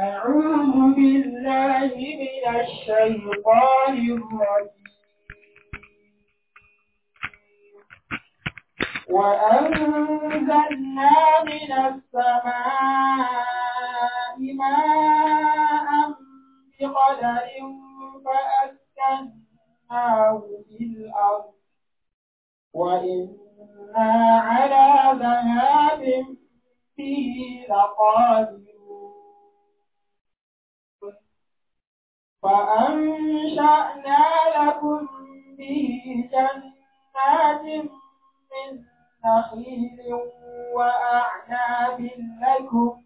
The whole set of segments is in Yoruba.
أعوذ بالله من الشيطان الرجيم وأنزلنا من السماء ماء بقدر فأسكناه في الأرض وإنا على ذهاب به لقادرون وأنشأنا لكم به جنات من نخيل وأعناب لكم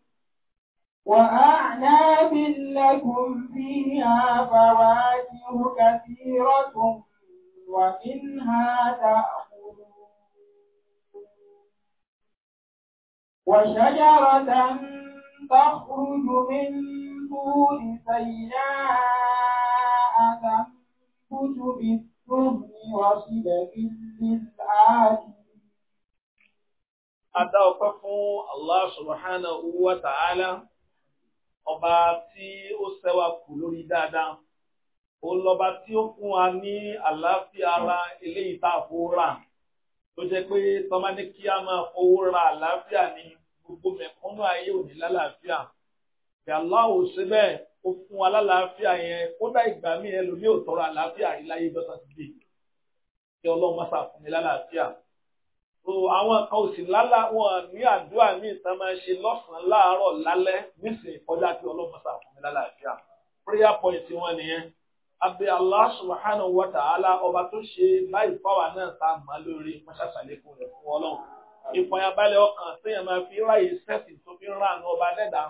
وأعناب لكم فيها فواكه كثيرة ومنها تأخذون وشجرة تخرج من البور سيئات تنبت بالثمن وصدق للعاجل Adá ọpẹ́ fún Allah subhanahu wa ta'ala, ọba tí ó ṣẹ́wà kù lórí dáadáa. Ó lọ́ba tí ó fún wa ní àlàáfíà ara eléyìí tá a fowó rà. Tó jẹ́ pé tọ́mádé kí a máa fowó ra àlàáfíà ní gbogbo mẹ̀kúnnú ayé òní lálàáfíà bí aláwo ṣe bẹ́ẹ̀ ó fún wa lálàáfíà yẹn kódà ìgbà míì ẹlòmíì ò tọrọ àlàáfíà rí láyé dọ́tà ti dé kí ọlọ́run má ṣàfún mi lálàáfíà. so àwọn kan ò sì lálà wọn ní àdúrà míì tá máa ṣe lọ́sàn-án láàárọ̀ lálẹ́ nísìnyí kọjá kí ọlọ́run má ṣàfún mi lálàáfíà prayer point wọn nìyẹn abẹ́ Allah subhanahu wa ta'ala ọba tó ṣe láì fáwa náà tá a lórí mọ́ṣáṣálẹ́kùn rẹ̀ fún ọlọ́run ìfọyàbalẹ̀ ọkàn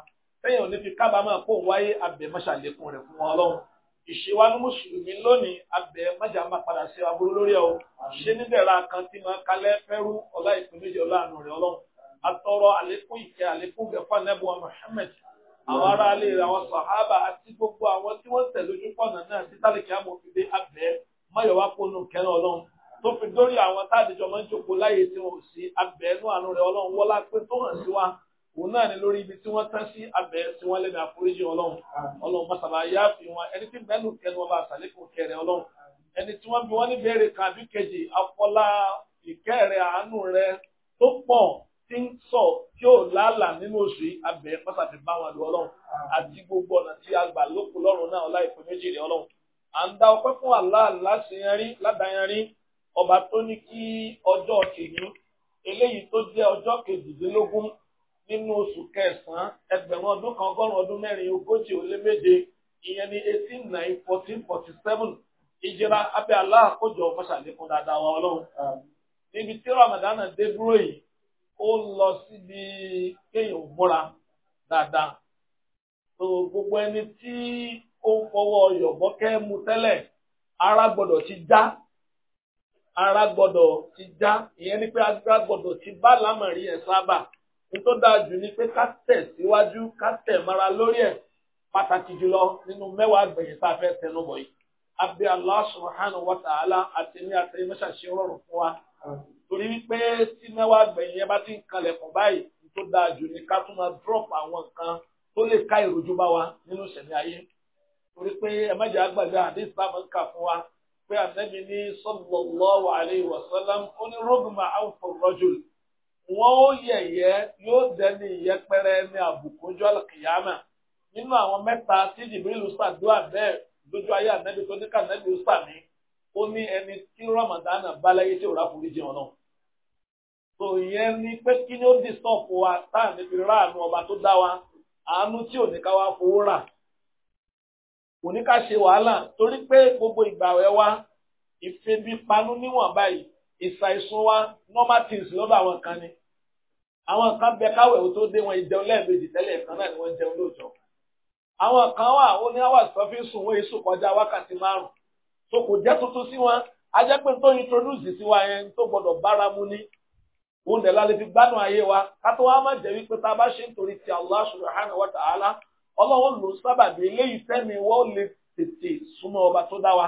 téèyàn ní fi kábàámọ̀ kó wáyé abẹ mọ́ṣàlékún rẹ̀ fún ọlọ́run ìṣèwà ní mùsùlùmí lónìí abẹ mọ́jà máa padà sí aburú lórí ọ ṣé níbẹ̀rẹ̀ kan tí máa kalẹ̀ fẹ́rú ọlá ìpínlẹ̀ ọlọ́run rẹ̀ ọlọ́run atọrọ àlékún ìkẹ́ àlékún gẹ̀fà nẹ́bùwà Muhammad àwọn ará alẹ́ rẹ̀ àwọn sàhábà àti gbogbo àwọn tí wọ́n tẹ̀lé ojú pọ̀nà náà sí tálíkì amòfinde abẹ mọ́yọ̀wá pọnú kẹrin ọlọ́run tó fi dórí àwọn táàdìjọ máa ń jòkó láyé tí wọn ò sí abẹ́ẹ́nú àánú rẹ̀ ọlọ́run wọ́lá pé tó hàn sí wa òun náà ni lórí ibi tí wọ́n tán sí abẹ́ sí wọ́n lẹ́nu àforíjì ọlọ́run ọlọ́run masaba yá fi wọn ẹni tí mẹ́nu kẹnu ọba àsàlẹ́kùn kẹrẹ ọlọ́run ẹni tí wọ́n bí wọ́n ní bẹ́ẹ̀rẹ̀ kan àbí kejì afọlá ìkẹ́rẹ̀ àánú rẹ tó pọ̀ tí ń sọ tí ó lálà nínú oṣù abẹ́ pàtàkì bá wọn lu ọlọ́run àti gbogbo ọ̀nà tí a gbà lókun lọ́rùn náà ọlá ìpín méjì rẹ ọlọ́run à ń dá ọpẹ́ fún Allah eléyìí tó jẹ́ ọjọ́ kejìdínlógún nínú oṣù kẹsàn-án ẹgbẹ̀rún ọdún kan ọgọ́rùn-ún ọdún mẹ́rin ogójì ó lé méje ìyẹn ní eighteen nine fourteen forty seven ìjìra abẹ́ aláàkójọ mọ́ṣàlékún dáadáa wa ọlọ́run. níbi tí Ramadan dé dúró yìí ó lọ síbi kéèyàn múra dáadáa. gbogbo ẹni tí ó ń fọwọ́ yọ̀bọ́kẹ́ mu tẹ́lẹ̀ ara gbọ́dọ̀ ti já ara gbọ́dọ̀ ti já ìyẹn ni pé ara gbọ́dọ̀ ti bá lámàrí ẹ̀ sábà tó dáa jù ni pé ká tẹ̀ síwájú ká tẹ̀ mara lórí ẹ̀ pàtàkì jùlọ nínú mẹ́wàá àgbẹ̀yìn tá a fẹ́ tẹnubọ̀ yìí abẹ́ Allah subhanahu wa ta'ala àti ní àtẹ̀yìn mẹ́ṣà ṣe rọrùn fún wa torí wípé tí mẹ́wàá àgbẹ̀yìn yẹn bá ti ń kalẹ̀kùn báyìí tó dáa jù ni ká tún máa drop àwọn nǹkan tó lè ká ìrojú bá wa nínú ìṣẹ̀mí ayé torí pé ẹ má jẹ́ àgbàdo àdéhùn bá ń kà fún wa pé wọn ó yẹ̀yẹ́ yóò dẹni ìyẹpẹrẹ ẹni àbùkù ojú àlùkìyàmà nínú àwọn mẹ́ta tí jìbìrìlù ṣàdúrà bẹ́ẹ̀ lójú ayé ànẹ́bí tó ní kànẹ́bí ó sàmì ó ní ẹni tí ramadana bá láyé tí ò rà foríjì ọ̀nà tó yẹn ni pé kí ni ó dì sọ́ọ̀pù wa táà níbi ráàánú ọba tó dá wa àánú tí ò ní ká wá fowó rà kò ní ká ṣe wàhálà torí pé gbogbo ìgbà rẹ wá ìfebi panú níwọ̀n báyìí ìsàìsùn wa normal things lọ́dọ̀ àwọn kan ni àwọn kan bẹ káwẹ̀ tó dé wọn jẹun lẹ́ẹ̀mejì tẹ́lẹ̀ kan náà ni wọ́n jẹun lóòjọ́ àwọn kan wà ó ní àwọn àsọfí sùn wọ́n èso kọjá wákàtí márùn tó kò jẹ́ tuntun sí wọn a jẹ́ pé tó introduce sí wa yẹn tó gbọ́dọ̀ bára mu ní òun dẹ̀ lálẹ́ fi gbádùn ayé wa ká tó wá má jẹ́ wípé tá a bá ṣe nítorí ti Allah subhanahu wa ta'ala ọlọ́run ló sábàbí eléyìí tẹ́mi wọ́n lè tètè súnmọ́ ọba tó dá wa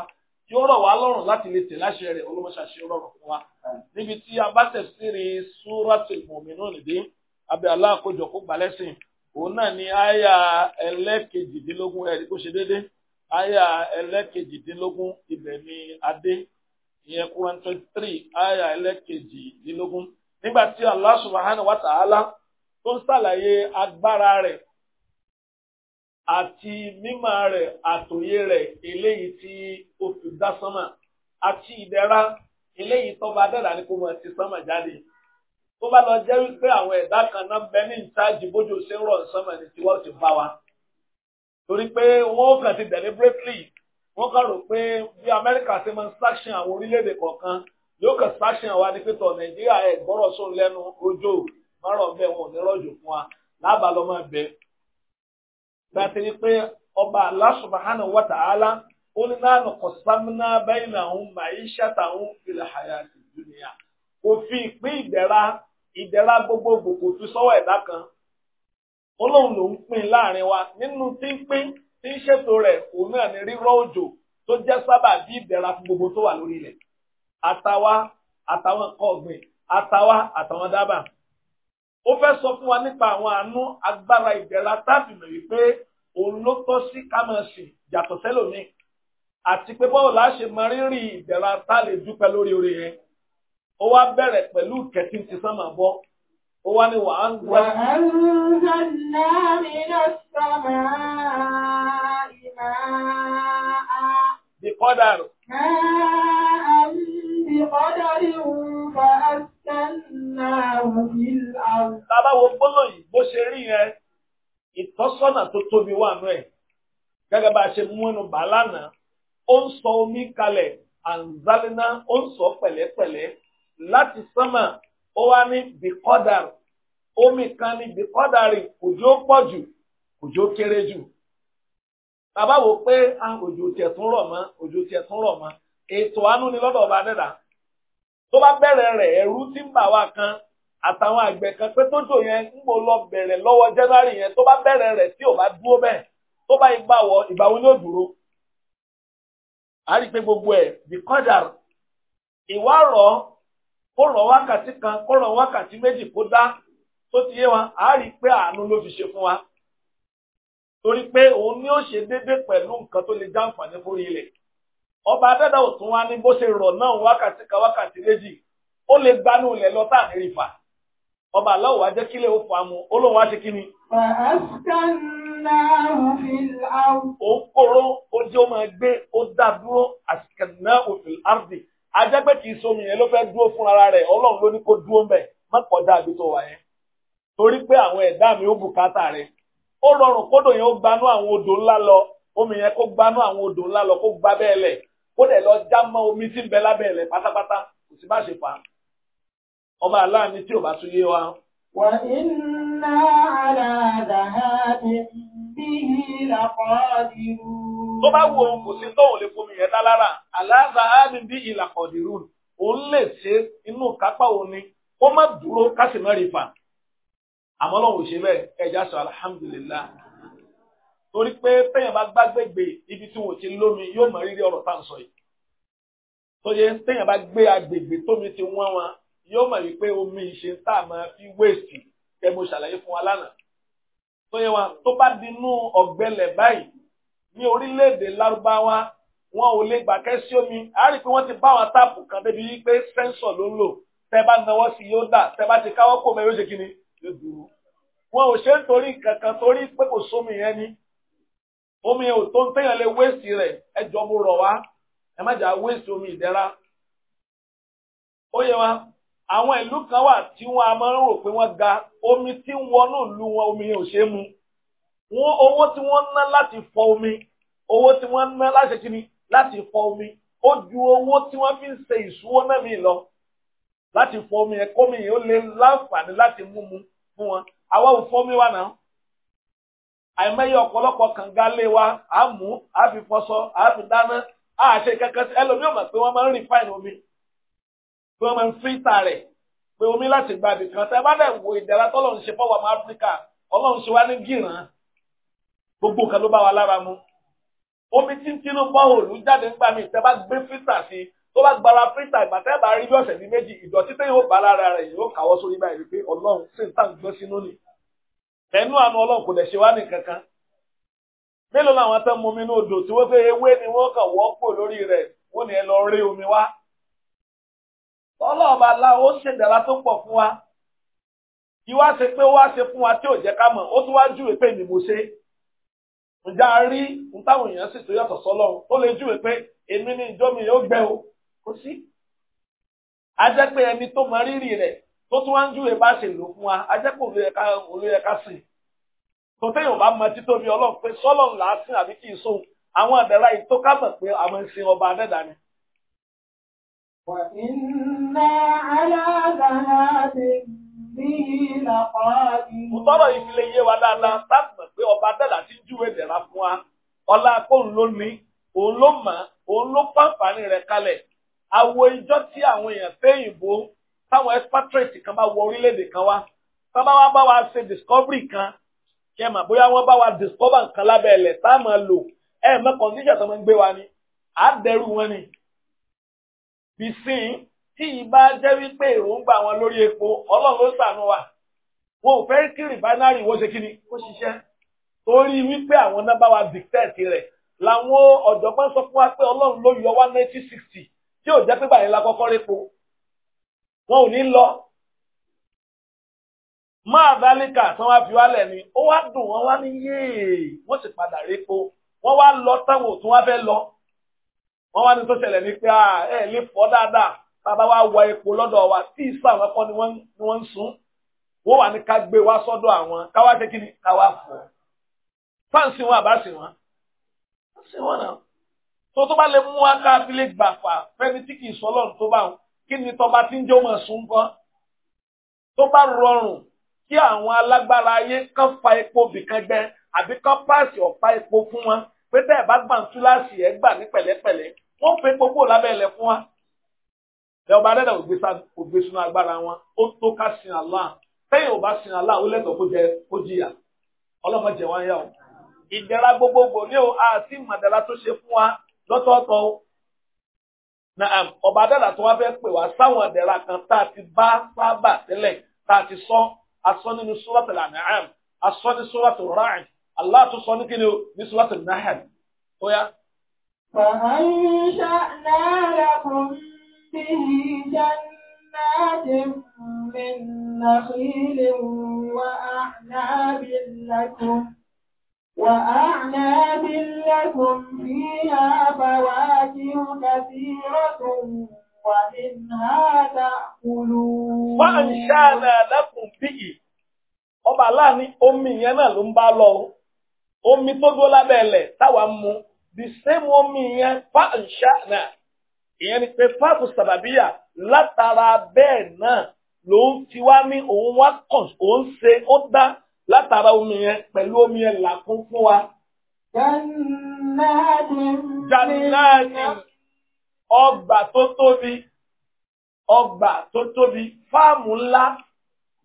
tí ó rọ̀ wá lọ́rùn láti lè tè láṣẹ rẹ̀ olómọṣàṣe rọrùn fún wa níbi tí a bá tẹ̀síre súratul mu'minun nìdí abẹ́ aláàkójọ kó gbalẹ́sìn òun náà ni àyà ẹlẹ́kejìdínlógún ẹ̀rí kó ṣe déédé àyà ẹlẹ́kejìdínlógún ibẹ̀ ni adé ìyẹn Quran twenty three àyà ẹlẹ́kejìdínlógún nígbà tí Allah subhanahu wa ta'ala tó ń ṣàlàyé agbára rẹ̀ àti mímọ̀ rẹ̀ àtòyé rẹ̀ eléyìí tí ó fi dá sánmà àti ìdẹ̀ra eléyìí tó bá dọ̀dà ní kó mọ̀ ti sánmà jáde tó bá lọ jẹ́ wípé àwọn ẹ̀dá kan náà bẹ ní ìtajì bójú ṣe ń rọ̀ sánmà ní tiwọ́ ti bá wa torí pé wọ́n kàn ti deliberately wọ́n kàn rò pé bí Amẹ́ríkà ṣe máa ń sanction àwọn orílẹ̀-èdè kọ̀ọ̀kan yóò kàn sanction àwa ní pẹ́tọ̀ Nàìjíríà ẹ̀ gbọ́rọ̀ sóun lẹ́nu ojú márùn bẹ́ẹ̀ wọn ò ní rọ̀jò fún wa lábàá lọ́ máa bẹ gbàtẹ́ ni pé ọba Allah subhanahu wa ta'ala ó ní lánàá kọ̀sámúná bẹ́ẹ̀ làwọn màáyí ṣàtàwọn ìpìlẹ̀ àyà ìdúnìyà kò fi ìpín ìdẹ̀ra ìdẹ̀ra gbogbogbò kò tún sọ́wọ́ ẹ̀dá kan ó lóun lòún pín láàrin wa nínú tí ń pín tí ń ṣètò rẹ̀ òun náà ní rírọ̀ òjò tó jẹ́ sábà bí ìdẹ̀ra fún gbogbo tó wà lórí ilẹ̀ àtàwa àtàwọn nǹkan ọ̀gbìn àtàwa àtàwọn dábàá ó fẹ́ sọ fún wa nípa àwọn àánú agbára ìdẹ̀ra tábìlì wípé òun ló tọ́ sí ká yàtọ̀ sẹ́lòmíì àti pé bọ́ọ̀ láṣẹ mọ rírì ìdẹ̀ra tá a lè dúpẹ́ lórí orí yẹn ó wá bẹ̀rẹ̀ pẹ̀lú kẹ̀kí ti sánmà bọ́ ó wá ní wàá ń gbọ́. wàá ń zanna mi lọ sọmọ ìmọ̀ a. bí kọ́dà rò. máa ń bí kọ́dà rí òun bá a sẹ́nà òfin àwọn. bàbá wo gbọ́dọ̀ yìí bó ṣe rí yẹn ìtọ́sọ́nà tó tóbi wà nù ẹ̀ gẹ́gẹ́ bá a ṣe mú ẹnu bàálà náà. ó ń sọ omi kalẹ̀ anzalina ó ń sọ pẹ̀lẹ́pẹ̀lẹ́ láti sánmà ó wá ní bíkọ́dàrì omi kan ní bíkọ́dàrì òjò pọ̀ jù òjò kéré jù bàbá wo pé ah, òjò tiẹ̀ tún rọ̀ mọ́ òjò tiẹ̀ tún rọ̀ mọ́ ni lọ́dọ̀ ọba dẹ́dà tó bá bẹ̀rẹ̀ rẹ̀ ẹ̀rú tí ń bà kan àtàwọn àgbẹ̀ kan pé tojo yẹn ń bò lọ bẹ̀rẹ̀ lọ́wọ́ January yẹn tó bá bẹ̀rẹ̀ rẹ̀ tí ò bá dúró bẹ́ẹ̀ tó bá ìgbà wọ a rí pé gbogbo ẹ̀ bí kọ́dà ìwà rọ̀ kó rọ̀ wákàtí kan kó rọ̀ wákàtí méjì kó dá tó ti yé wa a rí pé àánú ló fi ṣe fún wa torí pé òun ni ó ṣe déédé pẹ̀lú nǹkan tó lè jàǹfààní fún ilẹ̀ ọba adẹ́dà ò tún wá ní bó ṣe rọ̀ náà wákàtí kan wákàtí méjì ó lè gbanú ilẹ̀ lọ tá àmì rìfà ọba aláwọ̀ wá jẹ́ kílẹ̀ ó fa mu ó lóun wá ṣe kí ni. Òun kóró, ó jẹ́ ó máa gbé, ó dá dúró, ka òfin árdì. Ajẹ́pẹ́ kìí somi yẹn ló fẹ́ dúró fún ara rẹ̀, ọlọ́run ló ní kó dúró mbẹ̀, má kọjá àbí tó wà yẹn. Torí pé àwọn ẹ̀dá mi ó bùkátà rẹ Ó rọrùn kódò yẹn ó gbanú àwọn odò ńlá lọ, omi lọ kó gba omi tí ń bẹ pátápátá, kò sí ṣe fà á. Ọba aláàánú tí wa. Wà Tó bá wo òun kò sí tóun lè fomi yẹn dá lára, àlàáfà á ní bí ìlàkọ̀dìrú, òun lè ṣe inú kápá òun ni, ó má dúró ká sì má Àmọ́ lọ́wọ́ ṣe bẹ́ẹ̀, ẹja sọ alhamdulillah. Torí pé téèyàn bá gbàgbégbè ibi tí wọ́n ti lómi yóò mọ rírì ọ̀rọ̀ tá à ń sọ yìí. Tó yẹ téèyàn bá gbé agbègbè tómi ti wọ́n wọn, yóò mọ̀ wípé omi ìṣe tá a máa fi wéèsì, kẹ́ mo ṣàlàyé fún wa lánàá tó yẹ wa tó bá dinú ọ̀gbẹ́lẹ̀ báyìí ní orílẹ̀-èdè lárúbáwá wọn ò lè gbà kẹ́sí omi a rí pé wọ́n ti bá àwọn táàpù kan débi wípé sẹ́ńsọ̀ ló ń lò tẹ́ bá nawọ́ sí yóò dà tẹ́ bá ti káwọ́ kó mẹ́rin ó ṣe kí ni yóò dúró wọn ò ṣe ń torí kankan torí pé kò sómi yẹn ni omi ò tó ń téèyàn lè wéèsì rẹ̀ ẹ jọ mo rọ̀ wá ẹ má jà wéèsì omi ìdẹ́ra ó yẹ wa àwọn ìlú kan wà tí wọ́n a máa ń rò pé wọ́n ga omi tí ń wọnú ìlú wọn omi ò ṣe é mu wọn owó tí wọ́n ná láti fọ omi owó tí wọ́n ná láti ṣe kíni láti fọ omi ó ju owó tí wọ́n fi ń ṣe ìṣúwọ́ náà mi lọ láti fọ omi yẹn kómi yẹn ó lè láǹfààní láti mú mu fún wọn àwa ò fọ omi wa náà àìmọye ọ̀pọ̀lọpọ̀ kànga lé wa àmú àfi fọṣọ àfi dáná àṣe kankan ẹlòmíràn mọ̀ pé wọ́n máa ń rìn fáìn omi bí wọ́n máa ń fíríta rẹ̀ pé omi láti gba ibì kan tẹ́ bá dẹ̀ wo ìdára tọ́lọ́run ṣe fọ́wọ́ ọmọ áfíríkà ọlọ́run ṣe wá ní gìràn gbogbo nǹkan ló bá wa lára mu omi tí ń tinú bọ́ọ̀lù jáde nígbà míì tẹ́ bá gbé fíríta sí tó bá gbára fíríta ìgbà tẹ́ bá rí bí ọ̀sẹ̀ ní méjì ìdọ̀tí tẹ́ yóò bá lára rẹ̀ yóò káwọ́ sórí báyìí pé ọlọ́run sì ń tàn gbọ́ sínú ni ẹnu àánú ọlọ́run kò dẹ̀ ṣe wá nìkan kan mélòó làwọn tẹ́ mú omi ní odò tí wọ́n fẹ́ ewé ni wọ́n kàn wọ́pọ̀ lórí rẹ̀ wọ́n ní ẹ lọ rí omi wá ọlọ́ọ̀bá aláwọ̀ ó ṣèdára tó pọ̀ fún wa ìwá ṣe pé ó wá ṣe fún wa tí ò jẹ́ ká mọ̀ ó tún wá júwe pé ni mo ṣe ǹjẹ́ a rí n èèyàn sì tó yàtọ̀ sọ́lọ́run ó lè júwe pé èmi ní ìjọ mi yóò gbẹ o kò sí a jẹ́ pé ẹni tó mọ rírì rẹ̀ tó tún wá ń júwe bá ṣe lò fún wa a jẹ́ pé òru yẹ ká sìn tó téèyàn bá mọ títóbi ọlọ́run pé sọ́lọ́run là á sìn àbí kì í sóhun àwọn àdàlà yìí tó ká mọ̀ pé àwọn ìsìn ọba adẹ́dàá ni. wà ní Mùtọ́rọ̀ yìí fi lè yé wa dáadáa, sáàmù pé ọba dẹ́là ti ń júwe dẹ̀ra fún wa. Ọlá akóhùn ló ní, òun ló mọ̀, òun ló pàǹfààní rẹ̀ kalẹ̀. Àwo ìjọ tí àwọn èèyàn fẹ́yìnbó táwọn expatriate kan bá wọ orílẹ̀-èdè kan wá. Sábà wá bá wa ṣe discovery kan. Kí ẹ mà bóyá wọ́n bá wa discover nǹkan lábẹ́ ẹ̀lẹ̀ tá a máa lò. Ẹ mọ̀ condition tó máa ń gbé wa ni. À dẹrù wọn ni. Bí sìn tí ìbá jẹ́ wípé èròǹgbà wọn lórí epo ọlọ́run ló ṣàánú wa wọn ò fẹ́ kí rìbánárì wọ́n ṣe kíni ó ṣiṣẹ́ torí wípé àwọn náà wa dìtẹ́ẹ̀tì rẹ̀ làwọn ọ̀jọ̀gbọ́n sọ fún wa pé ọlọ́run ló yọ wá nineteen sixty tí ò jẹ́ pé báyìí la kọ́kọ́ répo wọn ò ní lọ máa dálíkà tí wọ́n fi wálẹ̀ ni ó wá dùn wọ́n wá ní yéè wọ́n sì padà répo wọ́n wá lọ táwọn òtún wá fẹ́ lọ wọ́n wá ní tó ṣẹlẹ̀ ní pé ẹ lè fọ́ dáadáa bàbá wa wọ epo lọ́dọ̀ wa tí ìsọ àwọn ẹ̀kọ́ ni wọ́n ń sun wọ́n wà ní ká gbé wá sọ́dọ̀ àwọn káwá ṣe kí ni káwá fọ̀ fáǹsì wọn àbá sì wọn fáǹsì wọn náà tó tó bá lè mú wa ká fi lè gbà fà fẹ́ni tí kì í sọ lọ́run tó bá wọn kí ni tọba tí ń jẹ́ ọmọ sun kan tó bá rọrùn kí àwọn alágbára ayé kan fa epo bìkan gbẹ àbí kan páàsì ọ̀pá epo fún wọn pé tẹ́ ẹ̀ bá gbà ń túláàsì ẹ̀ gbà ní pẹ̀lẹ́pẹ̀lẹ́ wọ́n fẹ́ gbogbo lábẹ́ ilẹ̀ fún wa ẹ ọba adẹ́dà ògbé sínú agbára wọn ó tó ká sin Allah tẹ́yìn ò bá sin Allah ó lẹ́tọ̀ọ́ kó jẹ kó jìyà ọlọ́mọ jẹ wá yá o ìdẹ̀ra gbogbogbò ní o àti màdàlá tó ṣe fún wa lọ́tọ̀ọ̀tọ̀ o naam ọba adẹ́dà tó wá fẹ́ pè wá sáwọn ìdẹ̀ra kan tá a ti bá sábà tẹ́lẹ̀ tá a ti sọ asọ nínú Suratul An'am asọ ní Suratul Ra'd Allah tó sọ ní o ní Suratul náà به جنات من نخيل وأعناب لكم وأعناب لكم فيها فواكه كثيرة ومنها تأكلون وأنشأنا لكم به ọba aláàánú omi yẹn náà ló ń bá tó dúró lábẹ́ ẹlẹ̀ táwa ń the same omi yẹn fa nṣá náà ìyẹn ni pé fáàfù sàbàbíyà látara bẹ́ẹ̀ náà ló ń fi wá ní òun wá kàn òun ṣe ó dá látara omi yẹn pẹ̀lú omi yẹn làkún fún wa. Jannati ọgbà tó tóbi ọgbà tó tóbi fáàmù ńlá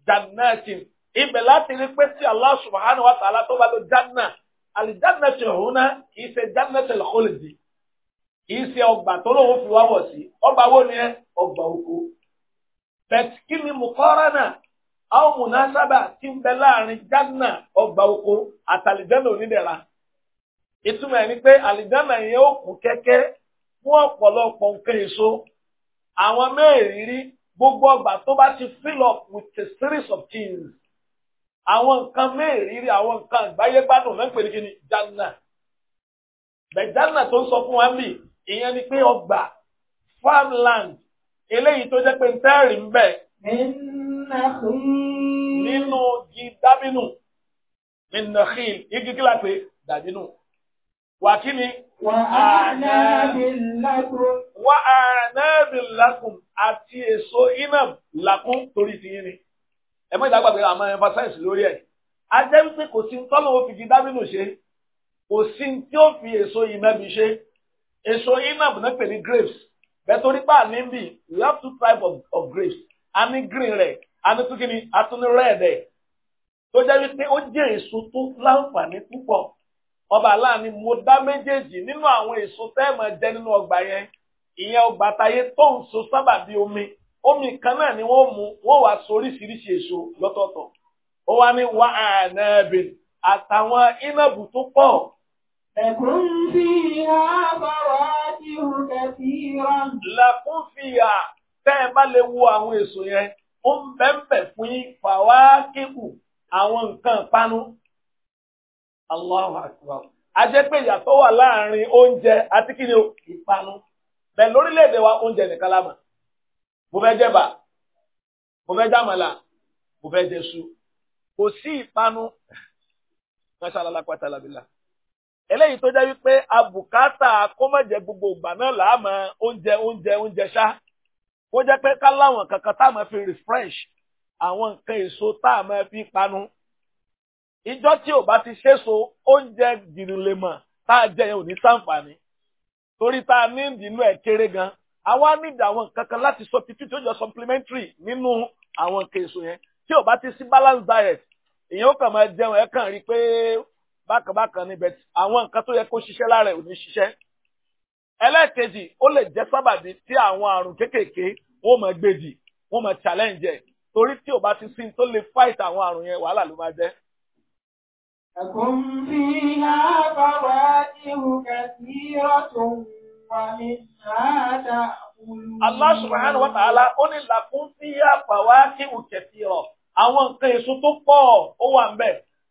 Jannati ibẹ̀ láti rí pé tí Allah wa ta'ala tó bá lo Janna àlìjánnà ti náà kì í ṣe Jannatul Khuldi. ìṣe ọgba tó lóun fi wá wọ̀ sí wo ni ẹ ọgbà oko bẹ́ẹ̀ kí ni muqarana àwọn saba ti ń bẹ láàrin janna ọgbà oko àtàlìjánà onídẹ̀ra ìtumọ̀ ẹ̀ ni pé àlìjánà yẹn ó kún kẹ́kẹ́ fún ọpọlọpọ nǹkan èso àwọn mẹ́rìírí gbogbo ọgba tó bá ti fill up with a series of things àwọn nkan mẹ́rìírí àwọn nkan àgbáyé gbádùn mẹ́pẹ̀lú kí ni janna bẹ̀janna tó ń sọ fún wa ń ìyẹn ni pé ọgbà farmland eléyìí tó jẹ́ pé ń tẹ́rì ń bẹ̀. nínú igi dábínú minnakhil igi kí la pè dàbínú. wà kí ni. wà á nábìl lakum. wà á nábìl lakum àti èso inam lakum torí ti yín ni. ẹ mọ ìdàgbàgbé àmọ́ emphasize lórí ẹ̀. a jẹ́ wípé kò sí ń tọ́lọ́wọ́ fi igi dábínú ṣe kò sí ń tí ó fi èso ìmẹ́bi ṣe èso inab náà pè ní grapes bẹ́ẹ̀ torí pa ní bí we have two types of, of grapes a ní green rẹ̀ a ní tún kíni a tún ní red ẹ̀ tó jẹ́ wípé ó jẹ́ èso tó láǹfààní púpọ̀ ọba aláàánú mo dá méjèèjì nínú àwọn èso tẹ́ẹ̀mọ̀ jẹ nínú ọgbà yẹn ìyẹn ọgbà táyé tó ń so sábà bí omi omi kan náà ni wọ́n mú wọ́n wá soríṣiríṣi èso lọ́tọ̀ọ̀tọ̀ ó wá ní wàhánà bèrè àtàwọn inábù tó pọ̀ لكم فيها فواكه كثيرا لكم فيها tẹ́ ẹ bá lè wo àwọn èso yẹn ó ń bẹ́ẹ̀bẹ̀ fún yín fàwákìkù àwọn nǹkan ìpanu. Allahu akbar. a jẹ́ pé ìyàtọ̀ wà láàrin oúnjẹ àti kí ni o ìpanu. bẹ́ẹ̀ lórílẹ̀‐èdè wa oúnjẹ nìkan lámà. mo fẹ́ jẹ bà mo fẹ́ jàmàlà mo fẹ́ jẹ su kò sí ìpanu. Masha Allah pátá làbílà. eléyìí tó jẹ́ wípé abùkátà kọ́mọ̀jẹ gbogbo ìgbà náà láàmọ́ oúnjẹ oúnjẹ oúnjẹ ṣá kó jẹ́ pé ká láwọn kankan tá a máa fi refresh àwọn nǹkan èso tá a máa fi panu ìjọ tí ò bá ti ṣèso oúnjẹ gìrìlèmọ̀ tá a jẹ yẹn ò ní sàǹfààní torí tá a ní ìdínú ẹ̀ kéré gan àwa nídìí àwọn nǹkan kan láti substitute oúnjẹ supplementary nínú àwọn nǹkan èso yẹn tí ò bá ti sí balance diet èèyàn ó kàn máa jẹun ẹ̀ kàn rí pé bákan bákan níbẹ̀ àwọn nǹkan tó yẹ kó ṣiṣẹ́ lára ò ní ṣiṣẹ́. ẹlẹ́ẹ̀kejì ó lè jẹ́ sábàbí tí àwọn àrùn kéékèèké wọ́n máa gbèdì wọ́n máa challenge ẹ̀ torí tí ò bá ti sin tó lè fight àwọn àrùn yẹn wàhálà ló máa jẹ́. ẹ̀kún fi àbáwá ihò kẹsì rọ̀tún wà ní àádá. Allah wa ta'ala ó ní làkún fi àbáwá ihò kẹsì rọ̀ àwọn nǹkan èso tó pọ̀ ó wà ń bẹ̀.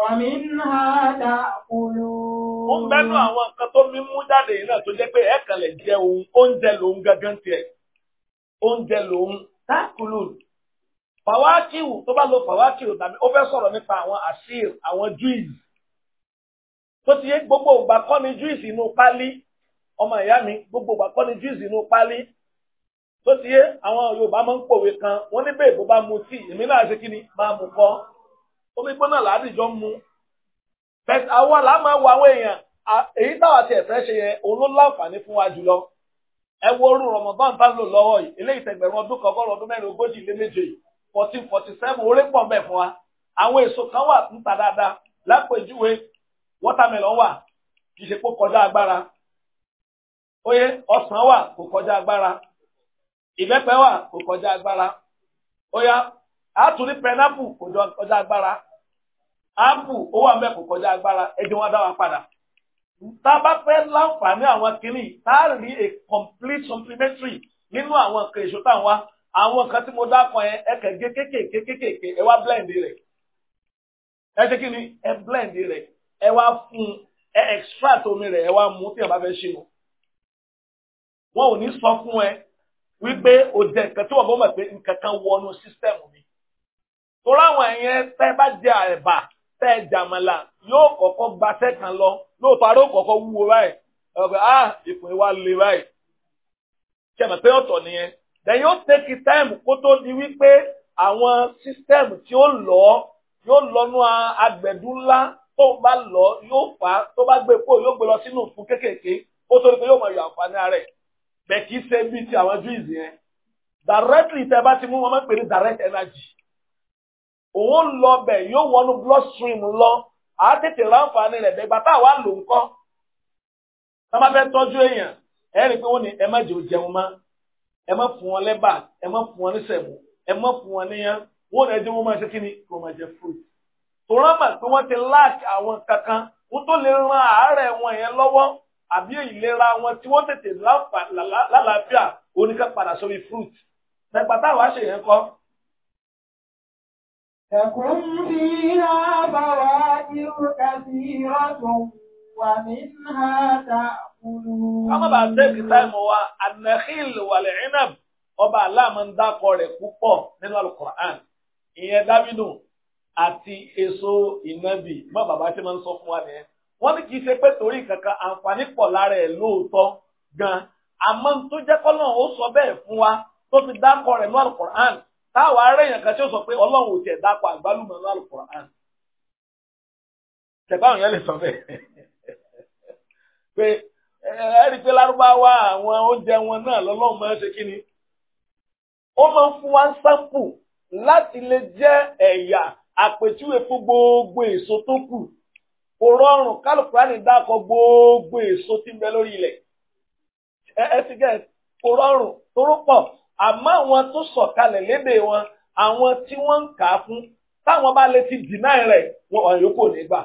Ó ń bẹ́nu àwọn nǹkan tó mi mú jáde yìí náà tó jẹ́ pé ẹ̀kànlẹ̀ jẹ́ òun, oúnjẹ lòun gangan tiẹ̀. Oúnjẹ lòun tákùlù. Fàwákìwù tó bá lo fàwákìwù tàbí ó fẹ́ sọ̀rọ̀ nípa àwọn àṣìr, àwọn juice. Tó ti yé gbogbo ìgbà kọ́ ni juice inú pálí. Ọmọ ìyá mi gbogbo ìgbà kọ́ ni juice inú pálí. Tó ti yé àwọn Yorùbá máa ń pòwe kan, wọ́n ní bẹ́ẹ̀ bó bá mu tíì, èmi náà ṣe kí ni omi gbóná làádìjọ ń mu bẹ́ẹ̀ àwa là máa wọ àwọn èèyàn èyí táwa ti ẹ̀fẹ́ ṣe yẹn òun ló láǹfààní fún wa jùlọ ẹ wo orú Ramadan bá lò lọ́wọ́ yìí eléyìí tẹgbẹ̀rún ọdún kan ọgọ́rùn ọdún mẹ́rin ogójì lé méje fourteen forty seven orí pọ̀ bẹ́ẹ̀ fún wa àwọn èso kan wà ń ta dáadáa lápèjúwe watermelon wà kì í ṣe kó kọjá agbára oyè ọsàn wà kó kọjá agbára ìbẹ́pẹ wà kó kọjá agbára oyà àtúrí pẹnápù kó kọjá agbára apple ó wà mẹ́kù kọjá agbára ẹjọ́ wọn dá wa padà tá a bá fẹ́ láǹfààní àwọn kìíní tá a rí a complete supplementary nínú àwọn nǹkan èso tá a wá àwọn nǹkan tí mo dákan yẹn ẹ kẹ̀ gé kéékèèké kéékèèké ẹ wá blend rẹ̀ ẹ ṣe kí ni ẹ blend rẹ̀ ẹ wá fún ẹ extract omi rẹ̀ ẹ wá mú tí ẹ bá fẹ́ ṣe o wọn ò ní sọ fún ẹ wípé o jẹ nǹkan tí wọn bọ́ mọ̀ pé nǹkan kan wọnú sísítẹ́ẹ̀mù mi. torí àwọn ẹ̀yẹn tẹ́ bá jẹ àrẹ̀bà tẹ́ ẹ jàmàlà yóò kọ́kọ́ gbaṣẹ́ kan lọ lóòótọ́ aró kọ́kọ́ wúwo báyìí ọ̀gbẹ́ ah ìfún wa le báyìí kẹ̀mọ̀ pé ọ̀tọ̀ nìyẹn then yóò take time kó tó di wípé àwọn system tí ó lọ yóò lọ́nú agbẹ̀dú ńlá tó bá lọ yóò fà á tó bá gbé pò yóò gbé lọ sínú fún kéékèèké ó tó ní pé yóò mọ ìyọ̀ àǹfààní rẹ̀ bẹ́ẹ̀ kì í ṣe bíi ti àwọn juice yẹn directly tẹ bá ti mú wọn máa ń pè ní direct energy òun lọ bẹ̀ yóò wọnú bloodstream lọ àá tètè ráǹfààní rẹ̀ bẹ́gbà tá àwa lò ń kọ́ tá bá fẹ́ tọ́jú èèyàn ẹ rí i pé wọ́n ní ẹ má jẹ́ òjẹun mọ́ ẹ má fún wọn lẹ́bà ẹ má fún wọn ní sẹ̀mú ẹ má fún wọn níyàn wọ́n ní ẹjẹ́ wọ́n máa ṣe kí ni kí wọ́n máa jẹ fruit. tòun àmà pé wọ́n ti láàkì àwọn kankan wọ́n tó lè ran àárẹ̀ wọn yẹn lọ́wọ́ àbí ìlera wọn tí wọ́n tètè lálàáfíà oníkà sórí fruit. tẹ̀gbà táwa ṣe yẹn لكم فيها فواكه كثيرة ومنها تأكلون أما بعد ذلك تايم هو النخيل والعنب ọba aláàmọ́n من rẹ̀ púpọ̀ nínú alukur'an ìyẹn dábìdù àti èso ìnàbì mọ́ bàbá tí wọ́n ń sọ fún wa nìyẹn wọ́n ní kì í ṣe pé torí kankan àǹfààní pọ̀ lára ẹ̀ lóòótọ́ gan-an àmọ́ tó jẹ́ kọ́lọ́n ó sọ bẹ́ẹ̀ fún wa tó fi dákọ rẹ̀ nínú alukur'an táwa arẹ́yìn kan tí ó sọ pé ọlọ́run ò tiẹ̀ dápọ̀ àgbálùmọ̀ lálùkùránì tẹ̀báwọn yẹn lè sọ bẹ́ẹ̀ pé ẹ̀rí pé lárúbáwá àwọn oúnjẹ wọn náà lọ́lọ́run máa ń ṣe kí ni ó máa fún wa láti lè jẹ́ ẹ̀yà àpèjúwe fún gbogbo èso tó kù kò rọrùn kálùkùránì dákọ gbogbo èso tí ń lórí ilẹ̀ àmọ́ àwọn tó sọ̀kalẹ̀ lédè wọn àwọn tí wọ́n ń kà á fún táwọn bá lè ti dìná rẹ̀ wọn ọ̀rọ̀ yòókù ò ní gbà.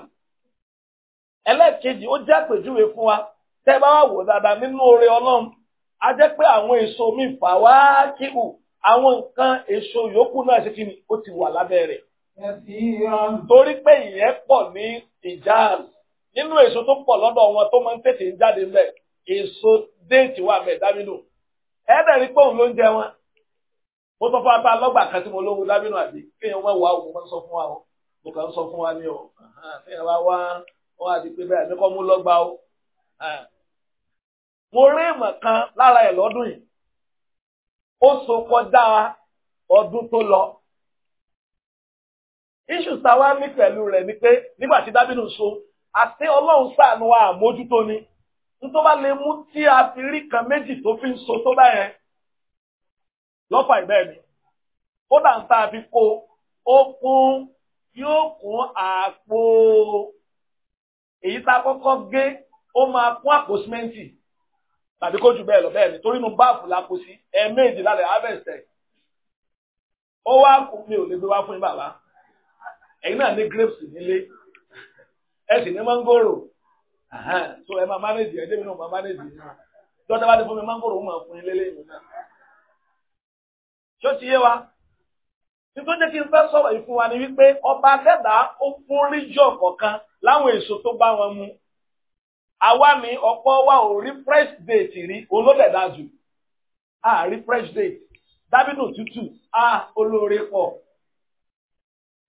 ẹlẹ́ẹ̀kejì ó jẹ́ àpèjúwe fún wa tẹ́ bá wà wò dáadáa nínú oore ọlọ́run a jẹ́ pé àwọn èso mi fà wá kíkù àwọn nǹkan èso yòókù náà ṣe kí ni ó ti wà lábẹ́ rẹ̀. torí pé ìyẹn pọ̀ ní ìjà nínú èso tó pọ̀ lọ́dọ̀ wọn tó máa ń tètè jáde ńbẹ̀ èso déètì wà bẹ̀ dámínú ẹ̀ẹ́dẹ̀ rí pé òun ló ń jẹ wọn mo sọ fún apá lọ́gbà kan tí mo lówó lábínú àbí kéèyàn má wà ó mo máa ń sọ fún wa o mo kàn ń sọ fún wa ní o kéèyàn bá wá wọn àti pé bẹ́ẹ̀ mi kọ́ mú lọ́gbà o. mo rí ìmọ̀ kan lára ẹ̀ lọ́dún yìí ó so kọjá ọdún tó lọ iṣu sáwá ní pẹ̀lú rẹ̀ ni pé nígbà tí dábìnú so àti ọlọ́run ṣàánú wa àmójútó ni tó bá lè mú tí a fi rí kan méjì tó fi ń so tó bá yẹn lọ́fà ìbẹ́ẹ̀ ni kódà ń tá a fi kó ó kún yóò kún àpò èyí tá a kọ́kọ́ gé ó máa kún àpò símẹ́ǹtì tàbí kó jù bẹ́ẹ̀ lọ bẹ́ẹ̀ torí inú báàfù la kó sí ẹ̀ẹ́mẹ́jì lálẹ́ harvester ó wá kú mi ò lè gbé wá fún yín bàbá ẹ̀yin náà ní grapes nílé ẹ ní mọ́ngòrò so ẹ máa manage ẹ débi náà máa manage dọ́tà bá ti fún mi mángòrò ó máa fún yín lélẹ́yìn náà. ṣó ti yé wa nítorí jẹ́ kí n fẹ́ sọ̀rọ̀ yìí fún wa ni wípé ọba dẹ́dà ó fún ríjọ́ kọ̀ọ̀kan láwọn èso tó bá wọn mu àwa mi ọ̀pọ̀ wa ò rí fresh date rí olódẹ̀dá jù a rí fresh date dábìdò tútù Ah, olóore pọ̀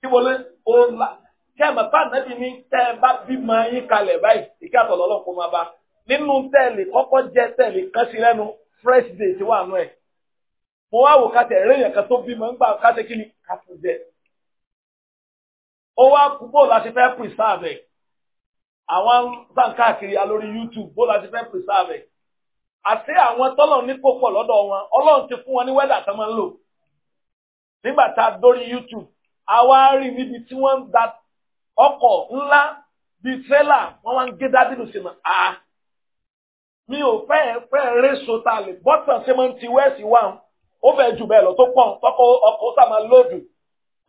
kí wọlé ó la tẹ́ ẹ̀ mọ̀pá nàbí ní tẹ́ ẹ bá bímọ yín kalẹ̀ báyìí ìkí àtọ̀lọ́ ọlọ́run máa bá nínú tẹ́ẹ̀lì kọ́kọ́ jẹ́ tẹ́ẹ̀lì kan sí lẹ́nu fresh day ti wà nù ẹ̀ mo wá wò kátẹ̀ ẹ̀rẹ́yìn kan tó bímọ ń gbà kátẹ̀ kí ni kátó jẹ ó wá kú bó la ṣe fẹ́ preserve ẹ̀ àwọn báńkáàkiri alórí YouTube bó la ṣe fẹ́ preserve ẹ̀ àti àwọn tọ́lọ̀ ní kó pọ̀ lọ́dọ̀ wọn ọlọ́run ti fún wọn ní wẹ́dà tán máa ń lò nígbà tá a dórí YouTube àwa rí níbi tí wọ́n ń da ọkọ̀ ńlá bíi tírélà wọ́n wá ń gé dádìlù sínú a. mi ò fẹ́ fẹ́ réso ta lè bọ́tà ṣe máa ń ti wẹ́ẹ̀sì wá ó fẹ́ jù bẹ́ẹ̀ lọ tó pọ̀ tọkọ ọkọ̀ ó sàmà lóòdù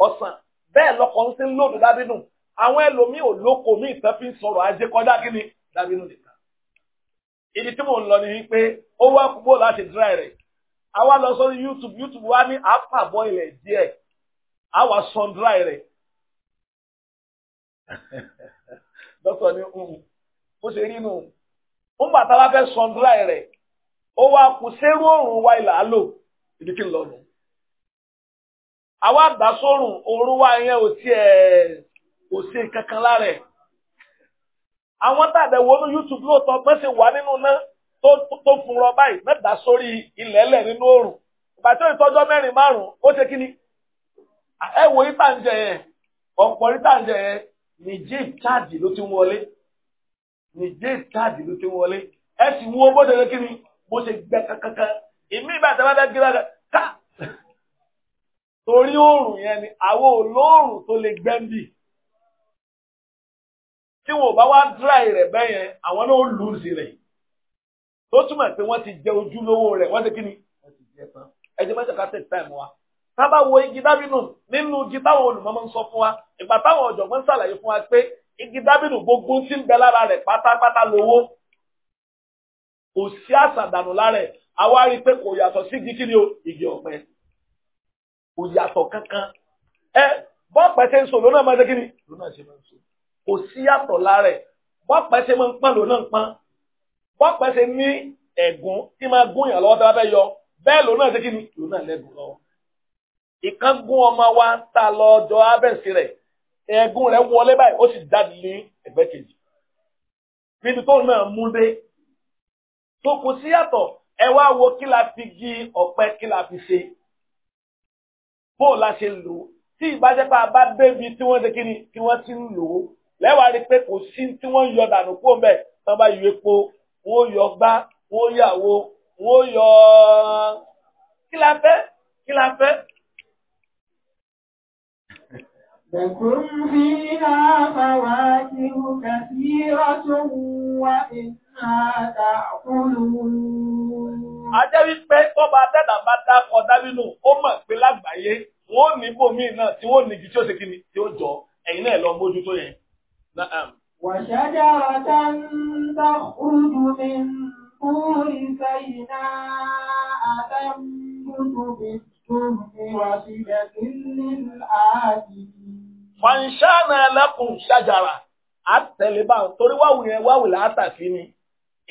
ọ̀sán bẹ́ẹ̀ lọkọ̀ ń sí lóòdù dádìlù àwọn ẹlòmíì ò lóko mi ìtàn fi ń sọ̀rọ̀ ajé kọjá kí ni dádìlù nìkan. ìdí tí mò ń lọ ni wípé ó wá púpọ̀ láti dírà rẹ̀ àwa lọ sórí YouTube YouTube wa ní àpàbọ̀ ilẹ̀ díẹ̀ dókítà ní ó ṣe rí inú ó ń fẹ́ rẹ̀ ó wá kù sẹ́rú òrùn wa ìlà á lò ìdíkì lọ́nu àwa àgbà sórùn òrùn wa yẹn ò tiẹ̀ kò sí kankan lára ẹ̀ àwọn tàbẹ̀ wọnú YouTube lóòótọ́ wà nínú tó fún lọ báyìí mẹ́ta sórí nínú ìtọ́jọ́ mẹ́rin márùn-ún ó ṣe kí ni ẹ wo Niger Chad ló ti ń wọlé Niger Chad ló ti ń wọlé ẹ sì wo bó ṣe kí ni bó ṣe gbẹ kankan ìmí ìgbà tí wọn bá ká torí oòrùn yẹn ni àwọn olóòrùn tó lè gbẹ́ǹbì tí wọn ò bá wá dry rẹ̀ bẹ́yẹn àwọn náà lùzì rẹ̀ tó túmọ̀ pé wọ́n ti jẹ ojúlówó rẹ̀ wọ́n ti kí ni jẹ tán ká tẹ̀ táìmù wa tábà wo igi dábìnù nínú igi táwọn olùmọ́mọ́ ń sọ fún wa ìgbà táwọn ọ̀jọ̀gbọ́n ṣàlàyé fún wa pé igi dábìnù gbogbo tí ń bẹ lára rẹ̀ pátápátá lówó kò sí àṣàdànù lára ẹ̀ àwa rí i pé kò yàtọ̀ sí igi kí ni o igi ọ̀pẹ kò yàtọ̀ kankan ẹ bọ́ọ̀pẹ ṣe ń sọ lónà máa ṣe kí ni lónà ṣe máa ń sọ kò sí yàtọ̀ lára ẹ̀ bọ́ọ̀pẹ ṣe máa ń pọ́n lónà ń pọ́n bọ́ọ̀pẹ ṣe ní ẹ̀gún tí máa gún yàn lọ́wọ́ tí wọ́n fẹ́ yọ bẹ́ẹ̀ lónà ṣe kí ni lónà lẹ́gùn lọ́wọ́ ìkan gún ọmọ wa ń ta lọ ọjọ́ abẹ́sí rẹ̀ ẹ̀gún rẹ̀ wọlé báyìí ó sì jáde lé ẹgbẹ́ kejì níbi tó náà mú dé tó kù sí yàtọ̀ ẹ wá wo kí la fi gi ọ̀pẹ kí la fi ṣe bó la ṣe lò ó tí ìbájẹ́pá bá débi tí wọ́n ṣe kí ni tí wọ́n ti ń lò ó lẹ́wàá rí i pé kò sí tí wọ́n yọ dànù kúrò mẹ́ẹ̀ tí bá yọ epo wọ́n yọ gbá wọ́n yàwó wọ́n yọ kí la fẹ́ kí la fẹ́ لكم فيها فواكه كثيرة ومنها تأكلون Ajẹ́ wípé ọba Adẹ́dà bá dákọ̀ dábínú, ó mọ̀ pé lágbàáyé, wọ́n ní bòmí náà tí wọ́n ní igi tí ó ṣe kíni tí ó jọ, ẹ̀yin náà lọ mójú tó yẹn. وشجرة تخرج من طور سيناء تنبت بالدهن وصلة للآكلين fànṣánà lẹ́kùn ṣàjàrà àtẹ̀lébà torí wáwù yẹn wáwù látàkì ni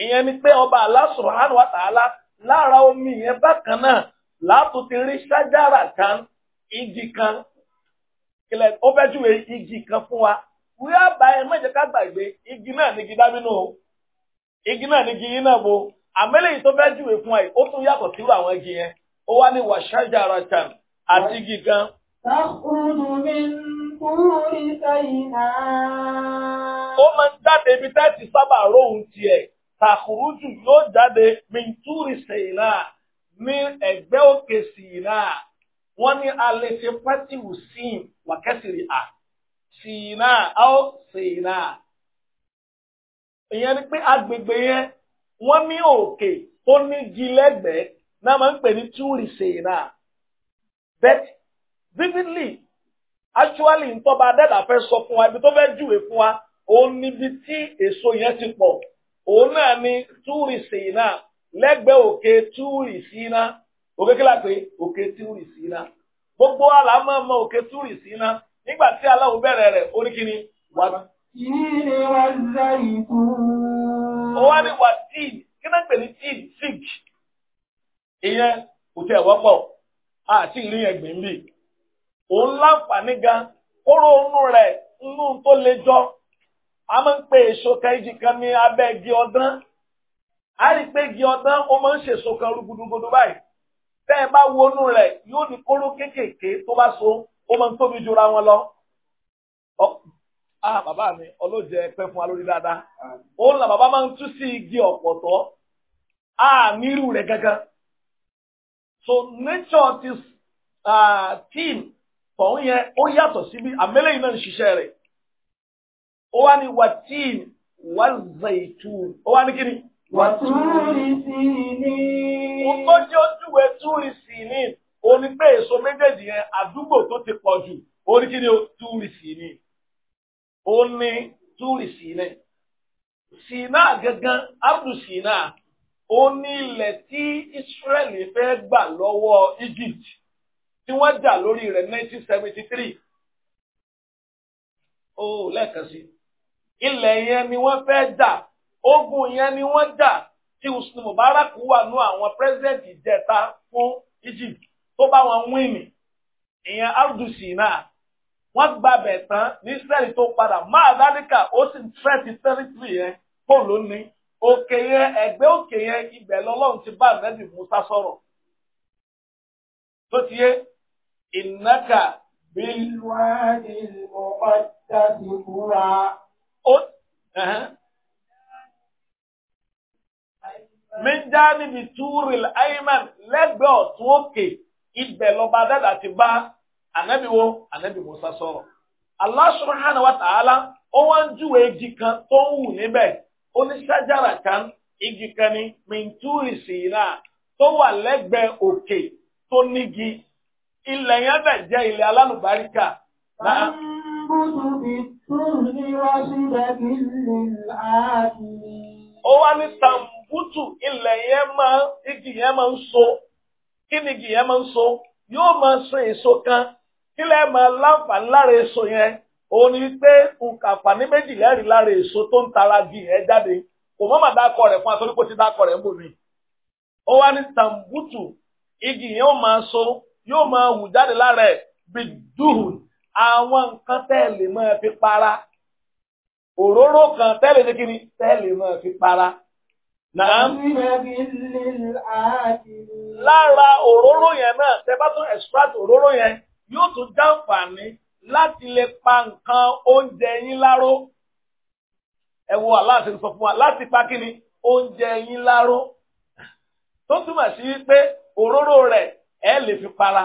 ìyẹn ni pé ọba Allah subhanahu wa ta'ala lára omi yẹn bákan náà látún ti rí ṣàjàrà kan igi kan ilẹ̀ ó fẹ́ júwe igi kan fún wa wíwá bá ẹ ká gbàgbé igi náà ní igi dábínú o igi náà ní igi yín náà bo àmẹ́lẹ̀ yìí tó fẹ́ júwe fún ẹ ó tún yàtọ̀ sílùú àwọn igi yẹn ó wá ní wàṣájà ara tàn àti igi kan. Kúrì sẹ́yìnà. Ó máa ń jáde ibi tẹ́tì sábà róhun tiẹ̀. Tàkùrújù yóò jáde Mintúrì sẹ́yìnà ní ẹ̀gbẹ́ òkè sìnà. Wọ́n ní a lè ṣe pẹ́tìwù sín wàkẹ́sìrì à. Sìnà áó sìnà. Ìyẹn ni pé agbègbè yẹn wọ́n ní òkè tó ní igi náà máa ń pè ní túrì sèénà. But vividly actually ntọ́ba adẹ́dà fẹ́ sọ fún wa ibi tó fẹ́ júwe fún wa òun níbi tí èso yẹn ti pọ̀ òun náà ni túrì sèyínà lẹ́gbẹ̀ẹ́ òkè túrì sínà òkè kí la pé òkè túrì sínà gbogbo àlámọ́ ọmọ òkè túrì sínà nígbà tí aláwo bẹ̀rẹ̀ rẹ̀ ó ní kí ni wà. yìí wà lẹ́yìn fún. ó wá ní wà tíì kí náà pè ní tíì fig ìyẹn kò tẹ̀ wọ́pọ̀ àti ìrìn ẹ̀gbìn bíi. òun láǹfààní gan kóró inú rẹ inú tó le jọ a máa ń pe èso ìjì kan ní ọdán a rí i pé ọdán ó máa ń ṣèso kan rúgudugudu báyìí tẹ ẹ bá wọnú rẹ̀ yóò ní kóró so ó máa ń tóbi jura wọn lọ ah bàbá mi ọlọ́jẹ pẹ́ fún wa lórí dáadáa òun là bàbá máa ń tú sí igi ọ̀pọ̀tọ́ ah gángan so nature ti uh, tọ̀hún yẹn ó yàtọ̀ síbi àmẹ́lẹ́ yìí náà ń ṣiṣẹ́ rẹ̀ ó wá ní wàtíìn wà zaitun ó wá ní kíni. wàtúrì sínì. ohun ojúwe túrì sínì ó ní pé èso méjèèjì yẹn àdúgbò tó ti pọ̀ jù ó ní kíni o túrì sínì o ní túrì sínì sínà gangan abdul sínà o ní ilẹ̀ tí Israẹli fẹ́ gbà lọ́wọ́ Egypt. tí wọ́n jà lórí rẹ̀ 1973. ó lẹ́ẹ̀kan sí ilẹ̀ yẹn ni wọ́n fẹ́ jà ogun yẹn ni wọ́n jà tí Husni Mubarak wà nú àwọn pírẹsidẹ̀ntì ìjẹta fún Egypt tó bá wọn wíìnì ìyẹn ardusi náà wọ́n gbàbẹ̀ tán ní Israeli tó padà máa dáríkà ó sì ń tẹ́tí tẹ́rítìrì yẹn kó ló ní òkè yẹn ẹgbẹ́ òkè yẹn ibẹ̀ lọ́lọ́run ti bá nẹ́bì Musa sọ̀rọ̀ tó ti yé إنك بالواد المقدس طوى من جانب طور الأيمن lẹ́gbẹ̀ẹ́ ọ̀tún òkè ibẹ̀ lọ́ba dáadáa ti bá ànábì wo anabi Musa sọ̀rọ̀ Allah subhanahu wa ta'ala ó wá ń júwe igi kan to ń wù níbẹ̀ ó ní kan igi kan ní mintúrì Sínà to wa legbe oke to nigi ilẹ̀ yẹn bẹ̀ jẹ́ ilẹ̀ alálùbáríkà. Ó wá ní tàǹbùtù ilẹ̀ yẹn máa igi yẹn máa ń so. Kí ni igi yẹn máa ń so? Yóò máa so èso kan. Kílẹ̀ máa láǹfààní lára èso yẹn. Òun ni pé nǹkan àǹfààní méjì lẹ́rìí lára èso tó ń tara igi yẹn jáde. Kò mọ́ màá dákọ̀ rẹ̀ fún àtọ́rí kó dákọ̀ rẹ̀ ń bò mí. Ó wá ní tàǹbùtù igi yẹn ó máa so yóò máa wù jáde lára ẹ̀ bí dùhùn àwọn nǹkan tẹ́lẹ̀ máa fi para òróró kan tẹ́lẹ̀ ṣe kíni tẹ́lẹ̀ máa fi para. Lára òróró yẹn náà, tẹ bá tún extract òróró yẹn, yóò tún jàǹfààní láti lè pa nǹkan oúnjẹ yín láró. Ẹ wo aláàṣẹ sọ fún wa láti pa kíni oúnjẹ yín láró. Tó túmọ̀ sí wípé òróró rẹ̀ e lè fi para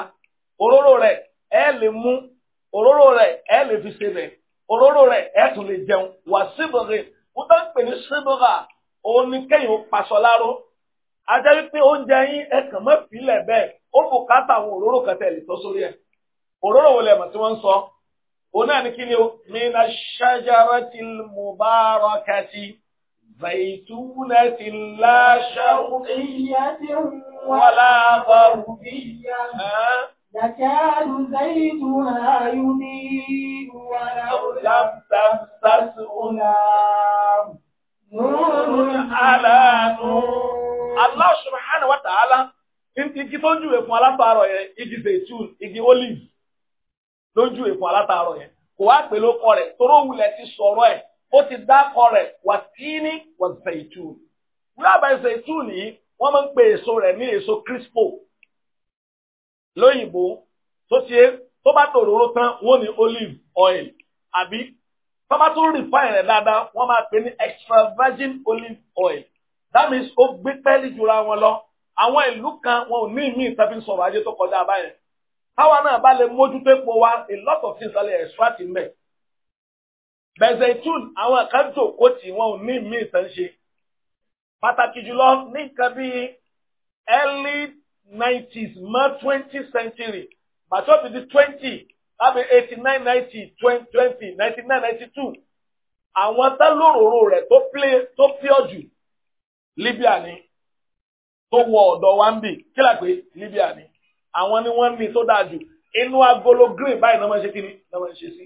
òróró rẹ̀ ẹ le mú òróró rẹ̀ ẹ fi ṣe rẹ̀ òróró rẹ̀ ẹ tún lè jẹun wà síbòrè wọ́n ń pè ní síbòrà òun ni kéyìn ó paṣọ láró ajá wípé oúnjẹ yín ẹ mọ́ ìpìlẹ̀ bẹ́ẹ̀ ó òróró kan tẹ̀lé tó sórí òróró wo tí sọ òun náà ní kí ni o mina زيتونة لا شرقية ولا غربية يكاد زيتها يضيء ولو لم تمسسه نار نور على نور Allah subhanahu wa ta'ala igi tó ń júwe fún alátàárọ̀ yẹn igi zaitun igi olive ló ń júwe fún alátàárọ̀ yẹn kò wá pè ló kọ rẹ̀ toró wulẹ̀ ti sọ̀rọ̀ ẹ̀ ó ti dákọ rẹ̀ wà tíní wà zaitun wúlábà zaitun yìí wọ́n máa ń pe èso rẹ̀ ní èso crispo lóyìnbó tó ṣe tó bá tòróró tán wọ́n ní olive oil àbí tó bá tún refine rẹ̀ dáadáa wọ́n máa pè ní extra virgin olive oil that means ó gbé pẹ́ẹ́lí jura wọn lọ àwọn ìlú kan wọn ò ní ìmí ìtàbí sọ̀rọ̀ ajé tó kọjá báyẹn táwa náà bá lè mójútó epo wa a lot of things are extract in there bẹ̀zẹ̀tún àwọn kan jòkó tí wọn ò ní mí ìtàn ṣe pàtàkì jùlọ ní nǹkan bí early nineties mọ́ twenty century bàtọ́ fi di twenty lábẹ́ eighty nine ninety twenty ninety nine ninety two àwọn tẹ́lóròrò rẹ̀ tó pure jù Libya ni tó wọ ọ̀dọ̀ wa ń bì kí pé Libya ni àwọn ni wọ́n ní tó dáa jù inú agolo green báyìí náà máa ń ṣe kí ni náà ṣe sí.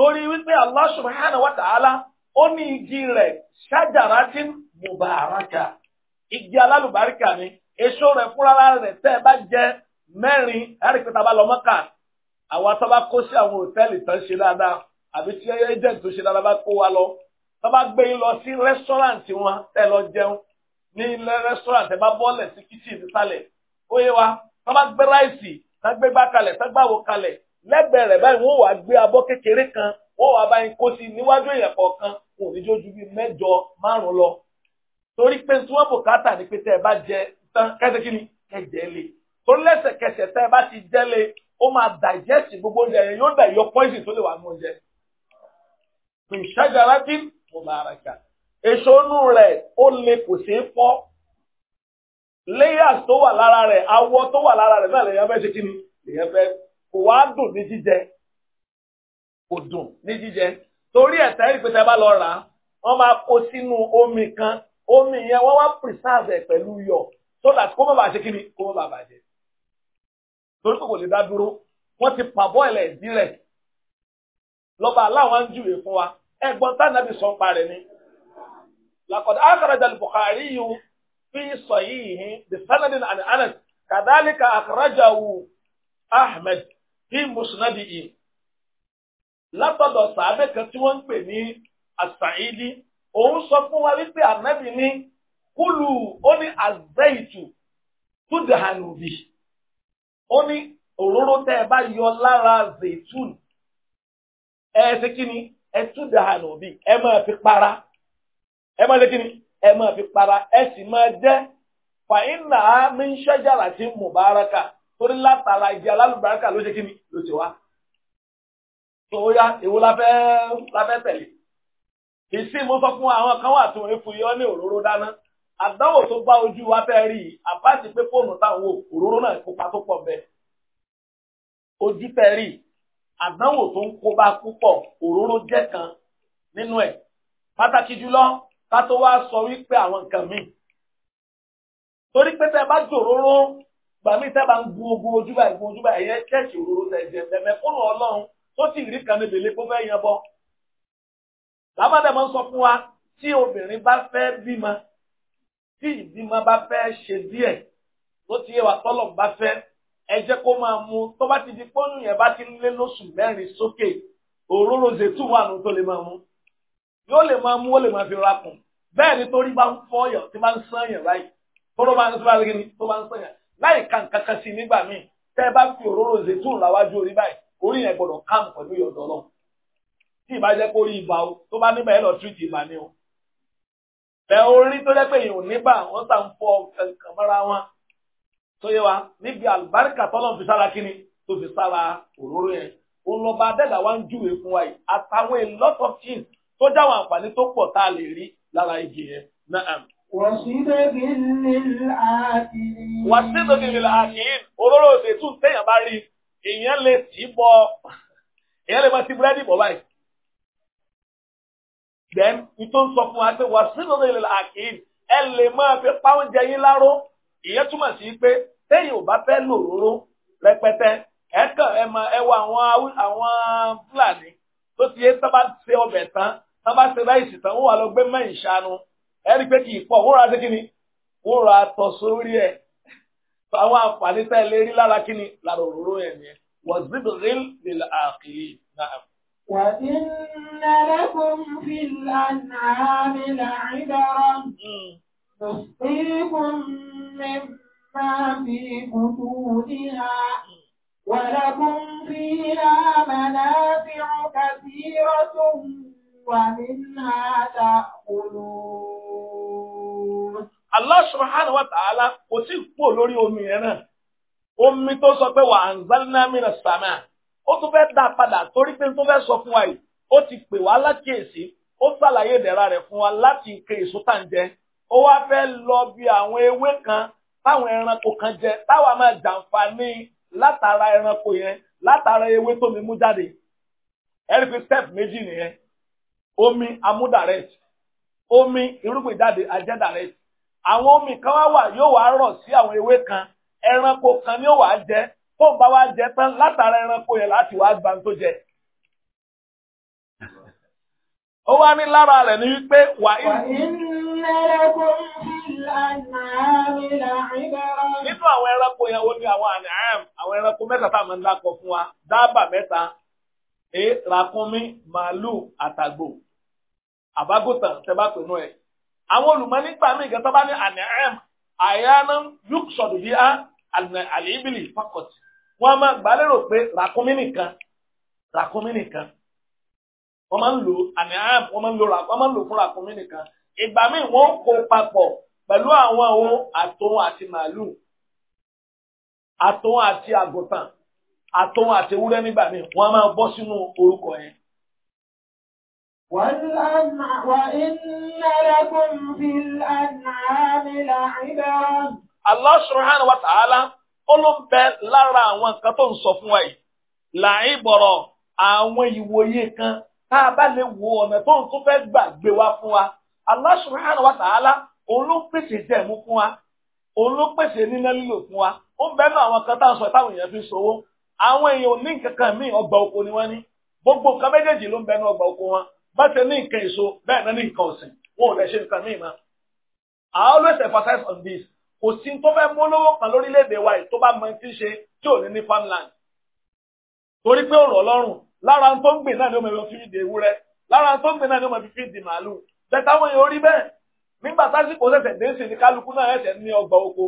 torí wípé Allah subhanahu wa ta'ala ó ní igi rẹ̀ ṣájàrátì mubaraka igi alálùbáríkà ni èso rẹ̀ fúnra rẹ̀ tẹ́ ẹ bá jẹ mẹ́rin ẹ̀rìkì tá a bá lọ mọ́kà àwọn tó bá kó sí àwọn òtẹ́ẹ̀lì tó ń ṣe dáadáa àbí tí agent tó ṣe dáadáa bá kó wa lọ tó bá gbé yín lọ sí rẹ́sọ́ràǹtì wọn tẹ́ lọ jẹun ní ilé rẹ́sọ́ràǹtì bá bọ́ọ̀lẹ̀ sí kíchìn nísàlẹ̀ ó yé wa tó bá gbé ráìsì tó gbé gbá kalẹ̀ tó gbáwo kalẹ̀ lẹ́gbẹ̀ẹ́ rẹ̀ báyìí wọ́n wàá gbé abọ́ kékeré kan wọ́n wàá bá yín kó sí níwájú èèyàn kọ̀ọ̀kan kò ní jó ju bíi mẹ́jọ márùn-ún lọ. torí pé tí wọ́n bùkátà ni pé tẹ́ ẹ bá jẹ tán kẹ́sẹ̀ kí ni ẹ̀jẹ̀ lè torí lẹ́sẹ̀kẹsẹ̀ tẹ́ ẹ bá ti jẹ́ lé ó máa digest gbogbo oúnjẹ yẹn yóò dà yọ poison tó lè wà nù oúnjẹ. ìṣàjára bí mo máa rà kà èso inú rẹ̀ ó le kò ṣeé fọ́ layers tó wà lára rẹ̀ awọ tó wà lára rẹ̀ náà lè yẹn fẹ́ ṣe kí kò wá dùn ní jíjẹ kò dùn ní jíjẹ torí ẹ̀tẹ́ rí pé tẹ́ bá lọ rà á wọ́n máa kó sínú omi kan omi yẹn wọ́n wá preserve pẹ̀lú yọ̀ so that kó má bàa ṣe kí ni kó má bàa bàjẹ́ torí kò kò lè dá dúró wọ́n ti pàbọ́ ẹ̀lẹ̀ ìdí rẹ̀ lọ́ba aláwọ̀ ń fún wa ẹ̀gbọ́n tánàbí sọ ń parẹ́ ni lakọ̀dá akọ̀rọ̀jà Bukhari yìí fi sọ yìí the sanadin and anas kàdálíkà akọ̀rọ̀jà wù Ahmed ní musnadi yìí látọ̀dọ̀ sàábẹ́ kan tí wọ́n ń pè ní àṣàìdí òun sọ fún wa wípé ànábì ní kúlù ó ní àzẹ́ìtù tó dànù bì ó ní òróró tẹ́ ẹ bá yọ lára zaitun ẹ ṣe kí ni ẹ tún ẹ máa fi para ẹ máa ṣe kí ni ẹ máa fi para ẹ sì torí látara ìdí alálùbáríkà ló ṣe kíni ló ṣe wá tó yá èwo la fẹ́ la fẹ́ tẹ̀lé ìsìn mo sọ fún àwọn kan wà tó ń fún yọ ní òróró dáná àdánwò tó bá ojú wa fẹ́ rí i àbáṣe pé fóònù táwọn wò òróró náà kópa tó pọ̀ bẹ́ẹ̀ ojú tẹ rí i àdánwò tó ń kóbá púpọ̀ òróró jẹ́ kan nínú ẹ̀ pàtàkì jùlọ ká tó wá sọ wípé àwọn nǹkan míì torí pé tẹ bá jòróró bàmí sábà ń gun ogun ojúbà ìgun ojúbà ẹ̀yẹ kẹ́ẹ̀kì òróró tẹ̀jẹ̀ tẹ̀mẹ̀ fún ọlọ́run tó sì rí kan níbi ilé kó fẹ́ yan bọ́. làbàdàn máa ń sọ fún wa tí obìnrin bá fẹ́ bímọ tí ìbímọ bá fẹ́ ṣe díẹ̀ tó ti yẹ wà tọ́lọ̀ bá fẹ́ ẹ jẹ́ kó máa mu tó bá ti di pọ́nù yẹn bá ti lé lóṣù mẹ́rin sókè òróró zètú wà nù tó lè máa mu yóò lè máa mú ó lè máa fi ra kùn bẹ́ẹ̀ ni torí bá ń fọyọ̀ tí bá ń sàn yàn báyìí tó bá ń sàn yàn láì ka nǹkan kan sí nígbà míì tẹ́ ẹ bá fi òróró zetun làwájú orí báyìí orí yẹn gbọ́dọ̀ kàm pẹ̀lú yọ̀dọ̀ lọ. tí ìbá jẹ́ kó rí ibà o tó bá níbà yẹn lọ tírìtì ibà ni o. bẹ orí tó jẹ́ pé èèyàn ò níbà wọ́n sàn fọ kankan mọ́ra wọn. tó yẹ wa níbi àlùbáríkà tọ́lọ́ fi sára kíni tó fi sára òróró yẹn. ó lọ bá dẹ́gà wá ń júwèé fún wa yìí àtàwọn a lot of things tó jáwọn àǹfààní tó pọ̀ tá a lè rí lára igi yẹn náà. Wàsídọ̀bì lìlàákìín, òróró òsè tún tẹ́yàn bá rí, èèyàn lè tí bọ́, èèyàn lè máa ti búrẹ́dì bọ̀ báyìí. Then, ìtò ń sọ fún wa pé wàsídọ̀bì lìlàákìín, ẹ lè máa fi pa oúnjẹ yín láró, ìyẹn túmọ̀ sí pé tẹ́yìn ò bá fẹ́ lò òróró rẹpẹtẹ, ẹ kàn ẹ mọ ẹ wọ àwọn àwọn Fúlàní tó ti yé tán bá ṣe ọbẹ̀ tán, tán bá ṣe ráìsì tán, wọ́n wà lọ gbé mẹ́yìn ṣanu ẹ̀rí pé kì í pọ̀ wọ́n ra sí kíni wọ́n ra tọ̀ sórí ẹ̀ àwọn àǹfààní tẹ́ lé rí lára kíni lára òróró ẹ̀ ni wọ́n zibir lil àkìlì náà. وَإِنَّ لَكُمْ فِي الْأَنْعَامِ لَعِبَرًا نُسْقِيكُمْ مِمَّا فِي بُطُونِهَا وَلَكُمْ فِيهَا مَنَافِعُ كَثِيرَةٌ ومما تأكلون Allah subhanahu wa ta'ala kò sí kú lórí omi yẹn náà. Omi tó sọ pé wà ń zálínà mìíràn sàmà. Ó tún fẹ́ dá padà torí pé tó fẹ́ sọ fún wa yìí. Ó ti pè wá lákèésí. Ó ṣàlàyé ìdẹ̀ra rẹ̀ fún wa láti nǹkan èso tá Ó wá fẹ́ lọ bí àwọn ewé kan táwọn ẹranko kan jẹ táwa máa jàǹfààní látara ẹranko yẹn látara ewé tó mi mú jáde. Ẹ rí pé step méjì nìyẹn omi amú direct omi irúgbìn jáde ajẹ́ direct àwọn omi kan wá wà yóò wá rọ̀ sí àwọn ewé kan ẹranko kan ni ó wàá jẹ tó ń bá wá jẹ tán látara ẹranko yẹn láti wá gba tó jẹ ó wá ní lára rẹ̀ ní wípé wà í. nínú àwọn ẹranko yẹn ó ní àwọn àníhàm àwọn ẹranko mẹ́ta tá a máa ń dákọ̀ fún wa dábàá mẹ́ta èé ràkúnmí màálù àtàgbò àbágòtàn tẹ́bá pè nú ẹ̀. àwọn olùmọ̀ nígbà míì gan tó bá ní àníẹ́m àyáná yóò sọ̀dọ̀ bí a àlìbìlì fakọ̀tì wọ́n máa gbà lérò pé ràkúnmí nìkan ràkúnmí nìkan wọ́n máa ń lo àníẹ́m wọ́n máa ń lo ràkúnmí wọ́n máa ń lo fún ràkúnmí nìkan ìgbà míì wọ́n kó papọ̀ pẹ̀lú àwọn ohun àtòun àti màálù àtòun àti àgùntàn àtòun àti ewúrẹ́ nígbà míì wọ́n máa bọ́ sínú orúkọ yẹn وإن لكم في الأنعام لعبرة Allah subhanahu wa ta'ala ó ló ń bẹ lára àwọn nǹkan tó ń sọ fún wa yìí làáyé bọ̀rọ̀ àwọn ìwòye kan tá a bá lè wo ọ̀nà tó ń tún fẹ́ gbà gbé wa fún wa Allah subhanahu wa ta'ala òun ló pèsè jẹ̀mú fún wa òun ló pèsè níná lílò fún wa ó ń bẹ́ẹ̀ náà àwọn kan tá sọ táwọn èèyàn fi sowó àwọn èèyàn ò ní nǹkan kan míì ọgbà oko ni wọ́n ní gbogbo nǹkan méjèèjì ló ń bẹ́ẹ̀ náà ọgbà oko wọn bá ṣe ní nǹkan èso bẹ́ẹ̀ náà ní nǹkan ọ̀sìn wọn ò lè ṣe nǹkan míì mọ́. I always emphasize on this kò sí tó fẹ́ mólówó kan lórílẹ̀‐èdè wa yìí tó bá mọ ti ṣe tí ò ní ní farmland. torí pé ọ̀rọ̀ ọlọ́run lára tó ń gbìn náà ni ó máa fi de ewúrẹ́ lára tó ń gbìn náà ni ó máa fi de màálù bẹ́tà wọn yóò rí bẹ́ẹ̀ nígbà tásìkò ṣẹ̀ṣẹ̀ dé sí ni kálukú náà ẹ̀ṣẹ̀ ní ọgbà oko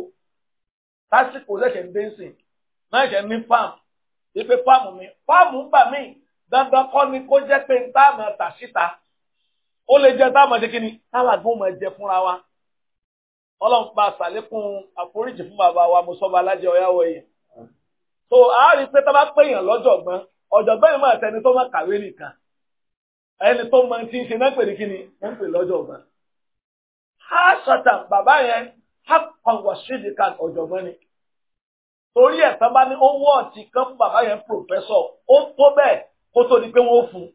tásìkò ṣẹ̀ṣẹ̀ dé náà ẹ̀ṣẹ̀ ní fáàmù wípé fáàmù mi fáàmù ń bà míì dandan kọ́ ni kó jẹ́ pé tá a máa tà síta ó lè jẹ́ tá a kíni táwa gbọ́n máa jẹ fúnra wa ọlọ́run pa àṣàlékún àforíjì fún bàbá wa mùsọ́ba alájẹ ọ̀yáwó yẹn so a rí i pé tá a bá pèèyàn lọ́jọ̀gbọ́n ọ̀jọ̀gbọ́n yìí máa tẹni tó máa kàwé nìkan ẹni tó máa ti ń ṣe náà pè ní kíni ó ń pè lọ́jọ̀gbọ́n ha ṣọ̀tà bàbá yẹn ha kàn wá síbi kan ọ̀jọ̀gbọ́n ni torí ẹ̀ tán bá ní ó wọ́ọ̀tì kó tó di pé wọ́n fún un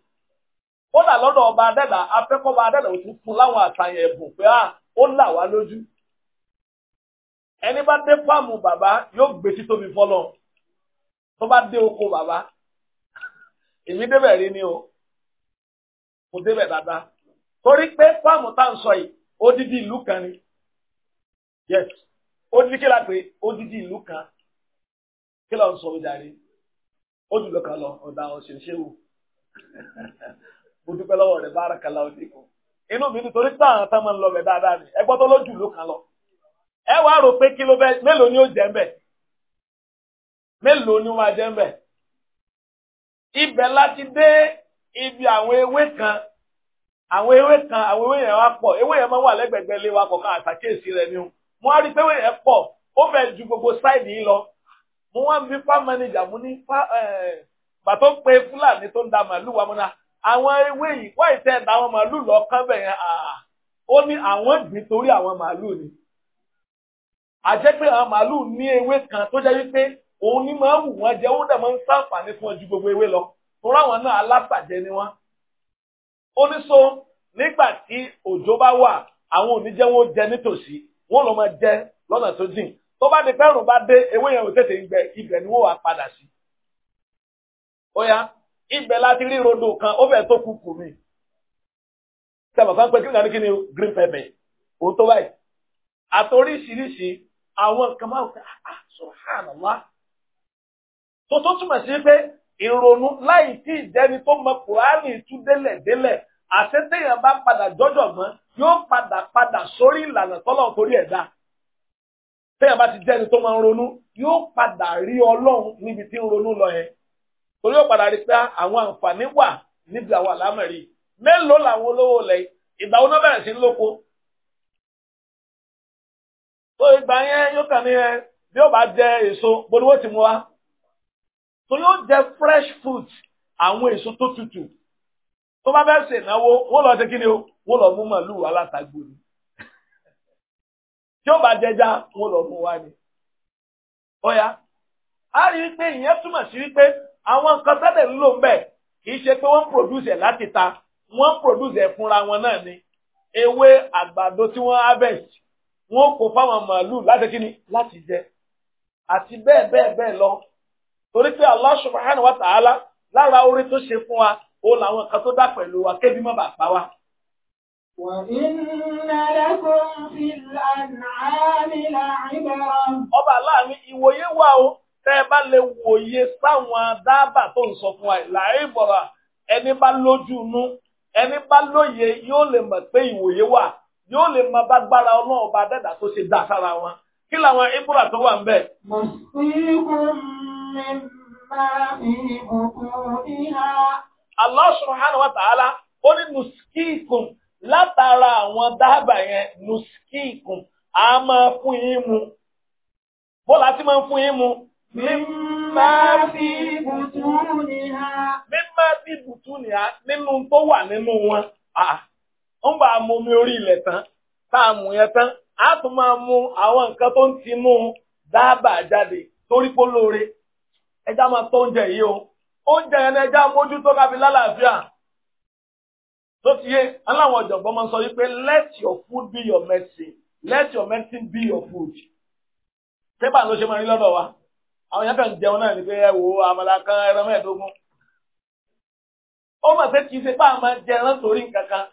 ó là lọ́dọ̀ ọba adẹ́dà afẹ́kọ́ ọba adẹ́dà òtún fún láwọn àtàyàn ẹ̀bùn pé ah, ó là wá lójú ẹni bá dé fáàmù bàbá yóò gbé títóbi fọlọ́ tó bá dé oko bàbá èmi débẹ̀ rí ni o mo débẹ̀ dáadáa torí pé fáàmù tá à ń sọ yìí odidi ìlú kan ni yes ó ní kí la pé odidi ìlú kan kí ló ń sọ ojàre ó jùlọ kan lọ ọ̀dà ọ̀ṣẹ̀ṣẹ̀ wò mo dúpẹ́ lọ́wọ́ rẹ̀ barakallahu fikum inú mi nítorí táwọn tán máa ń lọ bẹ̀ dáadáa ni ẹ gbọ́dọ̀ lójú ló kan lọ ẹ wá rò pé kí ló bẹ mélòó ni ó jẹ́ mbẹ̀ mélòó ni ó máa jẹ́ mbẹ̀ ibẹ̀ láti dé ibi àwọn ewé kan àwọn ewé kan àwọn ewé yẹn wá pọ̀ ewé yẹn máa wà lẹ́gbẹ̀gbẹ̀ lé wa kọ̀ọ̀kan àtàkèsí rẹ̀ ni o mo á rí pé ewé yẹn pọ̀ ó fẹ́ ju gbogbo sáìdì yìí lọ mo wá ń fi farm manager mo ní bàtó pé fúlàní tó ń da màálù wa mọ́ná àwọn ewé yìí wáyé tẹ́ ẹ̀ da àwọn màálù lọ kán bẹ̀ yẹn ó ní àwọn gbìn torí àwọn màálù ni àjẹ́ pé àwọn màálù ní ewé kan tó jẹ́ wípé òun ní máa ń wù wọ́n jẹ́ ó dẹ̀ máa ń ṣàǹfààní fún ọ ju gbogbo ewé lọ torí àwọn náà alásàjẹ ni wọ́n. ó ní so nígbà tí òjò bá wà àwọn ò jẹ́ wọ́n jẹ nítòsí wọ́n lọ́ máa jẹ lọ́nà tó jìn tó bá di pẹ́rùn bá dé ewé yẹn ò tètè gbẹ ibẹ̀ ni wọ́n wá padà sí. ó yá ibẹ̀ láti rí rodo kan ó fẹ́ tó kú kù mí. sábà fún pé kí nìkan ní kí ni green pepper òun tó báyìí. àtòríṣiríṣi àwọn kan máa ń fẹ́ ah, ah, subhanallah. tó tó túmọ̀ sí pé ìrònú láì tí ìjẹni tó mọ kùránì tú délẹ̀ délẹ̀ àṣetẹ̀yàn bá padà jọ́jọ̀gbọ́n yóò padà padà sórí ìlànà tọ́lọ̀ torí ẹ̀dá. tẹ́yàn bá ti jẹ́ni tó máa ń ronú yóò padà rí ọlọ́run níbi tí ń lọ yẹn torí yóò padà rí pé àwọn àǹfààní wà níbi àwọn mélòó olówó lẹ̀ ìgbà bẹ̀rẹ̀ sí lóko tó ìgbà ẹ bí ó bá jẹ èso wa tó yóò jẹ fresh fruit àwọn èso tó tutù tó bá tí ó bá jẹjá wọn lọ mú wá ni. ọ̀yá a rí i pé ìyẹn túmọ̀ sí wípé àwọn nǹkan sẹ́dẹ̀ ń lò ń bẹ̀ kì í ṣe pé wọ́n ń produce ẹ̀ láti ta wọ́n ń produce ẹ̀ fúnra wọn náà ni ewé àgbàdo tí wọ́n harvest wọ́n kó fáwọn màálùú láti kíni láti jẹ àti bẹ́ẹ̀ bẹ́ẹ̀ bẹ́ẹ̀ lọ torí pé Allah subhanahu wa ta'ala lára orí tó ṣe fún wa ó làwọn kan tó dá pẹ̀lú wa kébí má bàa pa wa. Ọba láàrin ìwòye wà ó, tẹ́ bá lè wòye sáwọn dábà tó ń sọ fún ẹ̀ láì bọ̀rọ̀ ẹni bá lójú inú, ẹni bá lóye yóò lè mọ̀ pé ìwòye wà, yóò lè mọ bá gbára ọlọ́run bá dẹ́dà tó ṣe dá sára wọn. Kí làwọn ìbúra tó wà ń bẹ̀? Mọ̀ máa ń ìbùkún ìhà. Allah subhanahu wa ta'ala, ó ní Mùsùlùmí látara àwọn dábà yẹn nuskikun a máa fún yín mu bọ́lá tí máa ń fún yín mu. mímá fi bùtú nìha. mímá fi bùtú nìha nínú tó wà nínú wọn. ń bá a mú omi orí ilẹ̀ tán tá a mú yẹn tán a tún máa mú àwọn nǹkan tó ń tinú dábà jáde torí pé lóore ẹja máa tó oúnjẹ yìí o oúnjẹ yẹn ni ẹja mójútó kábí lálàáfíà tó ti yé aláwọn ọ̀jọ̀gbọ́n máa ń sọ wípé let your food be your medicine let your medicine be your food. pépà ló ṣe máa ń rí lọ́dọ̀ wa àwọn yẹn kàn jẹun náà ni pé ẹ wo àmàlà kan ẹran mẹ́ẹ̀ẹ́dógún. ó mà pé kì í ṣe pé àwọn máa ń jẹ ẹran torí nǹkan kan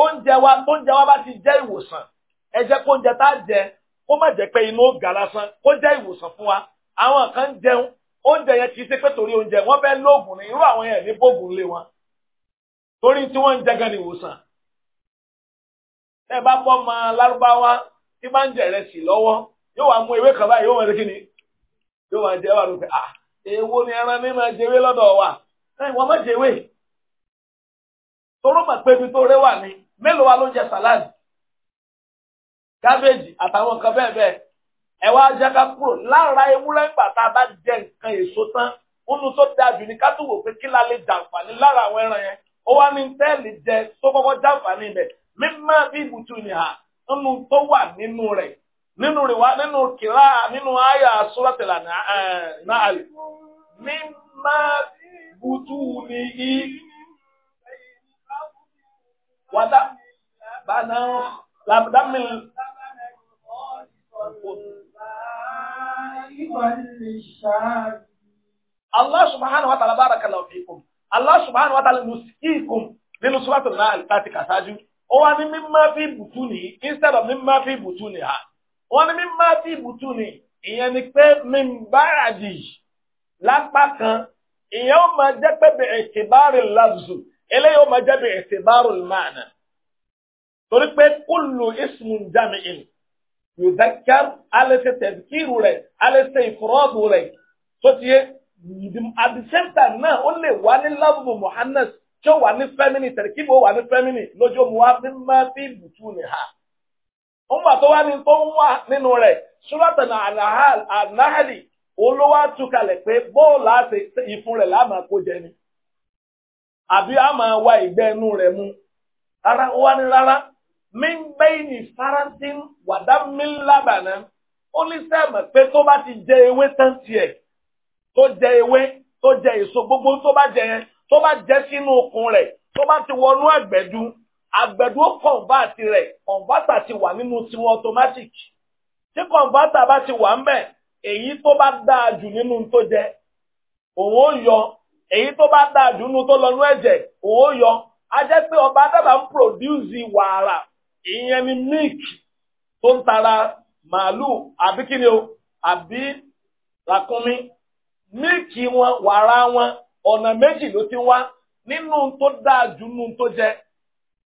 oúnjẹ wa oúnjẹ wa bá ti jẹ́ ìwòsàn ẹ jẹ́ kó oúnjẹ tá a jẹ kó má jẹ́ pé inú ó gà lásán kó jẹ́ ìwòsàn fún wa àwọn kan jẹun oúnjẹ yẹn kì í ṣe pé torí oúnjẹ wọn fẹ́ lóògùn ni irú àwọn yẹn ní bóògùn lé wọn torí tí wọ́n ń jẹ́ gan ìwòsàn. Ẹ bá bọ́ ma lárúbáwá tí bá ń jẹ̀rẹ̀ sí lọ́wọ́ yóò wá mú ewé kan báyìí yóò wọ́n ṣe kí ni yóò wá jẹ́ wà lópe à èwo ni ẹran ní máa jẹwé lọ́dọ̀ wa wọ́n má jẹwé. Toró mà pé ibi tó rẹ́ wà ní mélòó wa ló jẹ sàláàdì kábéèjì àtàwọn kan bẹ́ẹ̀ bẹ́ẹ̀ ẹ wá jáká kúrò lára ewúrẹ́ ńgbà tá a bá jẹ nǹkan èso tán ó nu tó dáa jù ní ká tó wò pé kí la lè jàǹfààní lára àwọn ẹran yẹn ó wá ní tẹ́ẹ̀lì jẹ tó kọ́kọ́ jáǹfààní ibẹ̀ mímọ́ bí ibùtú ni hà nínú tó wà nínú rẹ̀ nínú rẹ̀ wá nínú kìlá nínú àyà sọ́lọ́tẹ̀lá náà lè mímọ́ ibùtú ni í wàdá bàdá làbàdámìl. Allah subhanahu wa ta'ala barakallahu fikum. Allah subhanahu wa ta'ala yusikum nínú suratul Nahl láti kàṣáájú ó wá ní mimma fi butuni instead of mimma fi butuni ha wọ́n ní mimma fi butuni ìyẹn ni pé min ba'di lápá kan ìyẹn ó máa jẹ́ pé bi i'tibari lafzu eléyìí ó máa jẹ́ bi i'tibari al-ma'na torí pé kullu ismun jami'in yuzakkar alẹ́ ṣe tẹ̀síkìrù rẹ̀ alẹ́ ṣe ìfúrọ́ọ̀bù rẹ̀ tó ti yé at the same time náà only lè wá ní lábùbù muhannas tí ó wà ní fẹ́mìnì tẹ̀ríkìbò wà ní fẹ́mìnì lójú mu wá bí má bí bùtù ní ha. ó mà tó wá ní tó ń wà nínú rẹ̀ ṣúrọ́tà náà ànáhàlì olówó àtúkalẹ̀ pé bóòlù àti ìfun rẹ̀ láàmà kó jẹ ni. àbí a máa wá ìgbẹ́ inú rẹ̀ mu rárá ó ní rárá min bẹ́ẹ̀ ni faransé wàdá mi lábàná ó ní sẹ́ẹ̀mọ̀ pé tó bá ti jẹ ewé tán tiẹ̀ tó jẹ ewé tó jẹ èso gbogbo tó bá jẹ yẹn tó bá jẹ sínú okùn rẹ̀ tó bá ti wọnú àgbẹ̀dú àgbẹ̀dú ó kọ̀ǹbáàtì rẹ̀ ti wà nínú tiwọn automatic tí kọ̀ǹbáàtà bá ti wà ń bẹ̀ èyí tó bá dáa jù nínú tó jẹ òun ó yọ èyí tó bá dáa jù nínú tó lọ nú ẹ̀jẹ̀ òun ó yọ a jẹ́ pé ọba dábàá ń pòdúsì wàrà ìyẹn ni milk tó ń tara màálù àbí kíni o àbí làkúnmí mílìkì wọn wàrà wọn ọ̀nà méjì ló ti wá nínú tó dáa jù nínú tó jẹ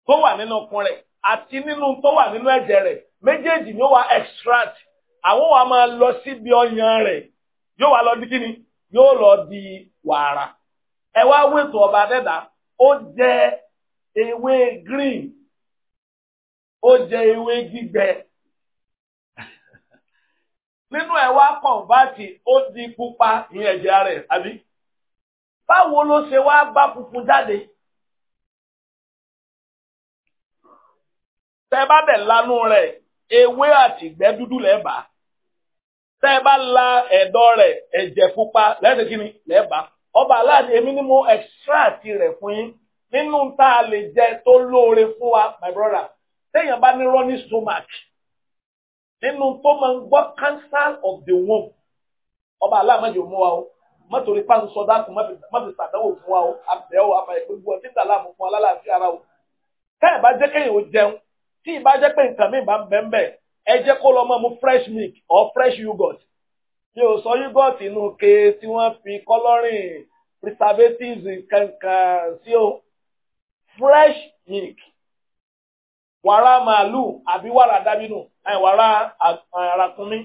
tó wà nínú ọkùnrin rẹ̀ àti nínú tó wà nínú ẹ̀jẹ̀ rẹ̀ méjèèjì ni ó wá extract àwọn wa máa lọ síbi ọyàn rẹ̀ yóò wá lọ di kíni yóò lọ di wàrà ẹ wá wètò ọba dẹ́dà ó jẹ ewé green ó jẹ ewé gbígbẹ nínú ẹ̀ wá kọ̀ǹbáàtì ó di pupa ní ẹ̀jẹ̀ rẹ̀ àbí báwo ló ṣe wá gbá funfun jáde. tẹ́ bá dẹ̀ lanú rẹ̀ ewé àtìgbẹ́ dúdú lẹ́ẹ̀bà tẹ́ bá la ẹ̀dọ̀ rẹ̀ ẹ̀jẹ̀ pupa lẹ́sẹ̀ kí ni lẹ́ẹ̀bà ọba aláàdé èmi ni mo extract rẹ̀ fún yín nínú tá a lè jẹ tó lóore fún wa my brother téèyàn bá ní rọ́ní stomach nínú tó máa ń gbọ́ cancer of the womb ọba aláàmọ́jọ mú wa o mọ́tòrí pa ń sọ dákun má fi sàdánwò fún wa o àbẹ̀ o àbàyè pé gbọ́ títà láàmú fún alálàáfíà ara o tẹ́ ẹ̀ bá jẹ́ kéèyàn ó jẹun tí ì bá jẹ́ pé nǹkan míì bá ń bẹ́ẹ̀ bẹ́ẹ̀ ẹ jẹ́ kó lọ máa mu fresh milk or fresh yogurt mi ò sọ yogurt inú ke tí wọ́n fi coloring preservatives kankan sí o fresh milk wàrà màálù àbí wàrà dábínú wàrà àràkúnmí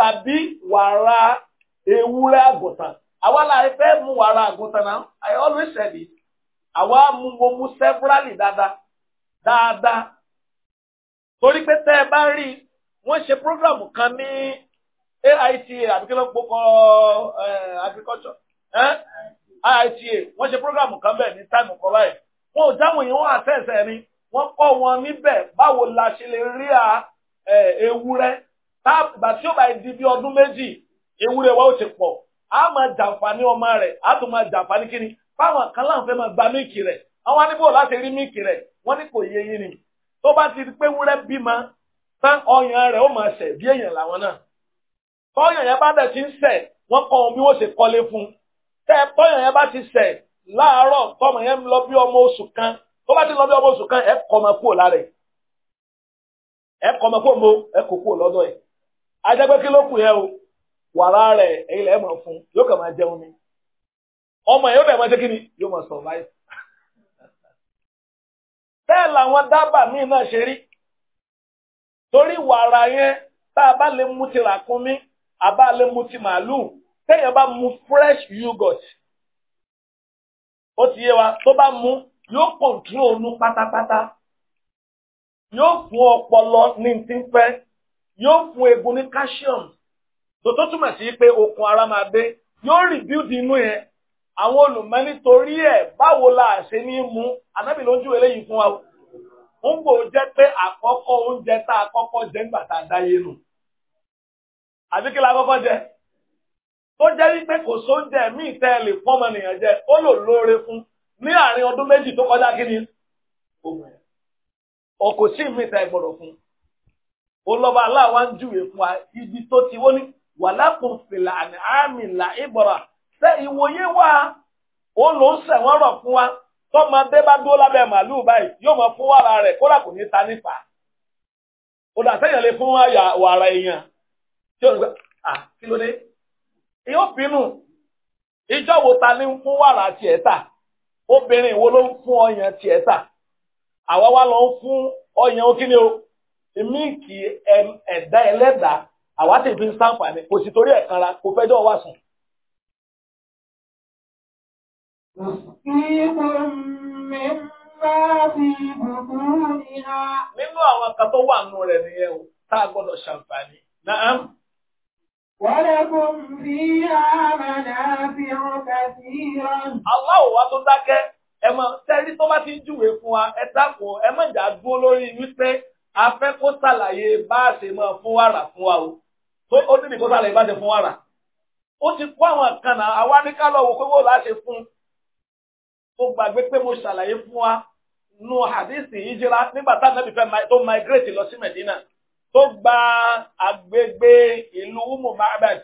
tàbí wàrà ewúrẹ́ àgùntàn àwa la fẹ́ mú wàrà àgùntàn náà I always said it àwa mú mo mú severally dáadáa dáadáa torí pé tẹ́ ẹ bá rí wọ́n ṣe program kan ní AITA àbíkẹ́lẹ́ gbogbo agriculture AITA wọ́n ṣe program kan bẹ́ẹ̀ ní time kan báyìí wọn ò jáwọ́ yìí wọ́n àtẹ̀sẹ̀ ni wọ́n kọ́ wọn níbẹ̀ báwo la ṣe lè rí à ewúrẹ́ táàbà tí ó bá di bí ọdún méjì ewúrẹ́ wa ó ti pọ̀ a máa jàǹfààní ọmọ rẹ̀ a tún máa jàǹfààní kíni fáwọn kan láǹfẹ́ máa gba míìkì rẹ̀ àwọn aníbò láti rí míìkì rẹ̀ wọ́n ní kò yé yín ni tó bá ti di pé wúrẹ́ bímọ tán ọyàn rẹ̀ ó máa ṣẹ̀ bí èèyàn làwọn náà tọ́yàn yẹn bá dẹ̀ ti ń ṣẹ̀ wọ́n kọ́ ohun bí wọ́n ṣe kọ́lé fún tọ́yàn yẹn bá ti ṣẹ̀ láàárọ̀ tọ́mọ yẹn lọ bí ọmọ oṣù kan ó bá ti lọ bí ọmọ oṣù kan ẹ kọ ọmọ lára ẹ kọ ọmọ mo ẹ kò kúrò ẹ ajẹgbẹ kí ló kù rẹ ilẹ mọ fún yóò jẹun ni ọmọ yẹn ó bẹ̀rẹ̀ máa ṣe kí ni yóò máa survive. bẹ́ẹ̀ làwọn dábàá míì náà ṣe rí torí wàrà yẹn tá a bá lè mu ti ràkúnmí a lè ti mu yóò kọ̀ntró onú pátápátá yóò fún ọpọlọ ní ti ń fẹ́ yóò fún egun ní calcium tó tó túmọ̀ sí pé okun ara máa dé yóò rebuild inú yẹn àwọn olùmọ̀ nítorí ẹ̀ báwo la ṣe ní mú anábì lójú eléyìí fún wa ń gbò jẹ́ pé àkọ́kọ́ oúnjẹ tá a kọ́kọ́ jẹ nígbà tá a dáyé nù àbí kí la kọ́kọ́ jẹ tó jẹ́ wípé kò sóúnjẹ míì tẹ́ ẹ lè fọ́mọ nìyẹn jẹ ó lò lóore fún ní àárín ọdún méjì tó kọjá kí ni ọkọ̀ sí ìmìta fún olọba aláwa ń júwe fún wa ibi tó ti wọ́n ní wàlákùn fìlà àmì àmì ìwòye wa ó ló ń sẹ̀wọ́n rọ̀ fún wa tọ́mọdé bá dúró lábẹ́ màálùú báyìí kò ní ta nípa sẹ́yìn lè fún wàrà èèyàn tí gbà kí ló dé yóò bínú ìjọ ta. obìnrin wo ló ń fún ọyàn tiẹ̀ tà àwa wa lọ ń fún ọyàn ó kíni o mílìkì ẹ̀dá ẹlẹ́dàá àwa sì fi ń sàǹfààní kò sì torí ẹ̀ kanra kò fẹ́jọ́ wà sùn. Nínú àwọn kan tó wà nù rẹ̀ nìyẹn o, tá a gbọ́dọ̀ ṣàǹfààní. Wọ́lẹ́kùn fi àmàlà fi ọkà tó dákẹ́, ẹ mọ̀ sẹ́rí tó bá ti ń júwèé fún wa, ẹ dákun, ẹ mọ̀ ìjà dúró lórí wípé a fẹ́ kó ṣàlàyé bá a fún wàrà fún wa o. ó ní nìkan ṣàlàyé bá fún wàrà. Ó ti kó àwọn kan náà, àwa pé wò láṣẹ fún. Ó gbàgbé pé mo ṣàlàyé fún wa nu hadithi hijira nígbà tá tó gba agbègbè ìlú umu mahabed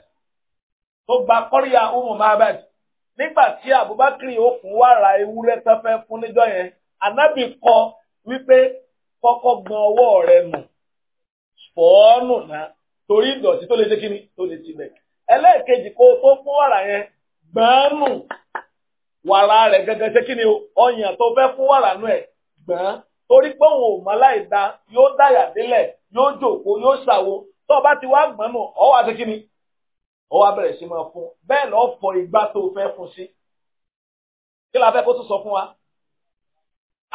tó gba kọ́ríà umu mahabed. nígbà tí abubakar ó fún wàrà ewúrẹ́ tán fún níjọ́ yẹn anabi kọ wípé kọ́kọ́ gbọn ọwọ́ rẹ nù fọ́ọ̀nù náà torí ìdọ̀tí tó lè ṣe kíni tó lè tibẹ̀ ẹlẹ́ẹ̀kejì kó tó fún wàrà yẹn gbọ́n wàrà rẹ̀ gẹ́gẹ́ ṣe kíni ọyàn tó fẹ́ fún wàrà nù ẹ̀ gbọ́n torí pé òun ò mọ aláìda yóò dáyà délẹ̀ yóò jòkó yóò ṣàwo tó o bá ti wá gbọ́n nù ọ wá sí kí ni ọ wá bẹ̀rẹ̀ sí máa fún bẹ́ẹ̀ lọ́ fọ ìgbà tó o fẹ́ fún sí kí la fẹ́ kó tún sọ fún wa.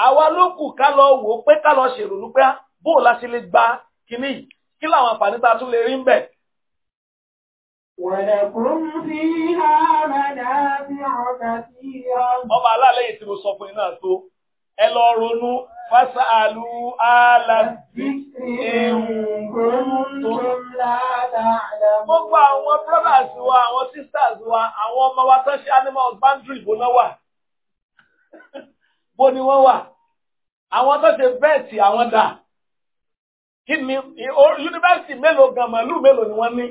àwa ló kù ká lọ wò ó pé ká lọ ṣèrònú pé bó o la ṣe lè gba kíní yìí kí làwọn àǹfààní tá a tún lè rí ń bẹ̀. Wẹ̀lẹ̀kùn fi hàn mẹ́ta sí ọ̀kà sí ọ. Ọba aláàlẹ́ yìí tí mo sọ fún iná tó ẹ lọ ronú fásàlù alàbí gbogbo àwọn brothers wa àwọn sisters wa àwọn ọmọ wa tó ṣe animal boundary bó náà wà bó ni wọ́n wà àwọn tó ṣe bẹ́ẹ̀tì àwọn dà kí ni yunifásitì mélòó gan màlúù mélòó ni wọ́n ní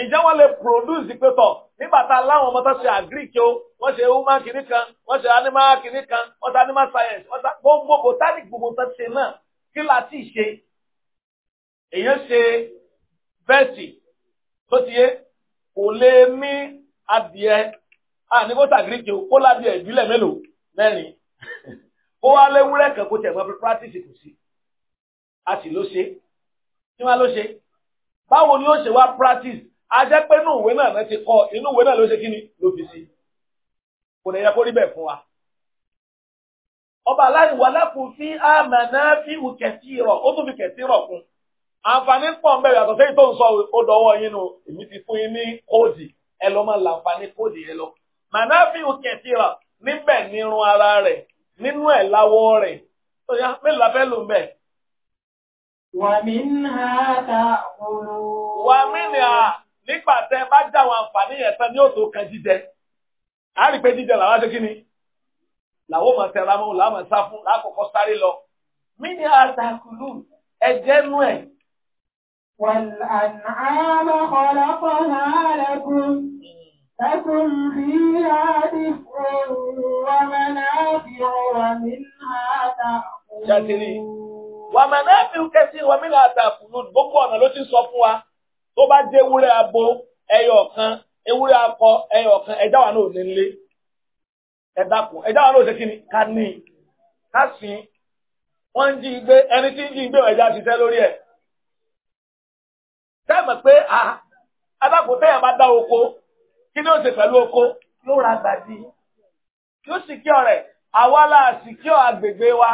ǹjẹ́ wọ́n lè produce pẹ́tọ̀ nígbà tá a láwọn ọmọ tó ṣe agric o wọ́n ṣe human kìíní kan wọ́n ṣe animal kìíní kan wọ́n ṣe animal science wọ́n ṣe gbogbo botanic gbogbo tó ṣe náà kí la ti ṣe èèyàn ṣe vẹ́ẹ̀tì tó ti yé kò lè mí adìẹ àní kó ṣàgric o kó ládìẹ ìbílẹ̀ mélòó mẹ́rin kó wá léwúrẹ́ kan kó tẹ̀ mọ́ practice kù sí a sì ló ṣe kí wọ́n ló ṣe báwo ni ó ṣe wá practice. ajẹ́ pé inú ìwé náà ti kọ inú ìwé náà ló ṣe kí ni ló fi sí kò ní yẹ kó rí bẹ́ẹ̀ fún wa. ọba aláìní wà lákùn sí àmàna fi wù kẹsí rọ ó tún fi kẹsí rọ fún àǹfààní pọ̀ ń bẹ̀rẹ̀ yàtọ̀ sẹ́yìn tó ń sọ odò ọwọ́ yín nu èmi ti fún yín ní kóòdì ẹ lọ máa kóòdì lọ. màná fi wù níbẹ̀ nírun ara rẹ̀ nínú ẹ̀ láwọ́ rẹ̀ tó yá mélòó la fẹ́ lò ń bẹ̀. wàmí ní ha ta nígbà tẹ bá já àwọn àǹfààní yẹn tán ní òtò kan jíjẹ á rí i pé jíjẹ làwọn adókí ni làwọn máa tẹra mọ́ làwọn máa sá lákòókò sáré lọ mí ni àtàkùlù ẹ̀jẹ̀ nú ẹ̀. والأنعام خلقها لكم لكم فيها دفء ومنافع ومنها تأكلون. ومنافع كثير ومنها تأكلون gbogbo ọ̀nà ló ti sọ fún wa tó bá jẹ́ ewúrẹ́ abo ẹyọ kan ewúrẹ́ akọ ẹyọ kan ẹja wa náà ní lé ẹ̀dá kù ẹja wa náà ṣe kí ni ká ní ká sìn wọ́n ń jí gbé ẹni tí ń jí gbé ẹja ṣiṣẹ́ lórí ẹ̀. sẹ́mi pé adákùn tẹ́yà bá dá oko kí ni ó ṣe pẹ̀lú oko yóò ra gbàdí yóò sì kí ọ̀rẹ́ àwa la sì kí ọ̀ àgbègbè wa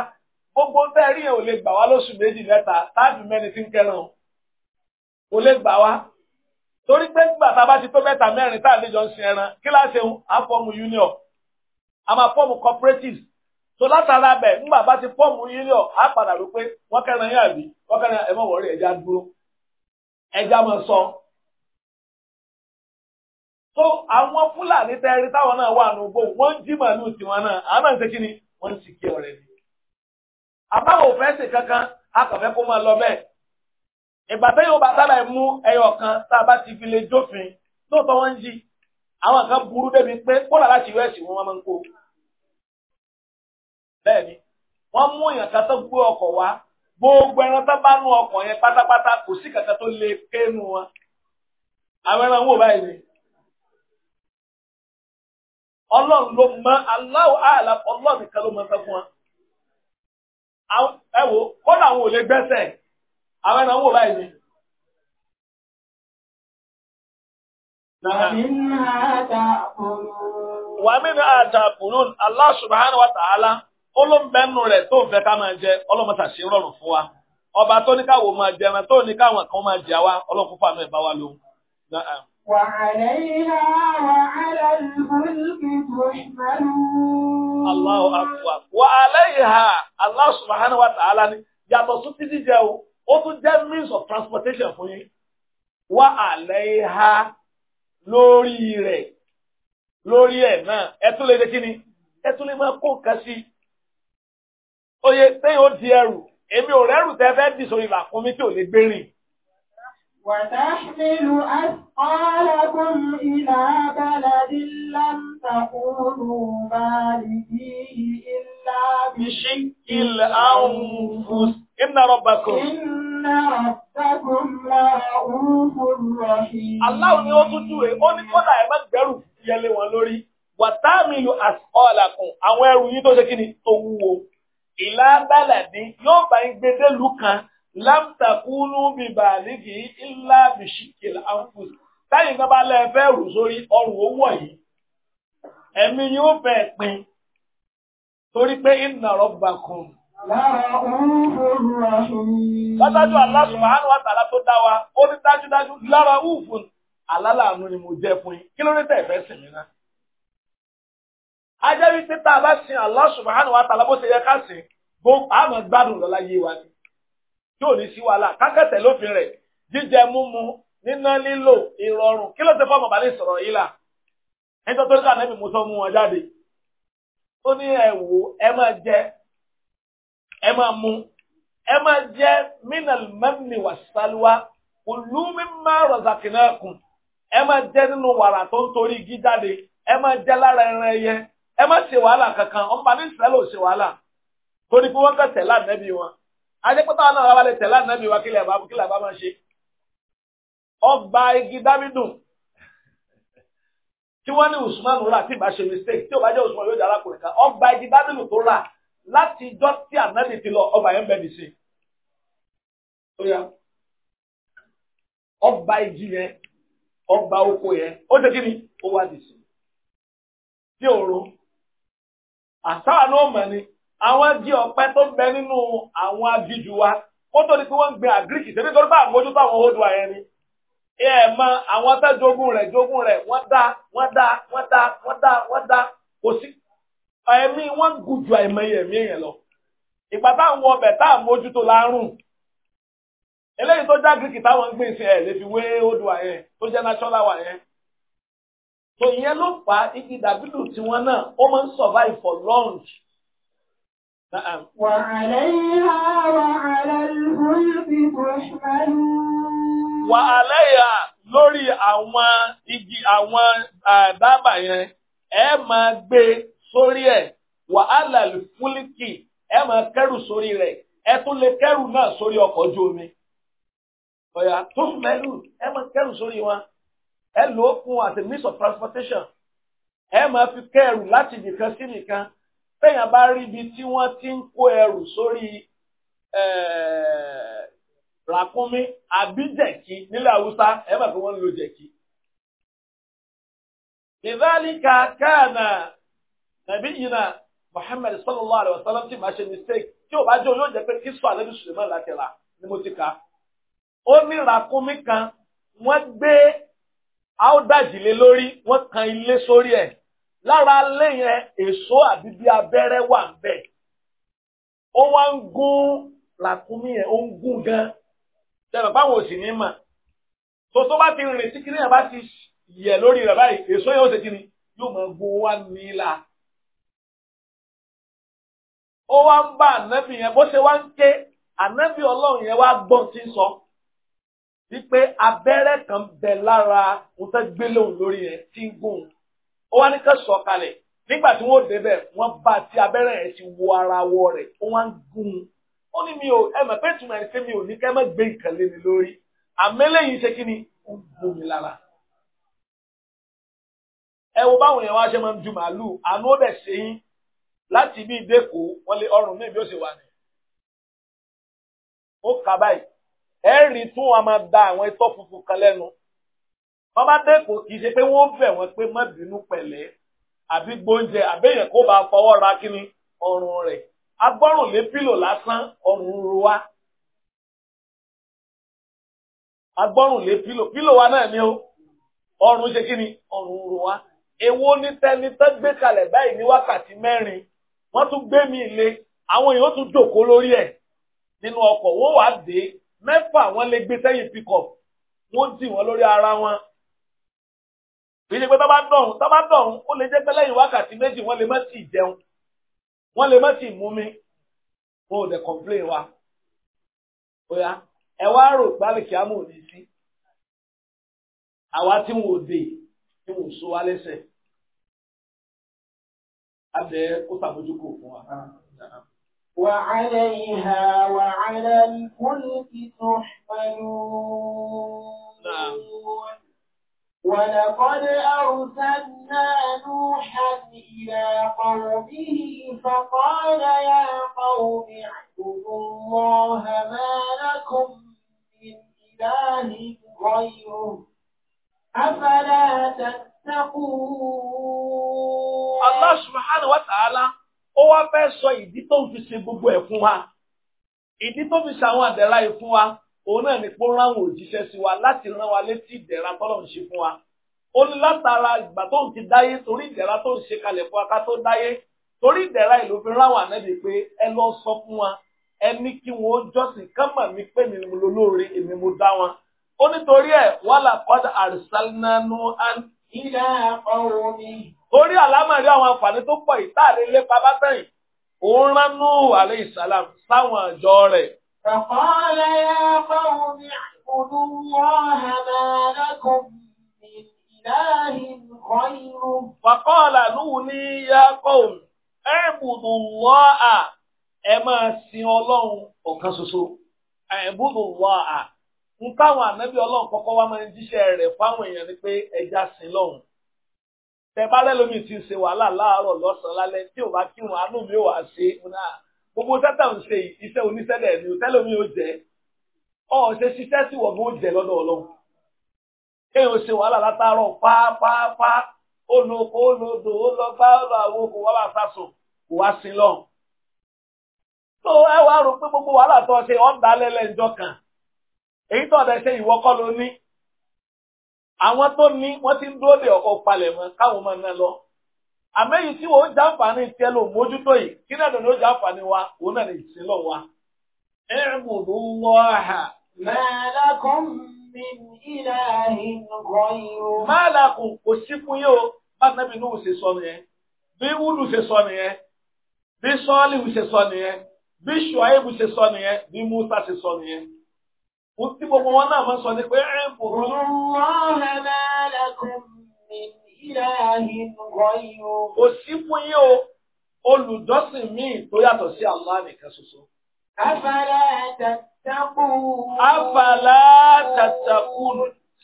gbogbo bẹ́ẹ̀ rí yẹn ò lè gbà wá lóṣù méjì mẹ́ta láti mẹ́ni tí ń kẹ́ràn o. kò lè gbà wá torí pé nígbà tá a bá ti tó mẹ́ta mẹ́rin tá a lè jọ ń sin ẹran kí láṣẹ ń á fọ́ọ̀mù union a máa fọ́ọ̀mù cooperatives so látara bẹ̀ nígbà bá ti fọ́ọ̀mù union a padà rò pé wọ́n kẹ́ran yín àbí wọ́n kẹ́ran ẹ̀ mọ̀ dúró ẹja máa sọ. so àwọn fúlàní tẹ́rí táwọn náà wà nù wọ́n jí màlúù tiwọn náà àwọn náà ń ṣe ìgbà tẹ́yìn ó bá sábà mú ẹyọ kan tá a bá ti fi lè jófin lóòótọ́ wọ́n ń jí àwọn kan burú débi pé kódà láti ìwé ẹ̀sìn wọn máa ń kó. bẹ́ẹ̀ni wọ́n mú èèyàn kan tó gbé ọkọ̀ wá gbogbo ẹran tó bá nú ọkọ̀ yẹn pátápátá kò sí kankan tó lè kéénu wọn. àwọn ẹran wò báyìí ni. ọlọ́run ló mọ aláwọ̀ àlà ọlọ́run kan ló mọ sẹ́fún wọn. ẹ wo kódà àwọn ò lè gbẹ́sẹ̀. àwọn ẹ̀nà wò báyìí ni. Wà mí ní wa ta'ala olóńbẹ́nu rẹ̀ tó fẹ́ ká máa jẹ ọlọ́mọta rọrùn fún wa. Ọba tó ní káwọ́ máa jẹ ẹran tó ní káwọn kan máa jẹ wa ọlọ́kùn fàánú ẹ̀ bá wa lóhun. وعليها وعلى الفلك تحملون الله أكبر وعليها yàtọ̀ títí jẹ́ o ó tún jẹ́ means of transportation fún yín wá àlẹ́ ha lórí rẹ̀ lórí ẹ̀ náà ẹ tún lè dé kí ni ẹ máa kó nǹkan sí i oye téyìn ó di ẹrù èmi ò rẹ́rù tẹ́ fẹ́ dì sórí làkúnmí tí ò lè gbé rìn. وتحمل أثقالكم إلى بلد لم تكونوا بالغيه بشق الأنفس إن ربكم إن ربكم لرؤوف رحيم الله ni ó tún júwe ó ní kódà ẹ má gbẹ́rù yẹlé wọn lórí wàtáàmìlú àsọ̀ọ̀làkùn àwọn ẹrù yìí tó ṣe kíni tó wúwo ìlà bàlàdé yóò bá ń gbé délùú kan lámtàkúnú bíbà nígi ńlá bìṣìkìlà àǹfùs táyìn kan bá lẹ́ẹ̀fẹ́ rù sórí ọrùn owó yìí ẹ̀mí yóò bẹ̀ pin torí pé inna rabbakum. Látájú Allah subhanahu wa ta'ala tó dá wa, ó ní dájúdájú lára úfun alálàánú ni mo jẹ́ fún yín. Kí ló dé tẹ̀ fẹ́ sìn mí náà? A jẹ́ wípé bá sin Allah subhanahu wa ta'ala bó ṣe yẹ ká sìn, gbogbo àmọ́ gbádùn lọ́la yé wa ni. Yóò ní sí wàhálà, kákẹ́tẹ̀ lófin rẹ̀, jíjẹ múmu, níná lílò, ìrọ̀rùn. Kí ló ti fọ́ ọmọ bàbá ní sọ̀rọ̀ yìí là? Ẹjọ́ tó ń ká ó ní ẹ̀wò ẹ máa jẹ ẹ máa mu ẹ máa jẹ minal manni wa salwa kulu mimma razaqnakum ẹ máa jẹ nínú wàrà tó ń torí igi jáde ẹ máa jẹ lára ẹran ẹyẹ ẹ má ṣe wàhálà kankan ọmọ ní ìsẹ́lẹ̀ ò ṣe wàhálà torí pé wọ́n kàn tẹ̀lé ànábì wọn adépótá náà wà lè tẹ̀lé ànábì wa kílẹ̀ bá máa ṣe ọgbà igi dábìdùn tí wọ́n ní Usman rà tí ìbá ṣe mistake tí ò bá jẹ́ Usman yóò di arákùnrin kan ọgbà ẹni bábìlì tó rà láti ijọ́ tí ànábì ti lọ ọgbà yẹn bẹ́ẹ̀ nìṣe. ọgbà igi yẹn ọgbà oko yẹn ó jẹ́ kí ni ó wá di sí i. tí òru àtàwà náà mọ̀ ni àwọn jí ọ̀pẹ tó bẹ nínú àwọn aginjù wa kó tó di pé wọ́n ń gbin àgíríkì tẹ́lẹ̀ tó ń bá àmójútó àwọn odò àyẹn ni ẹ mọ àwọn tẹ́ jogún rẹ̀ jogún rẹ̀ wọ́n dá wọ́n dá wọ́n dá wọ́n dá wọ́n dá kò sí ẹ̀mí wọ́n gùjù àìmọye ẹ̀mí èèyàn lọ ìgbà táwọn ọbẹ̀ tá à ń mójútó lárùn eléyìí tó já gíríkì táwọn ń gbé ìsìn ẹ̀ lè fi wé odò àyẹn tó jẹ́ náṣọ́lá wà yẹn so ìyẹn ló fà á igi dàbídù tiwọn náà ó máa ń survive for long. وعليها وعلى الفلك تحملون wà á lẹ́yà lórí àwọn igi àwọn dábà yẹn ẹ máa gbé sórí ẹ̀ wà á làlù fúlíkì ẹ máa kẹ́rù sórí rẹ̀ ẹ tún lè kẹ́rù náà sórí ọkọ̀ ojú omi. ọ̀yà tó mẹ́lù ẹ máa kẹ́rù sórí wọn ẹ lò ó fún as a means of transportation ẹ máa fi kẹ́rù láti nìkan sí nìkan téèyàn bá rí ibi tí wọ́n ti ń kó ẹrù sórí ràkúnmí àbí jẹ̀kí nílẹ̀ haúsá ẹ mọ̀ pé wọ́n jẹ̀kí. lidhalika kana nabiyina muhammed sallallahu alayhi wa sallam ti máa ṣe mistake tí ò bá jẹ́ olóò jẹ́ pé kí sọ àlejò suleman ni mo ti kà. ó ní ràkúnmí kan wọ́n gbé áódàjì lé lórí wọ́n kan ilé sórí ẹ̀ lára lẹ́yìn èso àbí bí abẹ́rẹ́ wà ń bẹ̀. ó wá ń gún làkúnmí yẹn ó ń gún gan-an ṣẹlẹ̀ báwọn òsì ní mà tó tó bá ti rìn sí kíní àbá ti yẹ lórí rẹ̀ báyìí èso yóò ṣe kíni yóò máa gbó wá nílà. ó wá ń bá ànábì yẹn bó ṣe wá ń ké ànábì ọlọ́run yẹn wá gbọ́n tí ń sọ wípé abẹ́rẹ́ kan bẹ lára òun tẹ́ gbélé lórí yẹn tí ń gùn ó wá ní ká sọ̀ kalẹ̀ nígbà tí wọ́n débẹ̀ wọ́n bá ti abẹ́rẹ́ yẹn ti wo ara wọ rẹ̀ ó wá ń gún ó ní mi ò ẹ̀mọ̀ pé tùmọ̀ ẹni pé mi ò ní kẹ́ mọ́ gbé nǹkan lé mi lórí àmẹ́lẹ́ yìí ṣe kí ni ó ń bò mí lára. ẹ wo báwọn èèyàn wá ṣe máa ń ju màálù àánú ó bẹ̀ ṣe yín láti ibi ìdẹ́kọ̀ wọn lé ọrùn mi bí ó ṣe wà ní. ó kà báyìí ẹ rí tún wọn máa da àwọn itọ́ funfun kan lẹ́nu. wọ́n bá dẹ́kọ̀ kì í ṣe pé wọ́n bẹ̀ wọ́n pé má bínú pẹ̀lẹ́ àbí gbóúnjẹ àbẹ́yẹn bá fọwọ́ ra kíni ọrùn rẹ̀ agbọ́rùn lé pílò lásán ọrùn ro wa agbọ́rùn lé pílò pílò wa náà ni ó ọrùn ṣe kí ni ọrùn ro wa èwo ní tẹni tó gbé kalẹ̀ báyìí ní wákàtí mẹ́rin wọ́n tún gbé mi ilé àwọn èèyàn tún jòkó lórí ẹ̀ nínú ọkọ̀ wọ́n wàá dé mẹ́fà wọ́n lè gbé sẹ́yìn pikọ̀ wọ́n dì wọ́n lórí ara wọn ìdí pé tọ́ bá dọ̀hún tọ́ bá dọ̀hún ó lè jẹ́ pé lẹ́yìn wákàtí méjì wọ́n lè má tì jẹun wọ́n lè má sì mú mi wọn ò complain wa bóyá ẹ wá rò gbálẹ̀ kí á mọ̀ ní sí àwa tí wọn ò dé tí wọn ò so wa lẹ́sẹ̀ á jẹ́ kó sàmójúkò fún wa. وعليها وعلى الفلك تحملون ولقد أرسلنا نوحا إلى قومه فقال يا قوم اعبدوا الله ما لكم من إله غيره أفلا تتقون الله سبحانه وتعالى هو wá fẹ́ sọ ìdí tó ń fi ṣe gbogbo ẹ̀ òun náà ni pé ó ráwọn òjíṣẹ́ sí wa láti rán wa létí ìdẹ̀ra tọ́lọ̀ ń ṣe fún wa ó ní látara ìgbà tó ń ti dáyé torí ìdẹ̀ra tó ń ṣe kalẹ̀ fún wa ká tó dáyé torí ìdẹ̀ra ìlú fi ráwọn ànábì pé ẹ lọ sọ fún wa ẹ ní kí wọn ó jọ́sìn kán mọ̀ mí pé mi mo lólóore èmi mo dá wọn ó nítorí ẹ wàhálà kọ́dà àrísálínánú án. ìdá ọrùn mi. torí àlámọ̀rí àwọn àǹfààní tó pọ̀ ìtàlélẹ́pàá فقال يا قوم اعبدوا الله ما لكم من إله غيره فقال نوني يا قوم اعبدوا الله ẹ máa sin ọlọ́run ọ̀kan ṣoṣo àìbùdù wà á ń táwọn ànábì ọlọ́run kọ́kọ́ wá máa ń jíṣẹ́ rẹ̀ fáwọn èèyàn ni pé ẹja sin lọ́hùn tẹ bá lẹ́lómi ti ṣe wàhálà láàárọ̀ lọ́sàn-án tí ò bá kírun àánú mi ò wá ṣe náà gbogbo sátà ń ṣe iṣẹ́ oníṣẹ́lẹ̀ ni òtẹ́lẹ̀ mi ò jẹ́ ọ̀ ṣe ṣiṣẹ́ sí wọ̀gbọ́n ó jẹ́ lọ́dọ̀ ọlọ́run èèyàn ṣe wàhálà látàárọ̀ pápápá ó lo ó lọ bá ọ̀rọ̀ àwọn gbogbo wàhálà tó ṣe ọ̀dà lẹ́lẹ̀ ńjọ kan èyí tó ọ̀dà ṣe kọ́ ló ní àwọn tó ní wọ́n ti ń àmẹ́yìí tí wọ́n jàǹfààní tiẹ̀ ló mójútó yìí kí náà dọ̀dọ̀ jàǹfààní wa òun náà lè sin wa. ẹ̀rùbùdù lọ́ha. mẹ́lẹ́kùn mi ìlà ìgbọ̀n yìí o. mẹ́lẹ́kùn kò sí fún yóò bá nàbí nùhù ṣe sọ nìyẹn bí wúlù ṣe sọ nìyẹn bí sọ́ọ́lì ṣe sọ nìyẹn bí ṣùáìbù ṣe sọ nìyẹn bí Mùsá ṣe sọ nìyẹn. Mo ti gbogbo wọn náà máa sọ pé Kò sí fún yín o, olùjọ́sìn míì tó yàtọ̀ sí Allah nìkan ṣoṣo. Afala tattakun. Afala tattakun.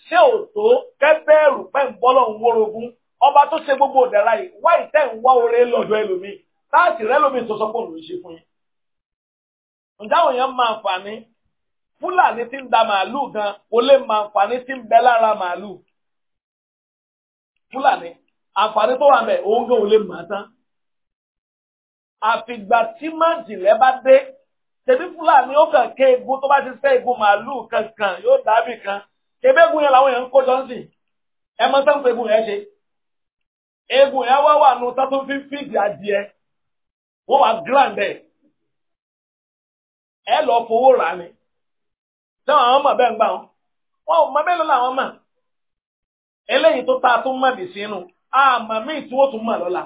Ṣé ò tó kẹ́bẹ́rù pẹ́ ń bọ́lọ̀ ń wórogún? Ọba tó ṣe gbogbo ìdára yìí, wá ìtẹ́ ń wá oore lọ́dọ̀ ẹlòmíì. Táàtì rẹ lómi tó sọ pé òun ṣe fún yín. Ǹjẹ́ àwọn èèyàn máa fà ní? Fúlàní ti ń da màálù gan, kò máa fà ní ti ń bẹ lára màálù fúlàní àǹfààní tó wà mẹ́ òun gan ò lè mà tán. àfìgbà tí májìlẹ̀ bá dé tẹ̀bí fúlàní ó kàn ké egun tó bá ti fẹ́ egun màálù kankan yóò dàbí kan ebégun yẹn làwọn èèyàn ń kó jọ ń sìn ẹ mọ tán pé egun yẹn ṣe egun yẹn wá wà nù tó fi fíìdì adìẹ wọ́n wá grand ẹ̀ ẹ lọ fowó rà ni tí àwọn ọmọ bẹ́ẹ̀ ń gbà wọn wọn ò mọ bẹ́ẹ̀ lọ́la àwọn mọ̀. eléyìí tó taa a tún mọ̀dì sínú àmọ́ míì tí wọ́n tún mọ̀ lọ́la.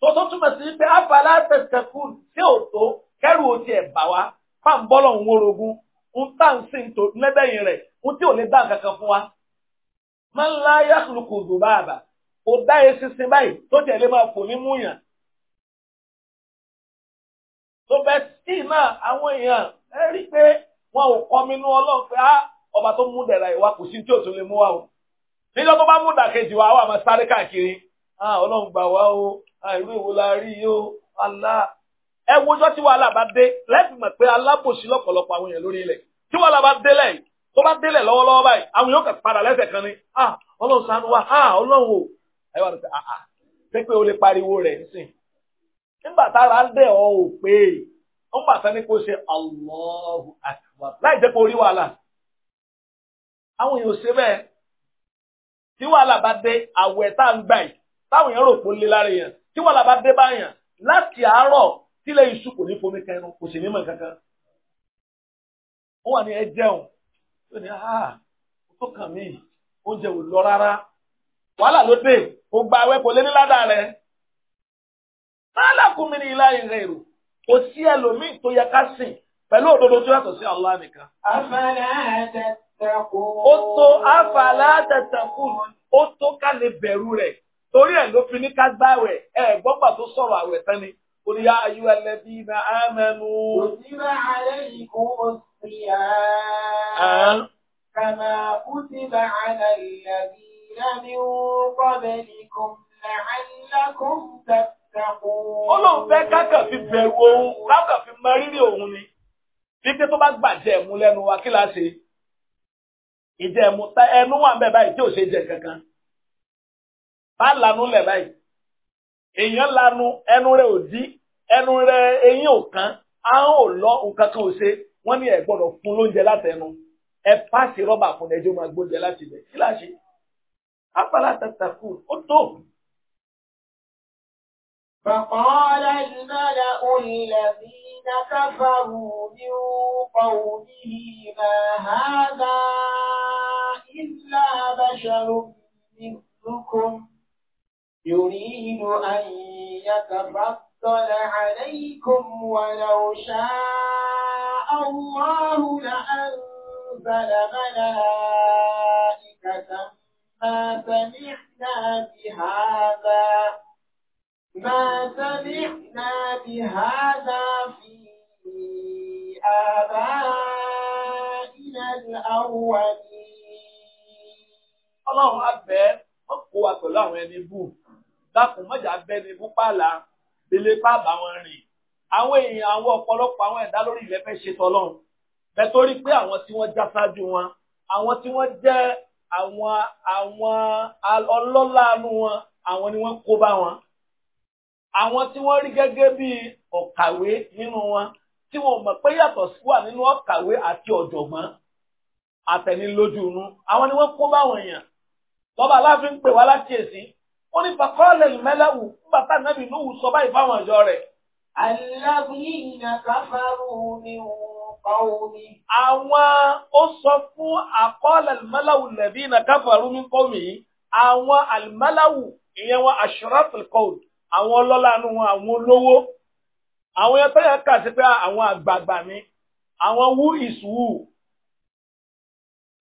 tó tó túmọ̀ sí pé abala tẹ̀sẹ̀kù tí ò tó kẹ́rù ó tiẹ̀ bà wá pàǹbọ́lọ̀ ń wórogún ń tà ń sìn tó lẹ́bẹ̀yìn rẹ̀ ń tí ò lè dá fún wa. la yàkùlùkù zùbáàbà kò dá esi sin báyìí tó tiẹ̀ lè máa fò ní múyàn. tó bẹ́ẹ̀ tí náà àwọn èèyàn ẹ rí pé wọn ò ọba tó mú dẹ̀ra ìwà kò sí tí ò tún lè mú wa o níjọ́ tó bá mú dàkejì wa wà máa sáré káàkiri ọlọ́run gbà wá o irú èwo la rí yìí o alá ẹ wojọ́ tí wàhálà bá dé lẹ́sìn mọ̀ pé alábòsí lọ́pọ̀lọpọ̀ àwọn èèyàn lórí ilẹ̀ tí wàhálà bá dé lẹ́yìn tó bá délẹ̀ lọ́wọ́lọ́wọ́ báyìí àwọn yóò kàn padà lẹ́sẹ̀ kan ni ọlọ́run ṣàánú wa ọlọ́run o ẹ wà Allahu Akbar láì jẹ́ pé orí wàhálà àwọn èèyàn ò ṣe bẹ́ẹ̀ tí wàhálà bá dé àwẹ̀ tá à ń gbà yìí táwọn èèyàn rò pé ó lé lára èèyàn tí wàhálà bá dé báyàn láti àárọ̀ tílẹ̀ iṣu kò ní fomi kẹnu kò sì ní mọ̀ kankan wọ́n wà ní ẹ jẹun tó ní ah tó kàn mí oúnjẹ ò lọ rárá wàhálà ló dé kò gba àwẹ̀ kò lé ní ládàá rẹ̀ mọ́lá kún mi ní ilá ìrìn èrò kò sí ẹlòmíì tó yẹ ká sìn pẹ̀lú òdodo tó yàtọ̀ sí Allah nìkan. àfẹ́rẹ́ àtẹ̀tẹ̀ ó tó àfàlà tẹ̀tẹ̀kù ó tó ká lè bẹ̀rù rẹ̀ torí ẹ̀ ló fi ní ká gbààwẹ̀ ẹ̀ gbọ́pà tó sọ̀rọ̀ àwẹ̀ tán ni قل يا أيها الذين آمنوا كتب عليكم الصيام كما كتب على الذين من قبلكم لعلكم تتقون Ọlọ́run fẹ́ kákàn fi bẹ̀rù òun kákàn fi mọ rírì òun ni. Bí pé tó bá gbàjẹ́ mú lẹ́nu wa kí la ìjẹ mu ta ẹnu wà bẹ́ẹ̀ báyìí tí ò ṣe jẹ kankan bá lanu lẹ̀ báyìí èèyàn lanu ẹnu rẹ̀ ò dí ẹnu rẹ̀ eyín ò kan ahọ́n ò lọ nǹkan kan ò ṣe wọ́n ní ẹ gbọ́dọ̀ fún lóúnjẹ látẹnu ẹ pàṣẹ rọ́bà fún ẹjọ́ máa gbóúnjẹ láti ibẹ̀ kí láṣẹ apala tàtàkù ó tó. فقال الملأ الذين الذين كفروا من قومه ما هذا إلا بشر مثلكم يريد أن يتفضل عليكم ولو شاء الله لأنزل ملائكة ما سمعنا بهذا ما سمعنا بهذا في آبائنا الأولين ọlọ́run abẹ́ wọ́n kó wa pẹ̀lú àwọn ẹni bù dákun mọ́jà bẹ́ni bú pààlà délé pààbà wọn rìn àwọn èèyàn àwọn ọ̀pọ̀lọpọ̀ àwọn ẹ̀dá lórí ilẹ̀ fẹ́ ṣe tọlọ́run bẹ́ẹ̀ torí pé àwọn tí wọ́n já ṣáájú wọn àwọn tí wọ́n jẹ́ àwọn àwọn ọlọ́láàánú wọn àwọn ni wọ́n kó bá wọn àwọn tí wọ́n rí gẹ́gẹ́ bí ọ̀kàwé nínú wọn tí wọ́n mọ̀ pé yàtọ̀ sí wà nínú ọ̀kàwé àti ọ̀jọ̀gbọ́n àtẹnilójúnú àwọn ni wọ́n kó báwọn èèyàn lọ́ba aláàfin ń pè wá lákìyèsí ó ní bàkọ́ọ̀lẹ̀ mẹ́lẹ́wù bàtà nàbì lówù sọ báyìí fáwọn ìjọ rẹ̀. alábìyìn àkàfàrù ni qawmi. àwọn ó sọ fún àkọọ́lẹ̀ mẹ́lẹ́wù lẹ̀bí ìnàkàfàrù min qawmi yìí àwọn àlùmẹ́lẹ́wù ìyẹn wọn àṣírọ́fìl àwọn yẹn tẹ́yẹ kà sí pé àwọn àgbààgbà ni àwọn who is who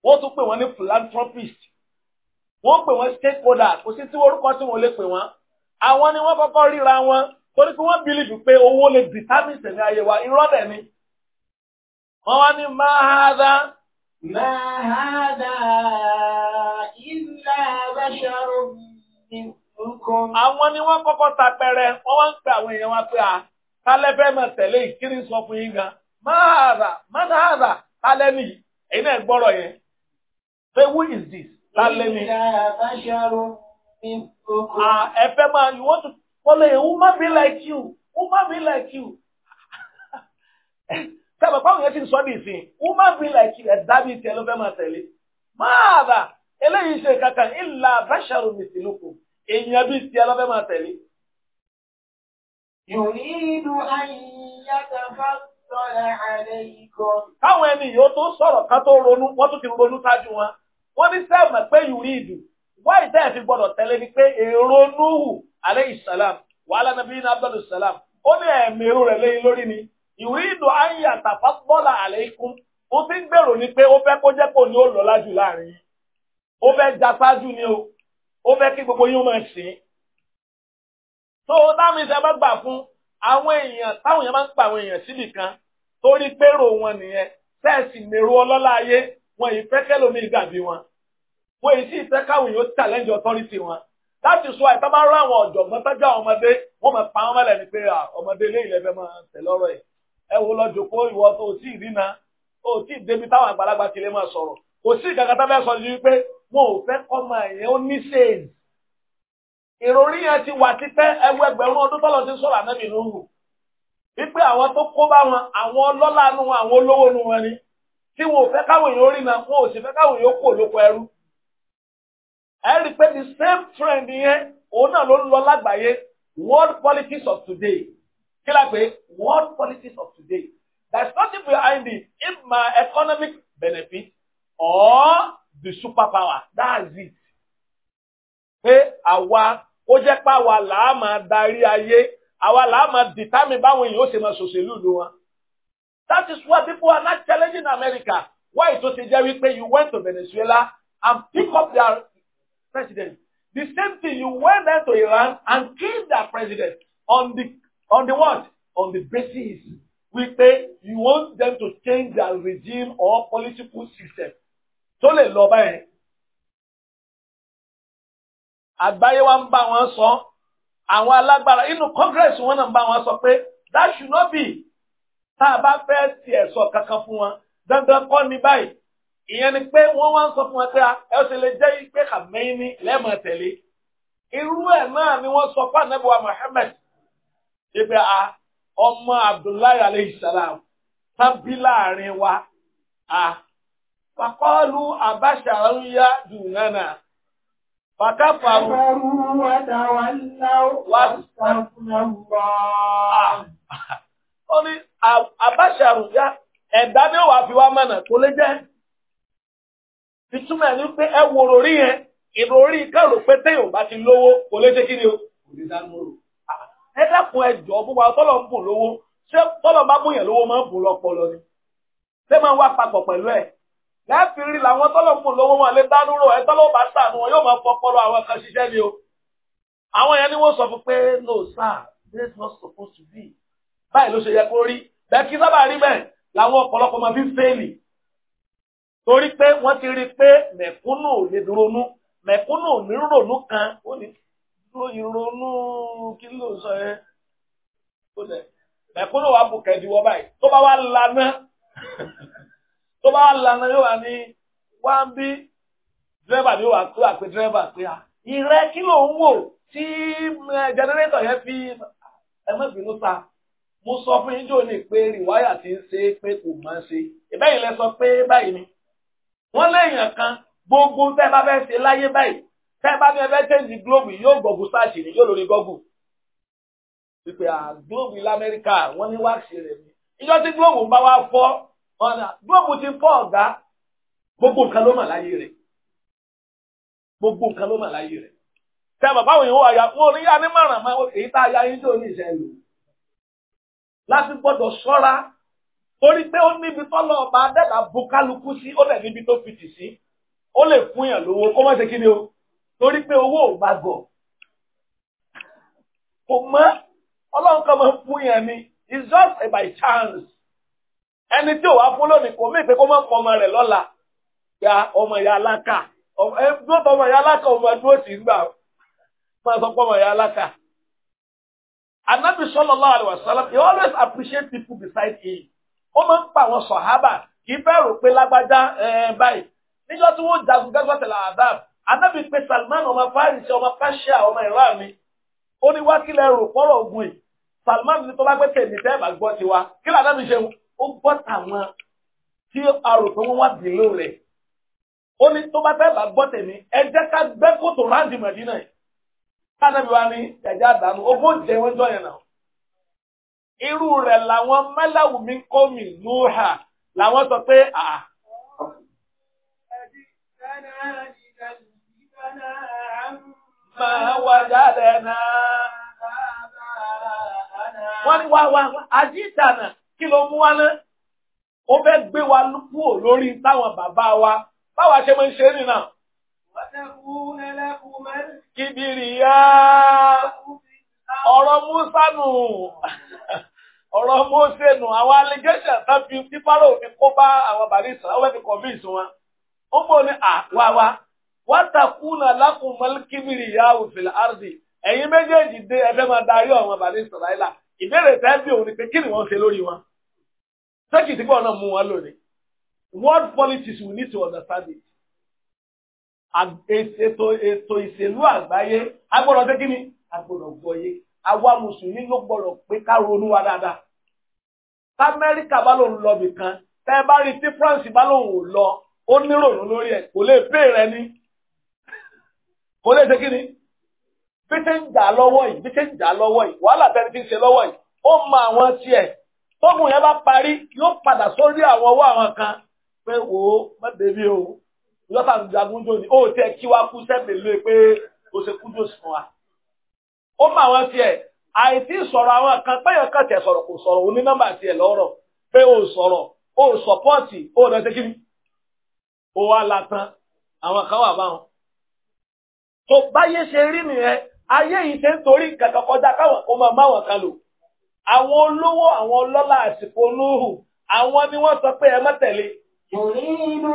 wọ́n tún pè wọ́n ní philanthropist wọ́n pè wọ́n stakeholders kò sí tí orúkọ tí wọ́n lè pè wọ́n àwọn ni wọ́n kọ́kọ́ ríra wọn torí pé wọ́n bìlìfù pé owó lè determine sẹ̀mí ayé wa irọ́ dẹ̀ ni wọ́n wá ní máhádá. máhádá ilá bàṣàrò nìkan. àwọn ni wọ́n kọ́kọ́ tapẹ̀rẹ̀ wọ́n wá ń pè àwọn èèyàn wa pé à tálẹ́ máa tẹ̀lé ìkírí sọ fún yín gan máa rà máa rà tálẹ́ nì èyí náà gbọ́rọ̀ yẹn pé who is this tálẹ́ nì. Ah, ẹ máa you want to follow a woman be like you woman be like you sábà báwọn yẹn ti sọ ní ìsìn woman be like you ẹ̀dá bíi tiẹ̀ ló fẹ́ máa tẹ̀lé máa rà eléyìí ṣe kankan ìlà bàṣàrò mìtìlúkù èèyàn bíi tiẹ̀ ló fẹ́ máa tẹ̀lé. يريد أن يتفضل عليكم káwọn ẹni yóò tó sọ̀rọ̀ ká tó ronú wọ́n tún ti ronú sáájú wọn wọ́n ní sẹ́ẹ̀mọ̀ pé yùrí ìdù wá ìtẹ́ ẹ̀ fi gbọ́dọ̀ tẹ́lẹ̀ ni pé èrò núhù alayhi salam wàhálà nàbí ní abdul salam ó ní ẹ̀mí irú rẹ̀ lẹ́yìn lórí ni yùrí ìdù an yatafaddal alaykum ó ti ń gbèrò ni pé ó fẹ́ kó jẹ́ kó ní ó lọ lájú láàrin ó fẹ́ já sáájú ni o ó fẹ́ kí gbogbo yín ó máa sìn tó láàmì ìṣẹ́ bá gbà fún àwọn èèyàn táwọn èèyàn máa ń pa àwọn èèyàn síbì kan torí pérò wọn nìyẹn sẹ́ẹ̀sì mèrò ọlọ́lá ayé wọn yìí fẹ́ kẹ́lòmíì dàbí wọn wọn yìí sì fẹ́ káwọn èèyàn challenge authority wọn láti sọ àìsàn máa ń rán àwọn ọ̀jọ̀gbọ́n tọ́jú àwọn ọmọdé wọ́n máa pa wọ́n mọ́lẹ̀ ni pé ọmọdé ilé ìlẹ̀ fẹ́ máa tẹ̀ lọ́rọ̀ ẹ̀ ẹ wo lọ jòkó ìwọ tó o tí ì rínà tó o tí ì débi táwọn àgbàlagbà ti lè máa sọ̀rọ̀ kò sí ìkankan tá fẹ́ sọ ju wípé wọn ò fẹ́ kọ́ máa yẹn ó ní sèèdì ìròrí yẹn ti wà títẹ́ ẹwọ ẹgbẹ̀rún ọdún tọ́lọ̀ ti sọ̀rọ̀ ànábì lóhù wípé àwọn tó kó bá wọn àwọn ọlọ́lá nu wọn àwọn olówó nu wọn ni tí wọn ò fẹ́ káwọn èèyàn rí na wọn ò sì fẹ́ káwọn èèyàn kú òlóko ẹrú ẹ rí i pé the same trend yẹn òun náà ló ń lọ lágbàáyé world politics of today kí la pé world politics of today there is nothing behind it if my economic benefit or the superpower that is it pé àwa kó jẹ́ pé àwa làá máa darí ayé àwa làá máa dìtámì báwọn èèyàn ó ṣe máa ṣòṣèlú ìlú wọn. That is why people are not challenging America why tó ti jẹ́ wípé you went to Venezuela and pick up their president the same thing you went there to Iran and kill their president on the on the what on the basis wípé you want them to change their regime or political system tó lè lọ báyẹn àgbáyé wa ń bá wọn sọ àwọn alágbára inú congress wọn náà ń bá wọn sọ pé that should not be tá a bá fẹ́ ti ẹ̀sọ́ kankan fún wọn dandan kọ́ ni báyìí ìyẹn ni pé wọ́n wá ń sọ fún wọn pé ẹ ṣe lè jẹ́ pé kàmẹ́yìn ní lẹ́ẹ̀mọ̀ tẹ̀lé irú ẹ̀ náà ni wọ́n sọ fún anabiwa Muhammad ṣẹbi a ọmọ Abdullahi alayhi salam tábí láàrin wa a fàkọ́lù àbáṣà ń yá dùnánà. Fàkàfàrú. Ah. Ó ní àbáṣàrù já ẹ̀dá ní òwà fi wá mọ̀nà tó lé jẹ́. Ìtumọ̀ ní pé ẹ wòrò rí yẹn, ìròrí kẹ́rù pé téèyàn bá ti lówó kò lè ṣe kí ni o. Ah. Ẹ dákun ẹjọ́ bó wa tọ́lọ̀ ń bùn lówó, ṣé tọ́lọ̀ bá bùn lówó máa ń bùn lọ́pọlọ ni? Ṣé máa wá papọ̀ pẹ̀lú ẹ̀? láti rí làwọn tọ́lọ̀ lówó wọn lé dánú rò ẹ tọ́lọ̀ bá sànù wọn yóò máa fọpọlọ àwọn kan ṣiṣẹ́ ni o. àwọn yẹn ni wọ́n sọ fún pé no sir this not supposed to be báyìí ló ṣe yẹ kó rí bẹ́ẹ̀ kí sábà rí bẹ́ẹ̀ làwọn ọ̀pọ̀lọpọ̀ máa fi fẹ́ẹ̀lì torí pé wọ́n ti rí i pé mẹ̀kúnnù lè ronú mẹ̀kúnnù ò ronú kan ó ní ìrònú kí ló ń sọ yẹn mẹ̀kúnnù wa bù kẹ́ẹ̀dì wọ báyìí tó bá wá lana tó bá lànà yóò wà ní wá ń bí dírẹ́bà ni ó wà tó àpè dírẹ́bà pé a ìrẹ́ kí ló ń wò tí jẹnẹrétọ̀ yẹn fi ẹmọ́bìnú ta mo sọ fún yín jò ní pé rìwáyà ti ń ṣe é pé kò máa ṣe ìbẹ́yìn lẹ sọ pé báyìí ni wọ́n léèyàn kan gbogbo tẹ́ bá fẹ́ ṣe láyé báyìí tẹ́ bá fẹ́ fẹ́ tẹ́ǹdì gílóòbù yóò gbọ̀gù sáàṣì ni yóò lórí gọ́gù wípé à gílóòbù ilẹ̀ Amẹ́ríkà wọ́n ní wáàsì rẹ̀ ni ìjọ gílóòbù bá wá fọ́ ọ̀nà gbọ́mù ti fọ́ ọ̀gá gbogbo nǹkan ló mà láyé rẹ̀ gbogbo nǹkan ló mà láyé rẹ̀ tí a bàbá òyìnbó àyà wọn ò ní yá ní márùn àmọ́ èyí tá a ya yín tí ò ní ìṣẹ́ lò láti gbọ́dọ̀ ṣọ́ra torí pé ó níbi tọ́lọ̀ ọba adẹ́ta bu kálukú sí ó lẹ̀ níbi tó fìtì sí ó lè fún yàn lówó kó má ṣe kí ni o torí pé owó ò bá gọ̀ kò mọ́ ọlọ́run kan máa fún yàn ni it's just by chance ẹni tí ò wá fún lónìí kò mí pé kó má pọ ọmọ rẹ̀ lọ́la ya ọmọ ìyá aláka ẹgbẹ́ ọmọ ìyá aláka ọmọ ẹdúró sí gbà máa sọ pé ọmọ ìyá aláka. Anabi sallallahu alaihi wasallam he always appreciate people beside him. Ó máa ń pa àwọn sọ̀hábà kì í bẹ̀rù pé lágbájá báyìí. Níjọ́ tí wọ́n jagun gẹ́gbẹ́ tẹ̀lé Adab, Anabi pé Salman ọmọ Faris ọmọ Persia ọmọ Iran mi. Ó ní wákìlẹ̀ rò pọ́rọ̀ ogun yìí. Salman ní tó bá gbé bá gbọ́ tiwa. Kí làdá ó gbọ́ tàwọn tí a rò pé wọ́n wà bìlú rẹ̀ ó ní tó bá fẹ́ bá gbọ́ tèmi ẹ jẹ́ ká gbẹ́ kòtò ráǹdì mọ̀dínà yìí káàdàbí wa ní ẹ̀jẹ̀ àdánù ogún jẹ́ wọ́n jọ yẹn náà irú rẹ̀ làwọn mẹ́láwù mi kọ́ mi lóhà làwọn sọ pé à. Máa wà Wọ́n ní wá wá ajídànà kí ló mú wá ná ó fẹ́ gbé wa kúrò lórí táwọn bàbá wa báwa ṣe máa ń ṣe nìyà. kìbìrìyà ọ̀rọ̀ músánù ọ̀rọ̀ mọ́sẹ̀nù àwọn allegation tán fi fífáró òfin kó bá àwọn barista ó fẹ́ fi convince wọn ó mọ̀ ní àwáwá wátàkùnà lákùnmọ́lì kíbìrì ìyá òfin àrùdì ẹ̀yin méjèèjì dé ẹgbẹ́ máa darí àwọn barista láìla ìbéèrè tẹ́ bí òun ni pé kí ni wọ́n ṣe lórí wọn. Take it go on mu alone. World politics we need to understand it. Ètò eto ìṣèlú àgbáyé agbọ́dọ̀ pé kí ni? Agbọ́dọ̀ gbọ́yé. Àwa Mùsùlùmí ló gbọ́dọ̀ pé ká ronú wa dáadáa. Támẹ́ríkà bá lòun lọ bìkan, bá rí tí France bá lòun ò lọ, ó nírònú lórí ẹ̀, kò lè pè rẹ ní. Kò lè ṣe ni? Bí ṣe ń jà lọ́wọ́ yìí, bí ń jà lọ́wọ́ yìí, wàhálà ń ṣe lọ́wọ́ yìí, ó mọ àwọn tógun yẹn bá parí yóò padà sórí àwọn ọwọ́ àwọn kan pé wò ó má débi o lọ́sà ń jagun jò ní ó tiẹ̀ kí wá kú sẹ́mìlì pé o ṣe kú jò sùn wa. ó mọ àwọn tiẹ̀ àìsí sọ̀rọ̀ àwọn kan péyàn kan tẹ̀ sọ̀rọ̀ kò sọ̀rọ̀ òní nọ́mbà tiẹ̀ lọ́rọ̀ pé o sọ̀rọ̀ o sọ̀pọ́ọ̀tì o rẹ̀ ṣe kí ni. o wa la tán àwọn kan wà báwọn. tó báyé ṣe rí nìyẹn ayé yìí ṣe ń torí kàkàkọjá àwọn olówó àwọn ọlọ́lá àsìkò Nuhu àwọn ni wọ́n sọ pé ẹ má tẹ̀lé. Yùrídù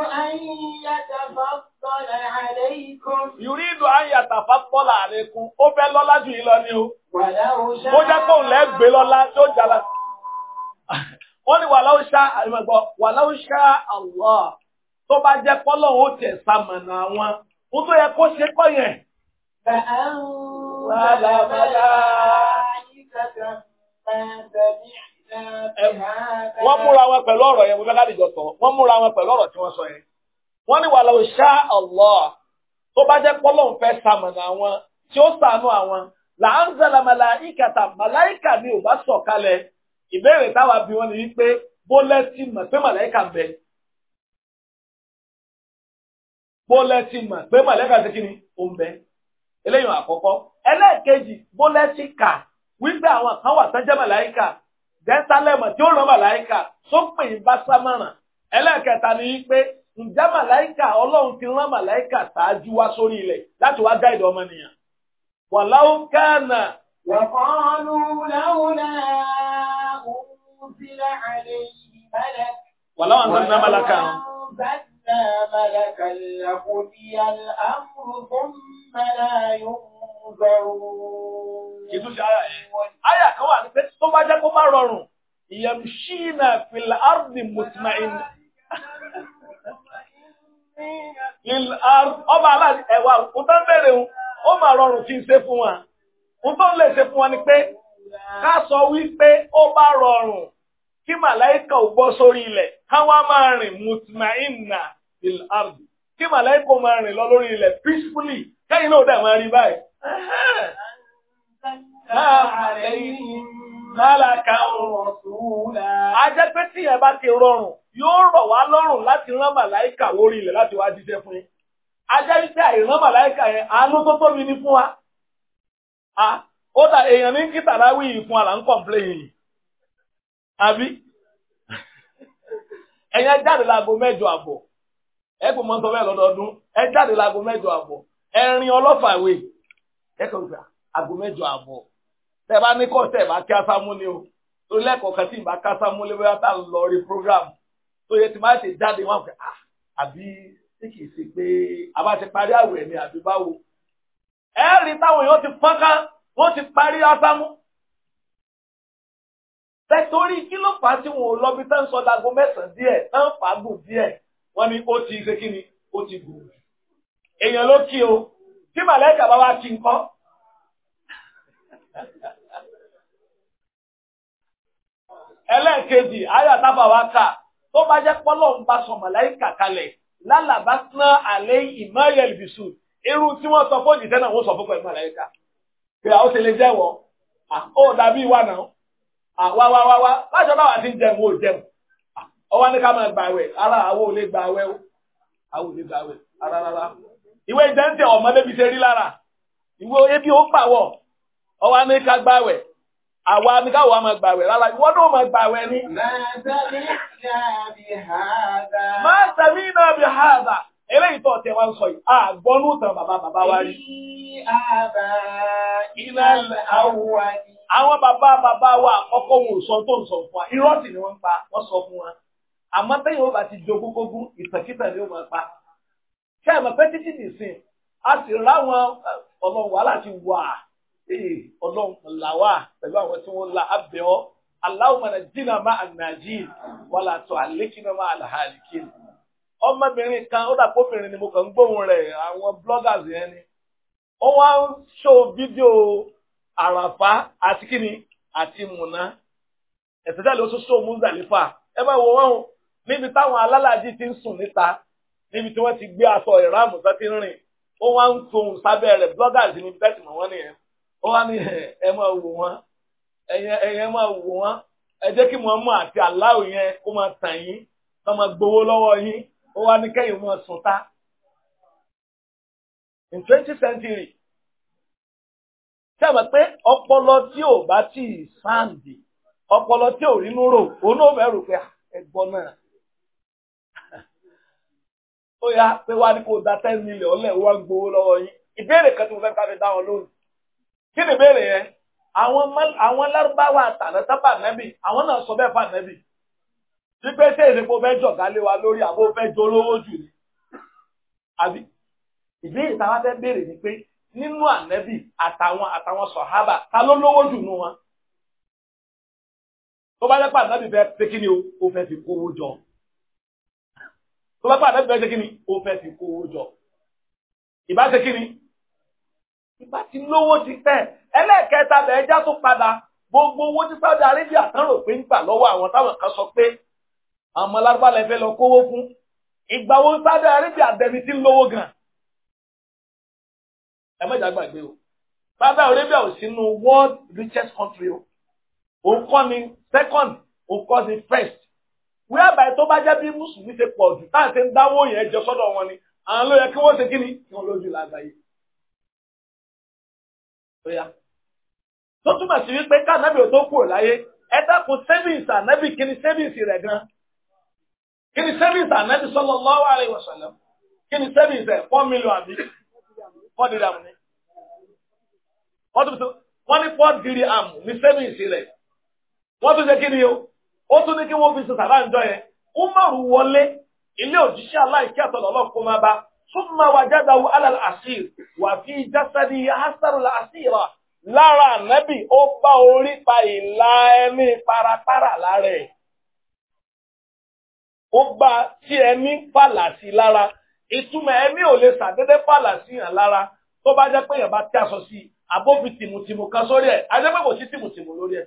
ayàtà fàtọ́là àlékún, ó fẹ́ lọ́lá jù yìí lọ ni o. Ó jẹ́ kó lẹ́gbẹ̀ẹ́ lọ́lá tó jàlá. Wọ́n ní wàláwó ṣá àlùmọ̀gbọ́, wàláwó ṣá Allah tó bá jẹ́ pọ́lọ̀ ó tẹ̀ sàmọ̀nà wọn. Ó tó yẹ kó ṣe kọ́ yẹn. Bàá ń wà lábàlá ìkàkà. Wọ́n múra wọn pẹ̀lú ọ̀rọ̀ yẹn, mo fẹ́ láti jọ tọ̀. Wọ́n múra wọn pẹ̀lú ọ̀rọ̀ tí wọ́n sọ yẹn. Wọ́n ní wàhálà òṣà Allah tó bá jẹ́ pọ́lọ́ ń fẹ́ sàmọ̀nà àwọn tí ó sànú àwọn. Làánzẹ̀lá màláìkàtà màláìkà ni ò bá sọ̀kalẹ̀. Ìbéèrè táwa bí wọ́n ní wípé bólẹ́tì mọ̀ pé màláìkà ń bẹ. Bólẹ́tì mọ̀ pé màláìkà ti kí ni? Ó ń bẹ. Eléyìí àkọ́kọ́. wípé àwọn kan wà tán jẹ́ jẹ́sálẹ̀mọ̀ tí ó ràn màláìkà sópin ìbásámọ̀ràn ẹlẹ́ẹ̀kẹta ni pé ǹjẹ́ màláìkà ọlọ́run ti rán màláìkà ṣáájú wá sórí ilẹ̀ láti wá gáìdì ọmọnìyàn. wàláwó kánà. wàkọ́nù láwùlá òǹzílà àlẹ́ yìí ìtúnṣe ara yẹn àyà kan wà pé tó bá jẹ́ kó má rọrùn yamshina fil ardi mutma'in lil ardi ọba aláàdì ẹ̀wà kò tán bẹ̀rẹ̀ o ó mà rọrùn kí n ṣe fún wa n tó lè ṣe fún wa ni pé ká sọ wípé ó bá rọrùn kí màláìka ò bọ́ sórí ilẹ̀ káwá máa rìn mutma'inna fil ardi kí màláìka ò máa rìn lọ lórí ilẹ̀ peacefully kẹ́yìn náà dà máa rí báyìí. Ajẹ́ pé tí ẹ bá ti rọrùn, yóò rọ̀ wá lọ́rùn láti rán màláíkà orí ilẹ̀ láti wá jíṣẹ́ fún yín. Ajẹ́ wípé àìrán màláíkà yẹn, àánú tó tóbi ni fún wa. Ó dà èèyàn ní kí tàráwì ìfún àlà ń kọ̀m̀plé yìí. Àbí? Ẹ̀yẹn jáde láago mẹ́jọ àbọ̀. Ẹ kò mọ́ sọ bẹ́ẹ̀ lọ́dọọdún. Ẹ jáde láago mẹ́jọ àbọ̀. Ẹ̀rin ọlọ́fàwé ẹ̀kọ́ gbà aago mẹ́jọ àbọ̀ tẹ́ bá ní kọ́sẹ̀ bá kí ásámú ni o torí lẹ́kọ̀ọ́ kan tí ìbá ká ásámú lé bóyá tá lọ rí program tó yẹ ti máa ti jáde wọn pé ah, àbí tí kìí ṣe pé a bá ti parí àwẹ̀ ni àbí báwo ẹ rí táwọn èèyàn ti fọ́nká wọ́n ti parí ásámú tẹ́torí kí ló fà á tí wọn ò lọ bí tẹ́ ń sọ dago mẹ́sàn-án díẹ̀ tẹ́ ń fàágùn díẹ̀ wọ́n ní ó ti ṣe kí ni ó ti gùn èèyàn ló kí o tí màlẹ́kà bá wá ti ń kọ́. ẹlẹ́ẹ̀kejì ayé àtàbà wa kà tó bá jẹ́ pọ́lọ́ ń bá sọ màlẹ́kà kalẹ̀ lálàbá tán àlẹ́ ìmọ̀ọ́yẹ̀ ìbìsù irú tí wọ́n sọ fóònù ìtẹ́nà wọ́n sọ fún pẹ̀lú màlẹ́kà pé àwọn ṣe lè jẹ́wọ́ ó dàbí ìwà náà àwáwáwáwá lájọ bá wà ní jẹun ó jẹun ọwọ́ ní ká máa gbàwẹ̀ ara àwọn ò lè gbàwẹ̀ o àwọn ò lè gbàwẹ̀ rárá rárá ìwé ìdẹ́ntẹ̀ ọmọ débi ṣe rí lára ìwé ebi ó pàwọ̀ ọwọ́ ní ká gbàwẹ̀ àwa ní káwọ́ a máa gbàwẹ̀ rárá ìwọ́n náà máa gbàwẹ̀ ni. máa tẹ̀lé náà bí hàdà eléyìí tó ọ̀tẹ̀ wa ń sọ yìí àgbọ́nú tàn bàbá bàbá wa rí. àwọn bàbá bàbá wa àkọ́kọ́ wọn ò sọ tó ń sọ fún wa irọ́ sì ni wọ́n ń pa wọ́n sọ fún wa àmọ́ tẹ́yìn ó bá ti jogún gógún ìtàkìtà ni ó máa kẹ́ ẹ̀ mọ̀ pé títí nìsín a sì ráwọn ọlọ́run wàhálà ti wà ọlọ́run làwà pẹ̀lú àwọn tí wọ́n la abẹ́ ọ́ Allahumma najjina ma'a najin wala tu'allikna ma'al halikin ọmọbìnrin kan ó dàpọ̀ obìnrin ni mo kàn ń gbóhùn rẹ̀ àwọn bloggers yẹn ni ó wá ń ṣó fídíò àràfá àti kíni àti mùnà ẹ̀sẹ̀ jáde ó tún ṣó múzàlífà ẹ bá wo níbi táwọn alálàájì ti ń sùn níta níbi tí wọ́n ti gbé aṣọ ìráàmù sọ́tí rìn ó wá ń tohùn sábẹ́ rẹ̀ bloggers ní bẹ́ẹ̀sì mọ̀ wọ́n nìyẹn ó wá ní ẹ máa wò wọ́n ẹ̀yẹ máa wò wọ́n ẹ jẹ́ kí mọ̀ọ́mọ́ àti aláwọ̀ yẹn kó máa tàn yín kó máa gbowó lọ́wọ́ yín ó wá ní kẹ́yìn máa sùn ta. in twenty century sábà pé ọpọlọ tí ò bá tí ì sáǹdì ọpọlọ tí ò rínú rò òun náà fẹ́ rò pé ah, ẹgbọ́n náà ó yá pé wá ní kò dá ten million lẹ̀ wá ń gbowó lọ́wọ́ yín ìbéèrè kan tí mo fẹ́ ká fi dá wọn lónìí kí ni ìbéèrè yẹn àwọn lárúbáwá àtàlẹ́ sábà nẹ́bì àwọn náà sọ bẹ́ẹ̀ fà nẹ́bì wípé tí èdè kò fẹ́ jọ̀gá lé wa lórí àbó fẹ́ jólówó jù ni àbí ìbéèrè táwa fẹ́ béèrè ni pé nínú ànẹ́bì àtàwọn àtàwọn sọ̀hábà ta ló lówó jù nù wọn tó bá lẹ́pà ànẹ́bì fẹ́ pé kí ni o fẹ́ fi kówó jọ tó bá pàdé bẹ́ẹ̀ ṣe kí ni ó fẹ́ fi kó owó jọ ìbá ṣe kí ni ìbá ti lówó ti tẹ̀ ẹlẹ́ẹ̀kẹta bẹ̀ẹ́ já tó padà gbogbo owó tí Saudi Arabia tán rò pé ń gbà lọ́wọ́ àwọn táwọn kan sọ pé àmọ́ lárúbá lẹ fẹ́ lọ kówó fún ìgbà wo Saudi Arabia dẹni tí ń lówó gan ẹ mẹ́jà gbàgbé o Saudi Arabia ò sínú world richest country o òun kọ́ ni second òun kọ́ ni first wíwábàá tó bá jẹ́ bí mùsùlùmí ṣe pọ̀ jù táà ṣe ń dáwó yẹn jọ sọ́dọ̀ wọn ni àwọn ló yẹ kí wọ́n ṣe kí ni kí wọ́n lójú lágbàáyé. tó túmọ̀ sí wípé ká nábì ò tó kúrò láyé ẹ dákun sẹ́fìsì ànábì kí ni sẹ́fìsì rẹ̀ gan kí ni sẹ́fìsì ànábì sallallahu alaihi wasallam kí ni sẹ́fìsì ẹ̀ four million àbí four dirham ni wọ́n ní four dirham ni sẹ́fìsì rẹ̀ wọ́n tún ṣe kí ni o. ó tún ní kí wọ́n fi ṣe sàrà ńjọ yẹn umaru wọlé ilé òjíṣẹ́ aláìkí àtọ̀nà ọlọ́pọ̀ máa bá súnmọ́ wa jáde alal asir wà fi jásádì asir asira lára ànábì ó bá orí pa ìlà ẹni parapara lára ẹ̀ ó tí ẹni lára ìtumọ̀ ẹni ò lè yàn lára tí aṣọ sí kan sórí ẹ̀ ajẹ́pẹ́ kò sí tìmùtìmù lórí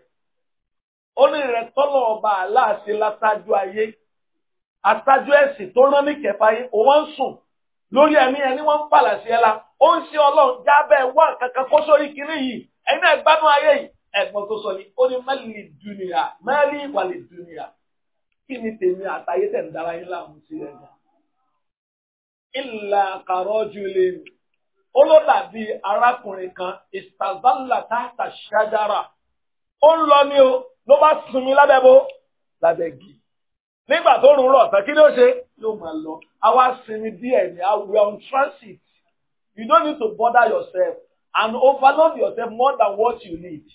ó ní rẹ tọ́lọ̀ ọba aláàṣẹ látájú ayé àtájú ẹ̀sìn tó rán ní kẹfà ayé òun wọ́n ń sùn lórí ẹ̀mí ẹni wọ́n ń pàlàṣẹ ẹ̀la ó ń ṣe ọlọ́run jábẹ́ wà kankan kó sórí kinní yìí ẹni ẹ̀gbádùn ayé yìí ẹ̀gbọ́n tó sọ ni ó ní mẹ́lì dùnìyà mẹ́lì ìwàlì dùnìyà kí ni tèmi àtàyé tẹ̀ ń dára yín láàmú sí ẹ̀ ìlà àkàrọ̀ ju lè nù ó ló dàbí arákùnrin kan ìsàzánlá táàtà ló bá sunmi lábẹ́bó lábẹ́ gi nígbà tó rùn rọ̀ tán kí ni ó ṣe yóò máa lọ àwa sinmi díẹ̀ ni we are on transit you don't need to bother yourself and overload yourself more than what you need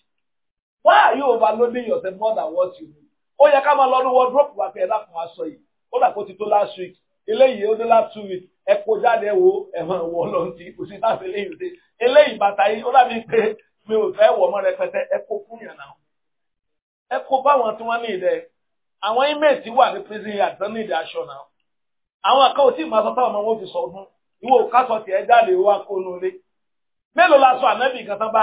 why are you overloading yourself more than what you need ó yẹ ká máa lọ ní wardrobe wa pé ẹ dákun aṣọ yìí ó dà kó ti tó last week eléyìí ó dé last two weeks ẹ kó jáde wo ẹ̀wọ̀n ìwọ ọlọ́run ti kò sí láti eléyìí dé eléyìí bàtà yìí ó dàbí pé mi ò fẹ́ wọ̀ ọmọ rẹpẹtẹ ẹ fún yàn ẹ kó báwọn tí wọ́n ní ìdẹ àwọn inmate wà ní prison yard tán ní ìdẹ aṣọ náà àwọn àkàwọ̀ tí màá sọ táwọn ọmọ wọn fi sọ ọdún ìwọ òkàsọ tiẹ̀ jáde wá kó nu ilé mélòó la sọ ànábì kan tán bá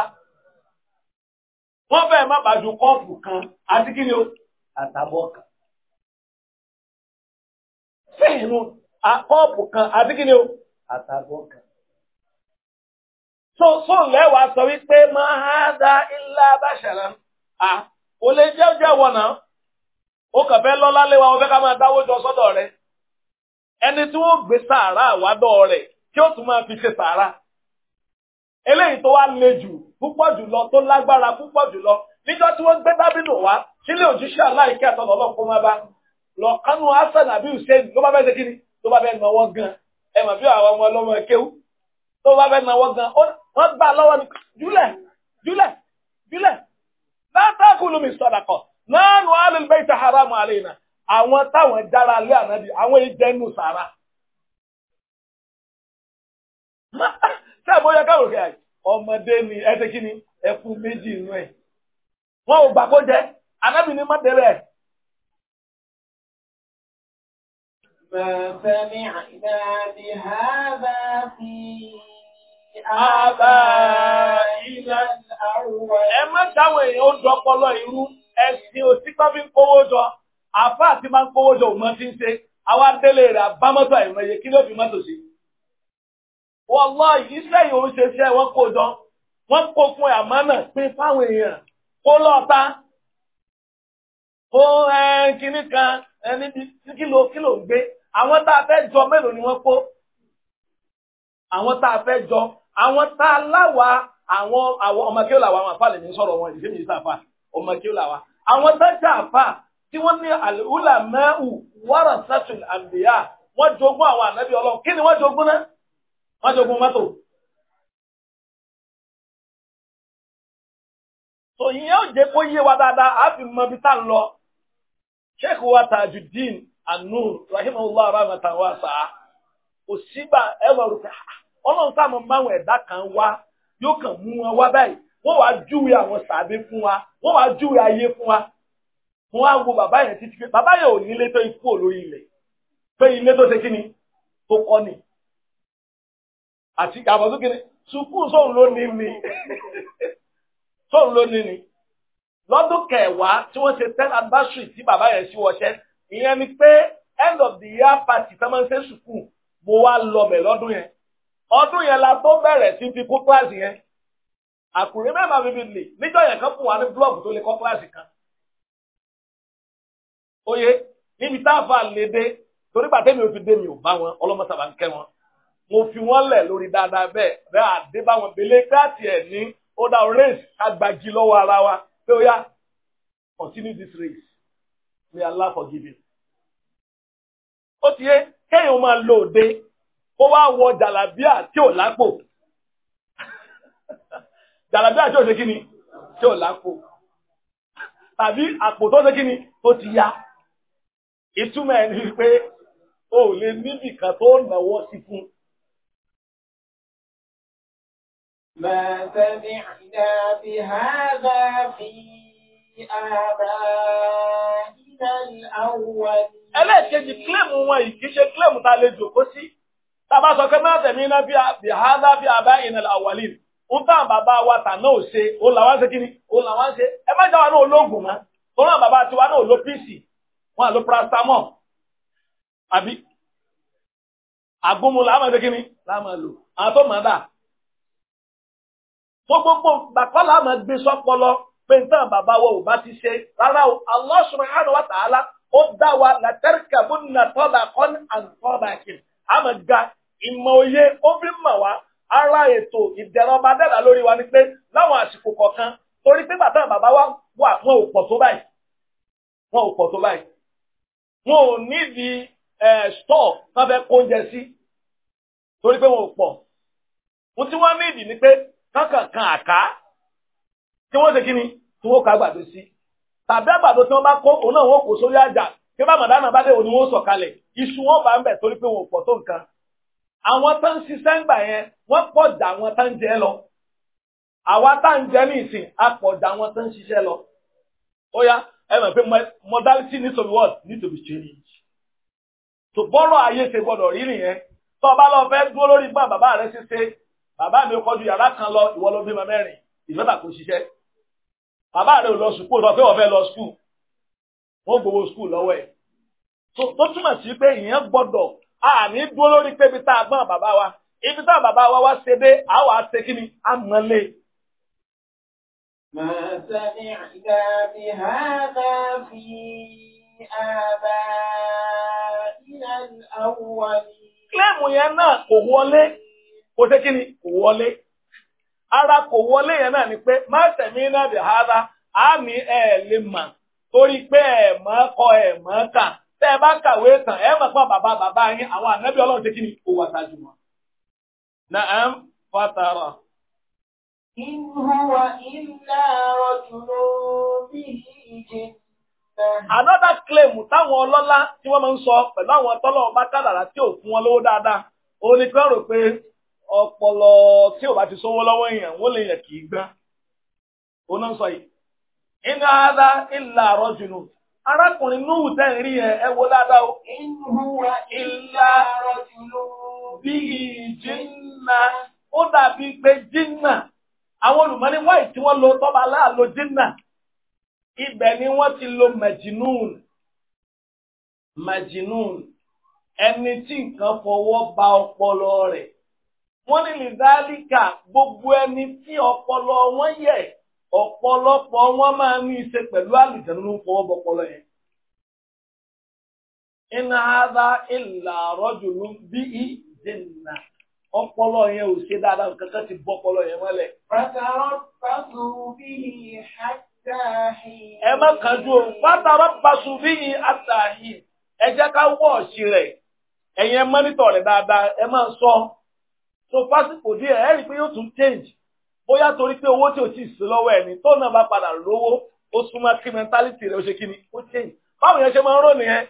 wọ́n fẹ́ẹ̀ má bàjú kọ́ọ̀pù kan àti kí ni o àtàbọ̀ kan fẹ́ẹ̀ nu kọ́ọ̀pù kan àti kí ni o àtàbọ̀ kan so so lẹ́wàá sọ wípé máa dá ilá bàṣàrà o lè jẹ́ jẹ́ wọ̀nà ó kàn fẹ́ lọ́lá léwa ó fẹ́ ká máa dáwó jọ sọ́dọ̀ rẹ̀ ẹni tí wọ́n gbé sàárà àwádọ́ rẹ̀ kí ó tún máa fi ṣe sàárà eléyìí tó wá le jù púpọ̀ jùlọ tó lágbára púpọ̀ jùlọ níjọ́ tí wọ́n gbé dábìnù wá òjíṣẹ́ aláìkẹ́ àtọ̀nà ọlọ́pọ̀ máa bá lọ́kánú hasan àbí hussein ló bá fẹ́ ṣe kíni tó bá fẹ́ gan ẹ bí àwọn ọmọ ọlọ́mọ kéwú tó bá fẹ́ gan wọ́n gbà lọ́wọ́ látàkùlù mi sọ̀dàkọ̀ náà nù alìlbẹ́ta haramu àlẹ́yìnà àwọn táwọn awọn lé ànábì àwọn ìjẹnu sàrà. ṣé àbóyá káwọn òkè ọmọdé ni ẹ kí ni ẹkún méjì inú ẹ wọn ò gbà kó jẹ ànábì ni má délé ẹ má dáwọn èèyàn ó dọpọlọ irú ẹsìn òtípá fi ń kówó jọ àfa àti máa ń kówó jọ òun ti ń ṣe àwa délé rẹ àbámọ́tò àìmọye kí ló fi mọ́tò sí. wàláhì iṣẹ́ yìí ó ń ṣe iṣẹ́ wọn kó jọ wọ́n kó fún ẹ̀ àmọ́ náà pé fáwọn èèyàn kó lọ́ọ̀ta kó ẹ kíní kan níbi kílò kílò ń gbé àwọn tá a fẹ́ jọ mélòó ni wọ́n kó àwọn tá a fẹ́ jọ àwọn tá a láwàá. àwọn àwọn ọmọ kí ó làwọn àwọn àfáà lè ní sọ̀rọ̀ wọn mi ọmọ kí ó làwọn. àwọn tájà àfáà tí wọ́n ní àlùhùlà mẹ́ù wàrà sátìl àmbíyà wọ́n jogún àwọn ànábì ọlọ́run kí ni wọ́n jogún náà wọ́n jogún mọ́tò. tò ìyẹn ò jẹ́ kó yé wa dáadáa a fi mọ ibi tá ń lọ. sheikh wa tajudeen anur rahimahullah nwa wa sa kò ẹ lọ ah, ọlọ́run sáà mọ̀ máwọn yóò kàn mú wọn wá báyìí wọ́n wàá júwe àwọn sàbẹ fún wa wọ́n wàá júwe ayé fún wa wọ́n á wo bàbá yẹn títí pé bàbá yẹn ò nílé tó ikú olórí ilẹ̀ pé ilé tó ṣe kí ni tó kọ́ ni àti àbọ̀ tó kiri sukùn sóun ló ní ni sóun ló ní ni lọ́dún kẹwàá tí wọ́n ṣe ten anniversary tí bàbá yẹn sí wọṣẹ́ ìyẹn ni pé end of the year party tẹ́mọ̀ ṣe sukùn mo wá lọ bẹ̀ lọ́dún yẹn ọdún yẹn la tó bẹ̀rẹ̀ sí fi kó kíláàsì yẹn àkùrẹ́ mẹ́fà bíbí lè níjọ́ yẹn kan fún wa ní búlọ́ọ̀gù tó lè kọ́ kíláàsì kan. oye níbi táàfà lè dé torí pàtẹ́ mi ò fi dé mi ò bá wọn ọlọ́mọsàbà ń kẹ́ wọn mo fi wọn lẹ̀ lórí dáadáa bẹ́ẹ̀ bẹ́ẹ̀ àdé bá wọn belé káàtì ẹ̀ ní ó race agbájí lọ́wọ́ ara wa pé ó yá continue this race may Allah forgive you. ó ti yé kéèyàn máa lò dé ó wá wọ jàlábíà tí ò lápò jàlábíà tí ò ṣe kíni tí ò lápò tàbí àpò tó ṣe kíni tó ti yá ìtumọ̀ ẹ̀ pé o lè níbì kan tó nàwọ́ sí fún. ẹlẹ́ẹ̀kejì kílẹ̀mù wọn yìí kì ṣe kílẹ̀mù tá lè jòkó sí tàbá sọ pé má tẹ̀mí iná bí àhádá bí àbá ìnàlá àwàlì ń tàn bàbá wa tà náà ṣe ó làwọn ṣe kíni ó làwọn ṣe ẹ má jáwa náà lóògùn mọ́ tó náà bàbá tiwa náà ló píìsì wọn àló paracetamol àbí àgbómo làwọn ṣe kíni làwọn lò àwọn tó mọ̀ dà tó gbogbo bàbá làwọn gbé sọ́pọlọ pé ń tàn bàbá wa ò bá ti ṣe rárá o Allah subhanahu wa ta'ala ó dá wa látẹ́rìkà bó nà tọ́ba kọ́ni àǹtọ́ba kìí àmọ̀ ga ìmọ̀ òye ó mọ̀ wá ara ètò ìdẹ̀rọ̀ ọba lórí wa ni pé láwọn àsìkò kọ̀ọ̀kan torí pé bàbá bàbá wa wà wọn ò pọ̀ tó báyìí wọn ò pọ̀ tó báyìí wọn ò nídìí stọ̀ tán fẹ́ kó oúnjẹ sí torí pé wọn ò pọ̀ ohun tí wọ́n nídìí ni pé kankankan àká tí wọ́n ṣe kí ni tí wọ́n ká àgbàdo sí tàbí àgbàdo tí wọ́n bá kó òun náà wọ́n kó sórí àjà kí bá màdánà bá dé òun ni wọ́n sọ̀kalẹ̀ iṣu wọn bá ń bẹ̀ torí pé wọn ò pọ̀ tó nǹkan àwọn tó ń ṣiṣẹ́ ń gbà yẹn wọ́n pọ̀ dà àwọn tó ń jẹ lọ àwa tá ń jẹ ní ìsìn a pọ̀ dà àwọn tó ń ṣiṣẹ́ lọ ó yá ẹ mọ̀ pé modality need to be what need to be changed tó bọ́rọ̀ ayé ṣe gbọ́dọ̀ rí nìyẹn tó o bá lọ fẹ́ dúró lórí gbọ́n bàbá rẹ ṣiṣẹ́ bàbá mi kọjú yàrá kan lọ ìwọ ló bímọ mẹ́rin ìfẹ́bà kò ṣiṣẹ́ bàbá rẹ ò lọ sùkúl lọ fẹ́ wọ́n fẹ́ lọ sùkúl wọ́n gbowó sùkúl lọ́wọ́ ẹ̀ tó túmọ̀ sí pé ìyẹn gbọ́dọ̀ A dúró lórí pé ibi tá a gbọ́n wa ibi tá a bàbá wa wá ṣe dé a wà á ṣe kí ni a mọ̀ lé. fi àbá ìlànà àwọ̀lì. Kílẹ̀mù yẹn náà kò wọlé, kò ṣe kí ni kò wọlé. Ara kò wọlé yẹn náà ni pé má náà kọ ẹ̀ mọ́ tẹ́ ẹ bá kàwé tán ẹ mọ̀ pé bàbá bàbá yín àwọn ànábì ọlọ́run ṣe ni kò wà sáájú wọn. Na'am fatara. In huwa illa rajulun bihi jinn. Another claim táwọn ọlọ́lá tí wọ́n máa ń sọ pẹ̀lú àwọn tọ́lọ̀ ọba kádàrá tí ò fún wọn lówó dáadáa, ó ní kí wọ́n rò pé ọpọlọ tí ò bá ti sówó lọ́wọ́ èèyàn wọ́n lè yàn kì í gbá. Ó náà sọ yìí. In hadha illa rajulun arákùnrin núhù tẹ́ ń rí ẹ wo dáadáa o. ìhùwà ìlà rọ̀tìlú bí jìnnà ó dàbí pé jìnnà àwọn olùmọ́ni wáì tí wọ́n lo tọ́ba láàlò jìnnà ibẹ̀ ni wọ́n ti lo mẹ̀jìnún mẹ̀jìnún ẹni tí nǹkan fọwọ́ ba ọpọlọ rẹ̀ wọ́n ní lìdálíkà gbogbo ẹni tí ọpọlọ wọn yẹ̀ ọ̀pọ̀lọpọ̀ wọn máa ní í ṣe pẹ̀lú àlùjànnú ló ń fọwọ́ bọpọlọ yẹn. iná ada ìlà rọ́jò ló ń bí i dènà ọpọlọ yẹn ò ṣe dáadáa nǹkan kan ti bọpọlọ yẹn mọ́lẹ̀. o pàṣù bí i àtàhì ẹ jẹ́ ká rẹ̀ mọ́nítọ̀ rẹ̀ dáadáa ẹ sọ so bóyá torí pé owó tí o ti sí lọ́wọ́ ẹ̀ ni tó náà bá padà lówó ó súnmọ́ kí mẹ́ntálítì rẹ̀ ó ṣe kí ni ó change báwo yẹn ṣe máa ń rò nìyẹn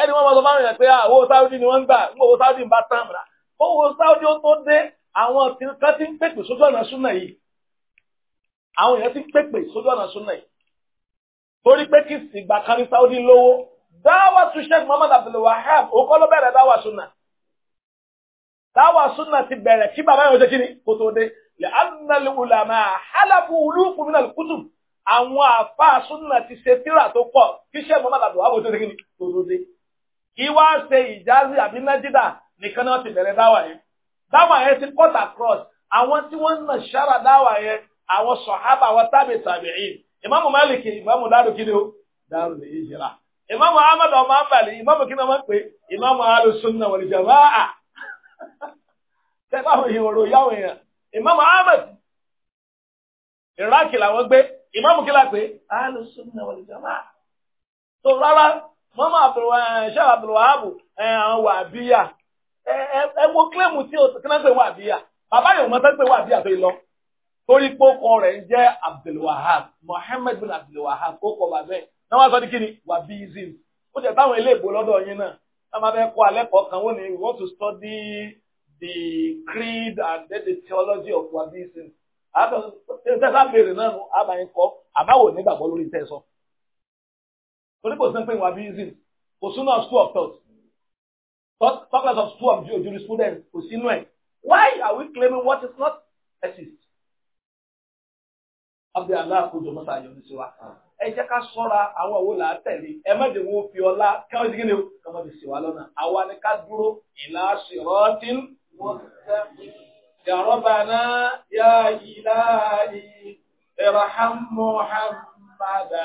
ẹni wọ́n máa sọ fáwọn èèyàn pé ah, owó sáúdí ni wọ́n ń gbà ń owó sáúdí ń bá tán mìíràn owó sáúdí ó tó dé àwọn kan ti ń pèpè sójú ọ̀nà súnà yìí àwọn èèyàn ti ń pèpè sójú ọ̀nà súnà yìí torí pé kí ìgbà kan ní sáúdí lówó dáwà tún Sheikh Muhammad Abdul Wahab òkò ló bẹ̀rẹ̀ dáwà súnà dáwà súnà ti bẹ̀rẹ̀ kí bàbá yẹn لأن العلماء حلفوا halafu من mi náà kútù àwọn àfáà súnà ti ṣe tíra tó pọ̀ kí ṣe mọ́ mọ́lá àbò tó dégé tó dóde kí wá ṣe ìjáàzì àbí nájídà nìkan náà ti bẹ̀rẹ̀ dáwà yẹn dáwà yẹn ti cut across àwọn tí wọ́n nà ṣára dáwà yẹn àwọn sọ̀hábà àwọn tábì tàbíìn ìmáàmù Málìkì ìmáàmù dárò kí ni ó dárò lè yí jìrà ìmáàmù Ahmad ọmọ àbàlì ìmáàmù kí ni wọ́n pè ìmáàmù Imam Ahmed Iraki làwọn gbé Imam kí la pé Al-Sunnah wal Jama'ah. tó rárá mọ́mọ́ ṣẹ́ Abdulwahabu eh, àwọn wàbíyà ẹ wo kílẹ̀mù tí o kí náà pé wàbíyà bàbá yòó mọ́tọ́ pé wàbíyà tó lọ torí kókó rẹ̀ ń jẹ́ Abdulwahab Muhammad bin Abdulwahab kókó bàbẹ́ náà wá sọ ní kíni wàbíyizim ó jẹ́ táwọn ilé ìbò lọ́dọ̀ yín náà táwọn abẹ́ kọ́ alẹ́ kọ̀ọ̀kan wọ́n ní we want to study the creed and then the theology of Wabisin. Tẹ́sán béèrè náà nù àbáyín kọ́, àbáwò nígbàgbọ́ lórí tẹ́sán. Torí kò sí ń pè Wabisin, kò sínú of school of thought. Talk less of school of jurisprudence, kò sínú ẹ̀. Why are we claiming what is not exist? Abdi Allah kojú ọmọ sáà yọ̀ọ́ síwá. Ẹ jẹ́ ká sọ́ra àwọn òwò là á tẹ̀lé. Ẹ má dé wo fi ọlá káwọn ṣe kí ni o? Káwọn ti ṣèwà lọ́nà. Àwa ni ká dúró ìlà ṣèrọ́tìn يا ربنا يا إلهي ارحم محمدا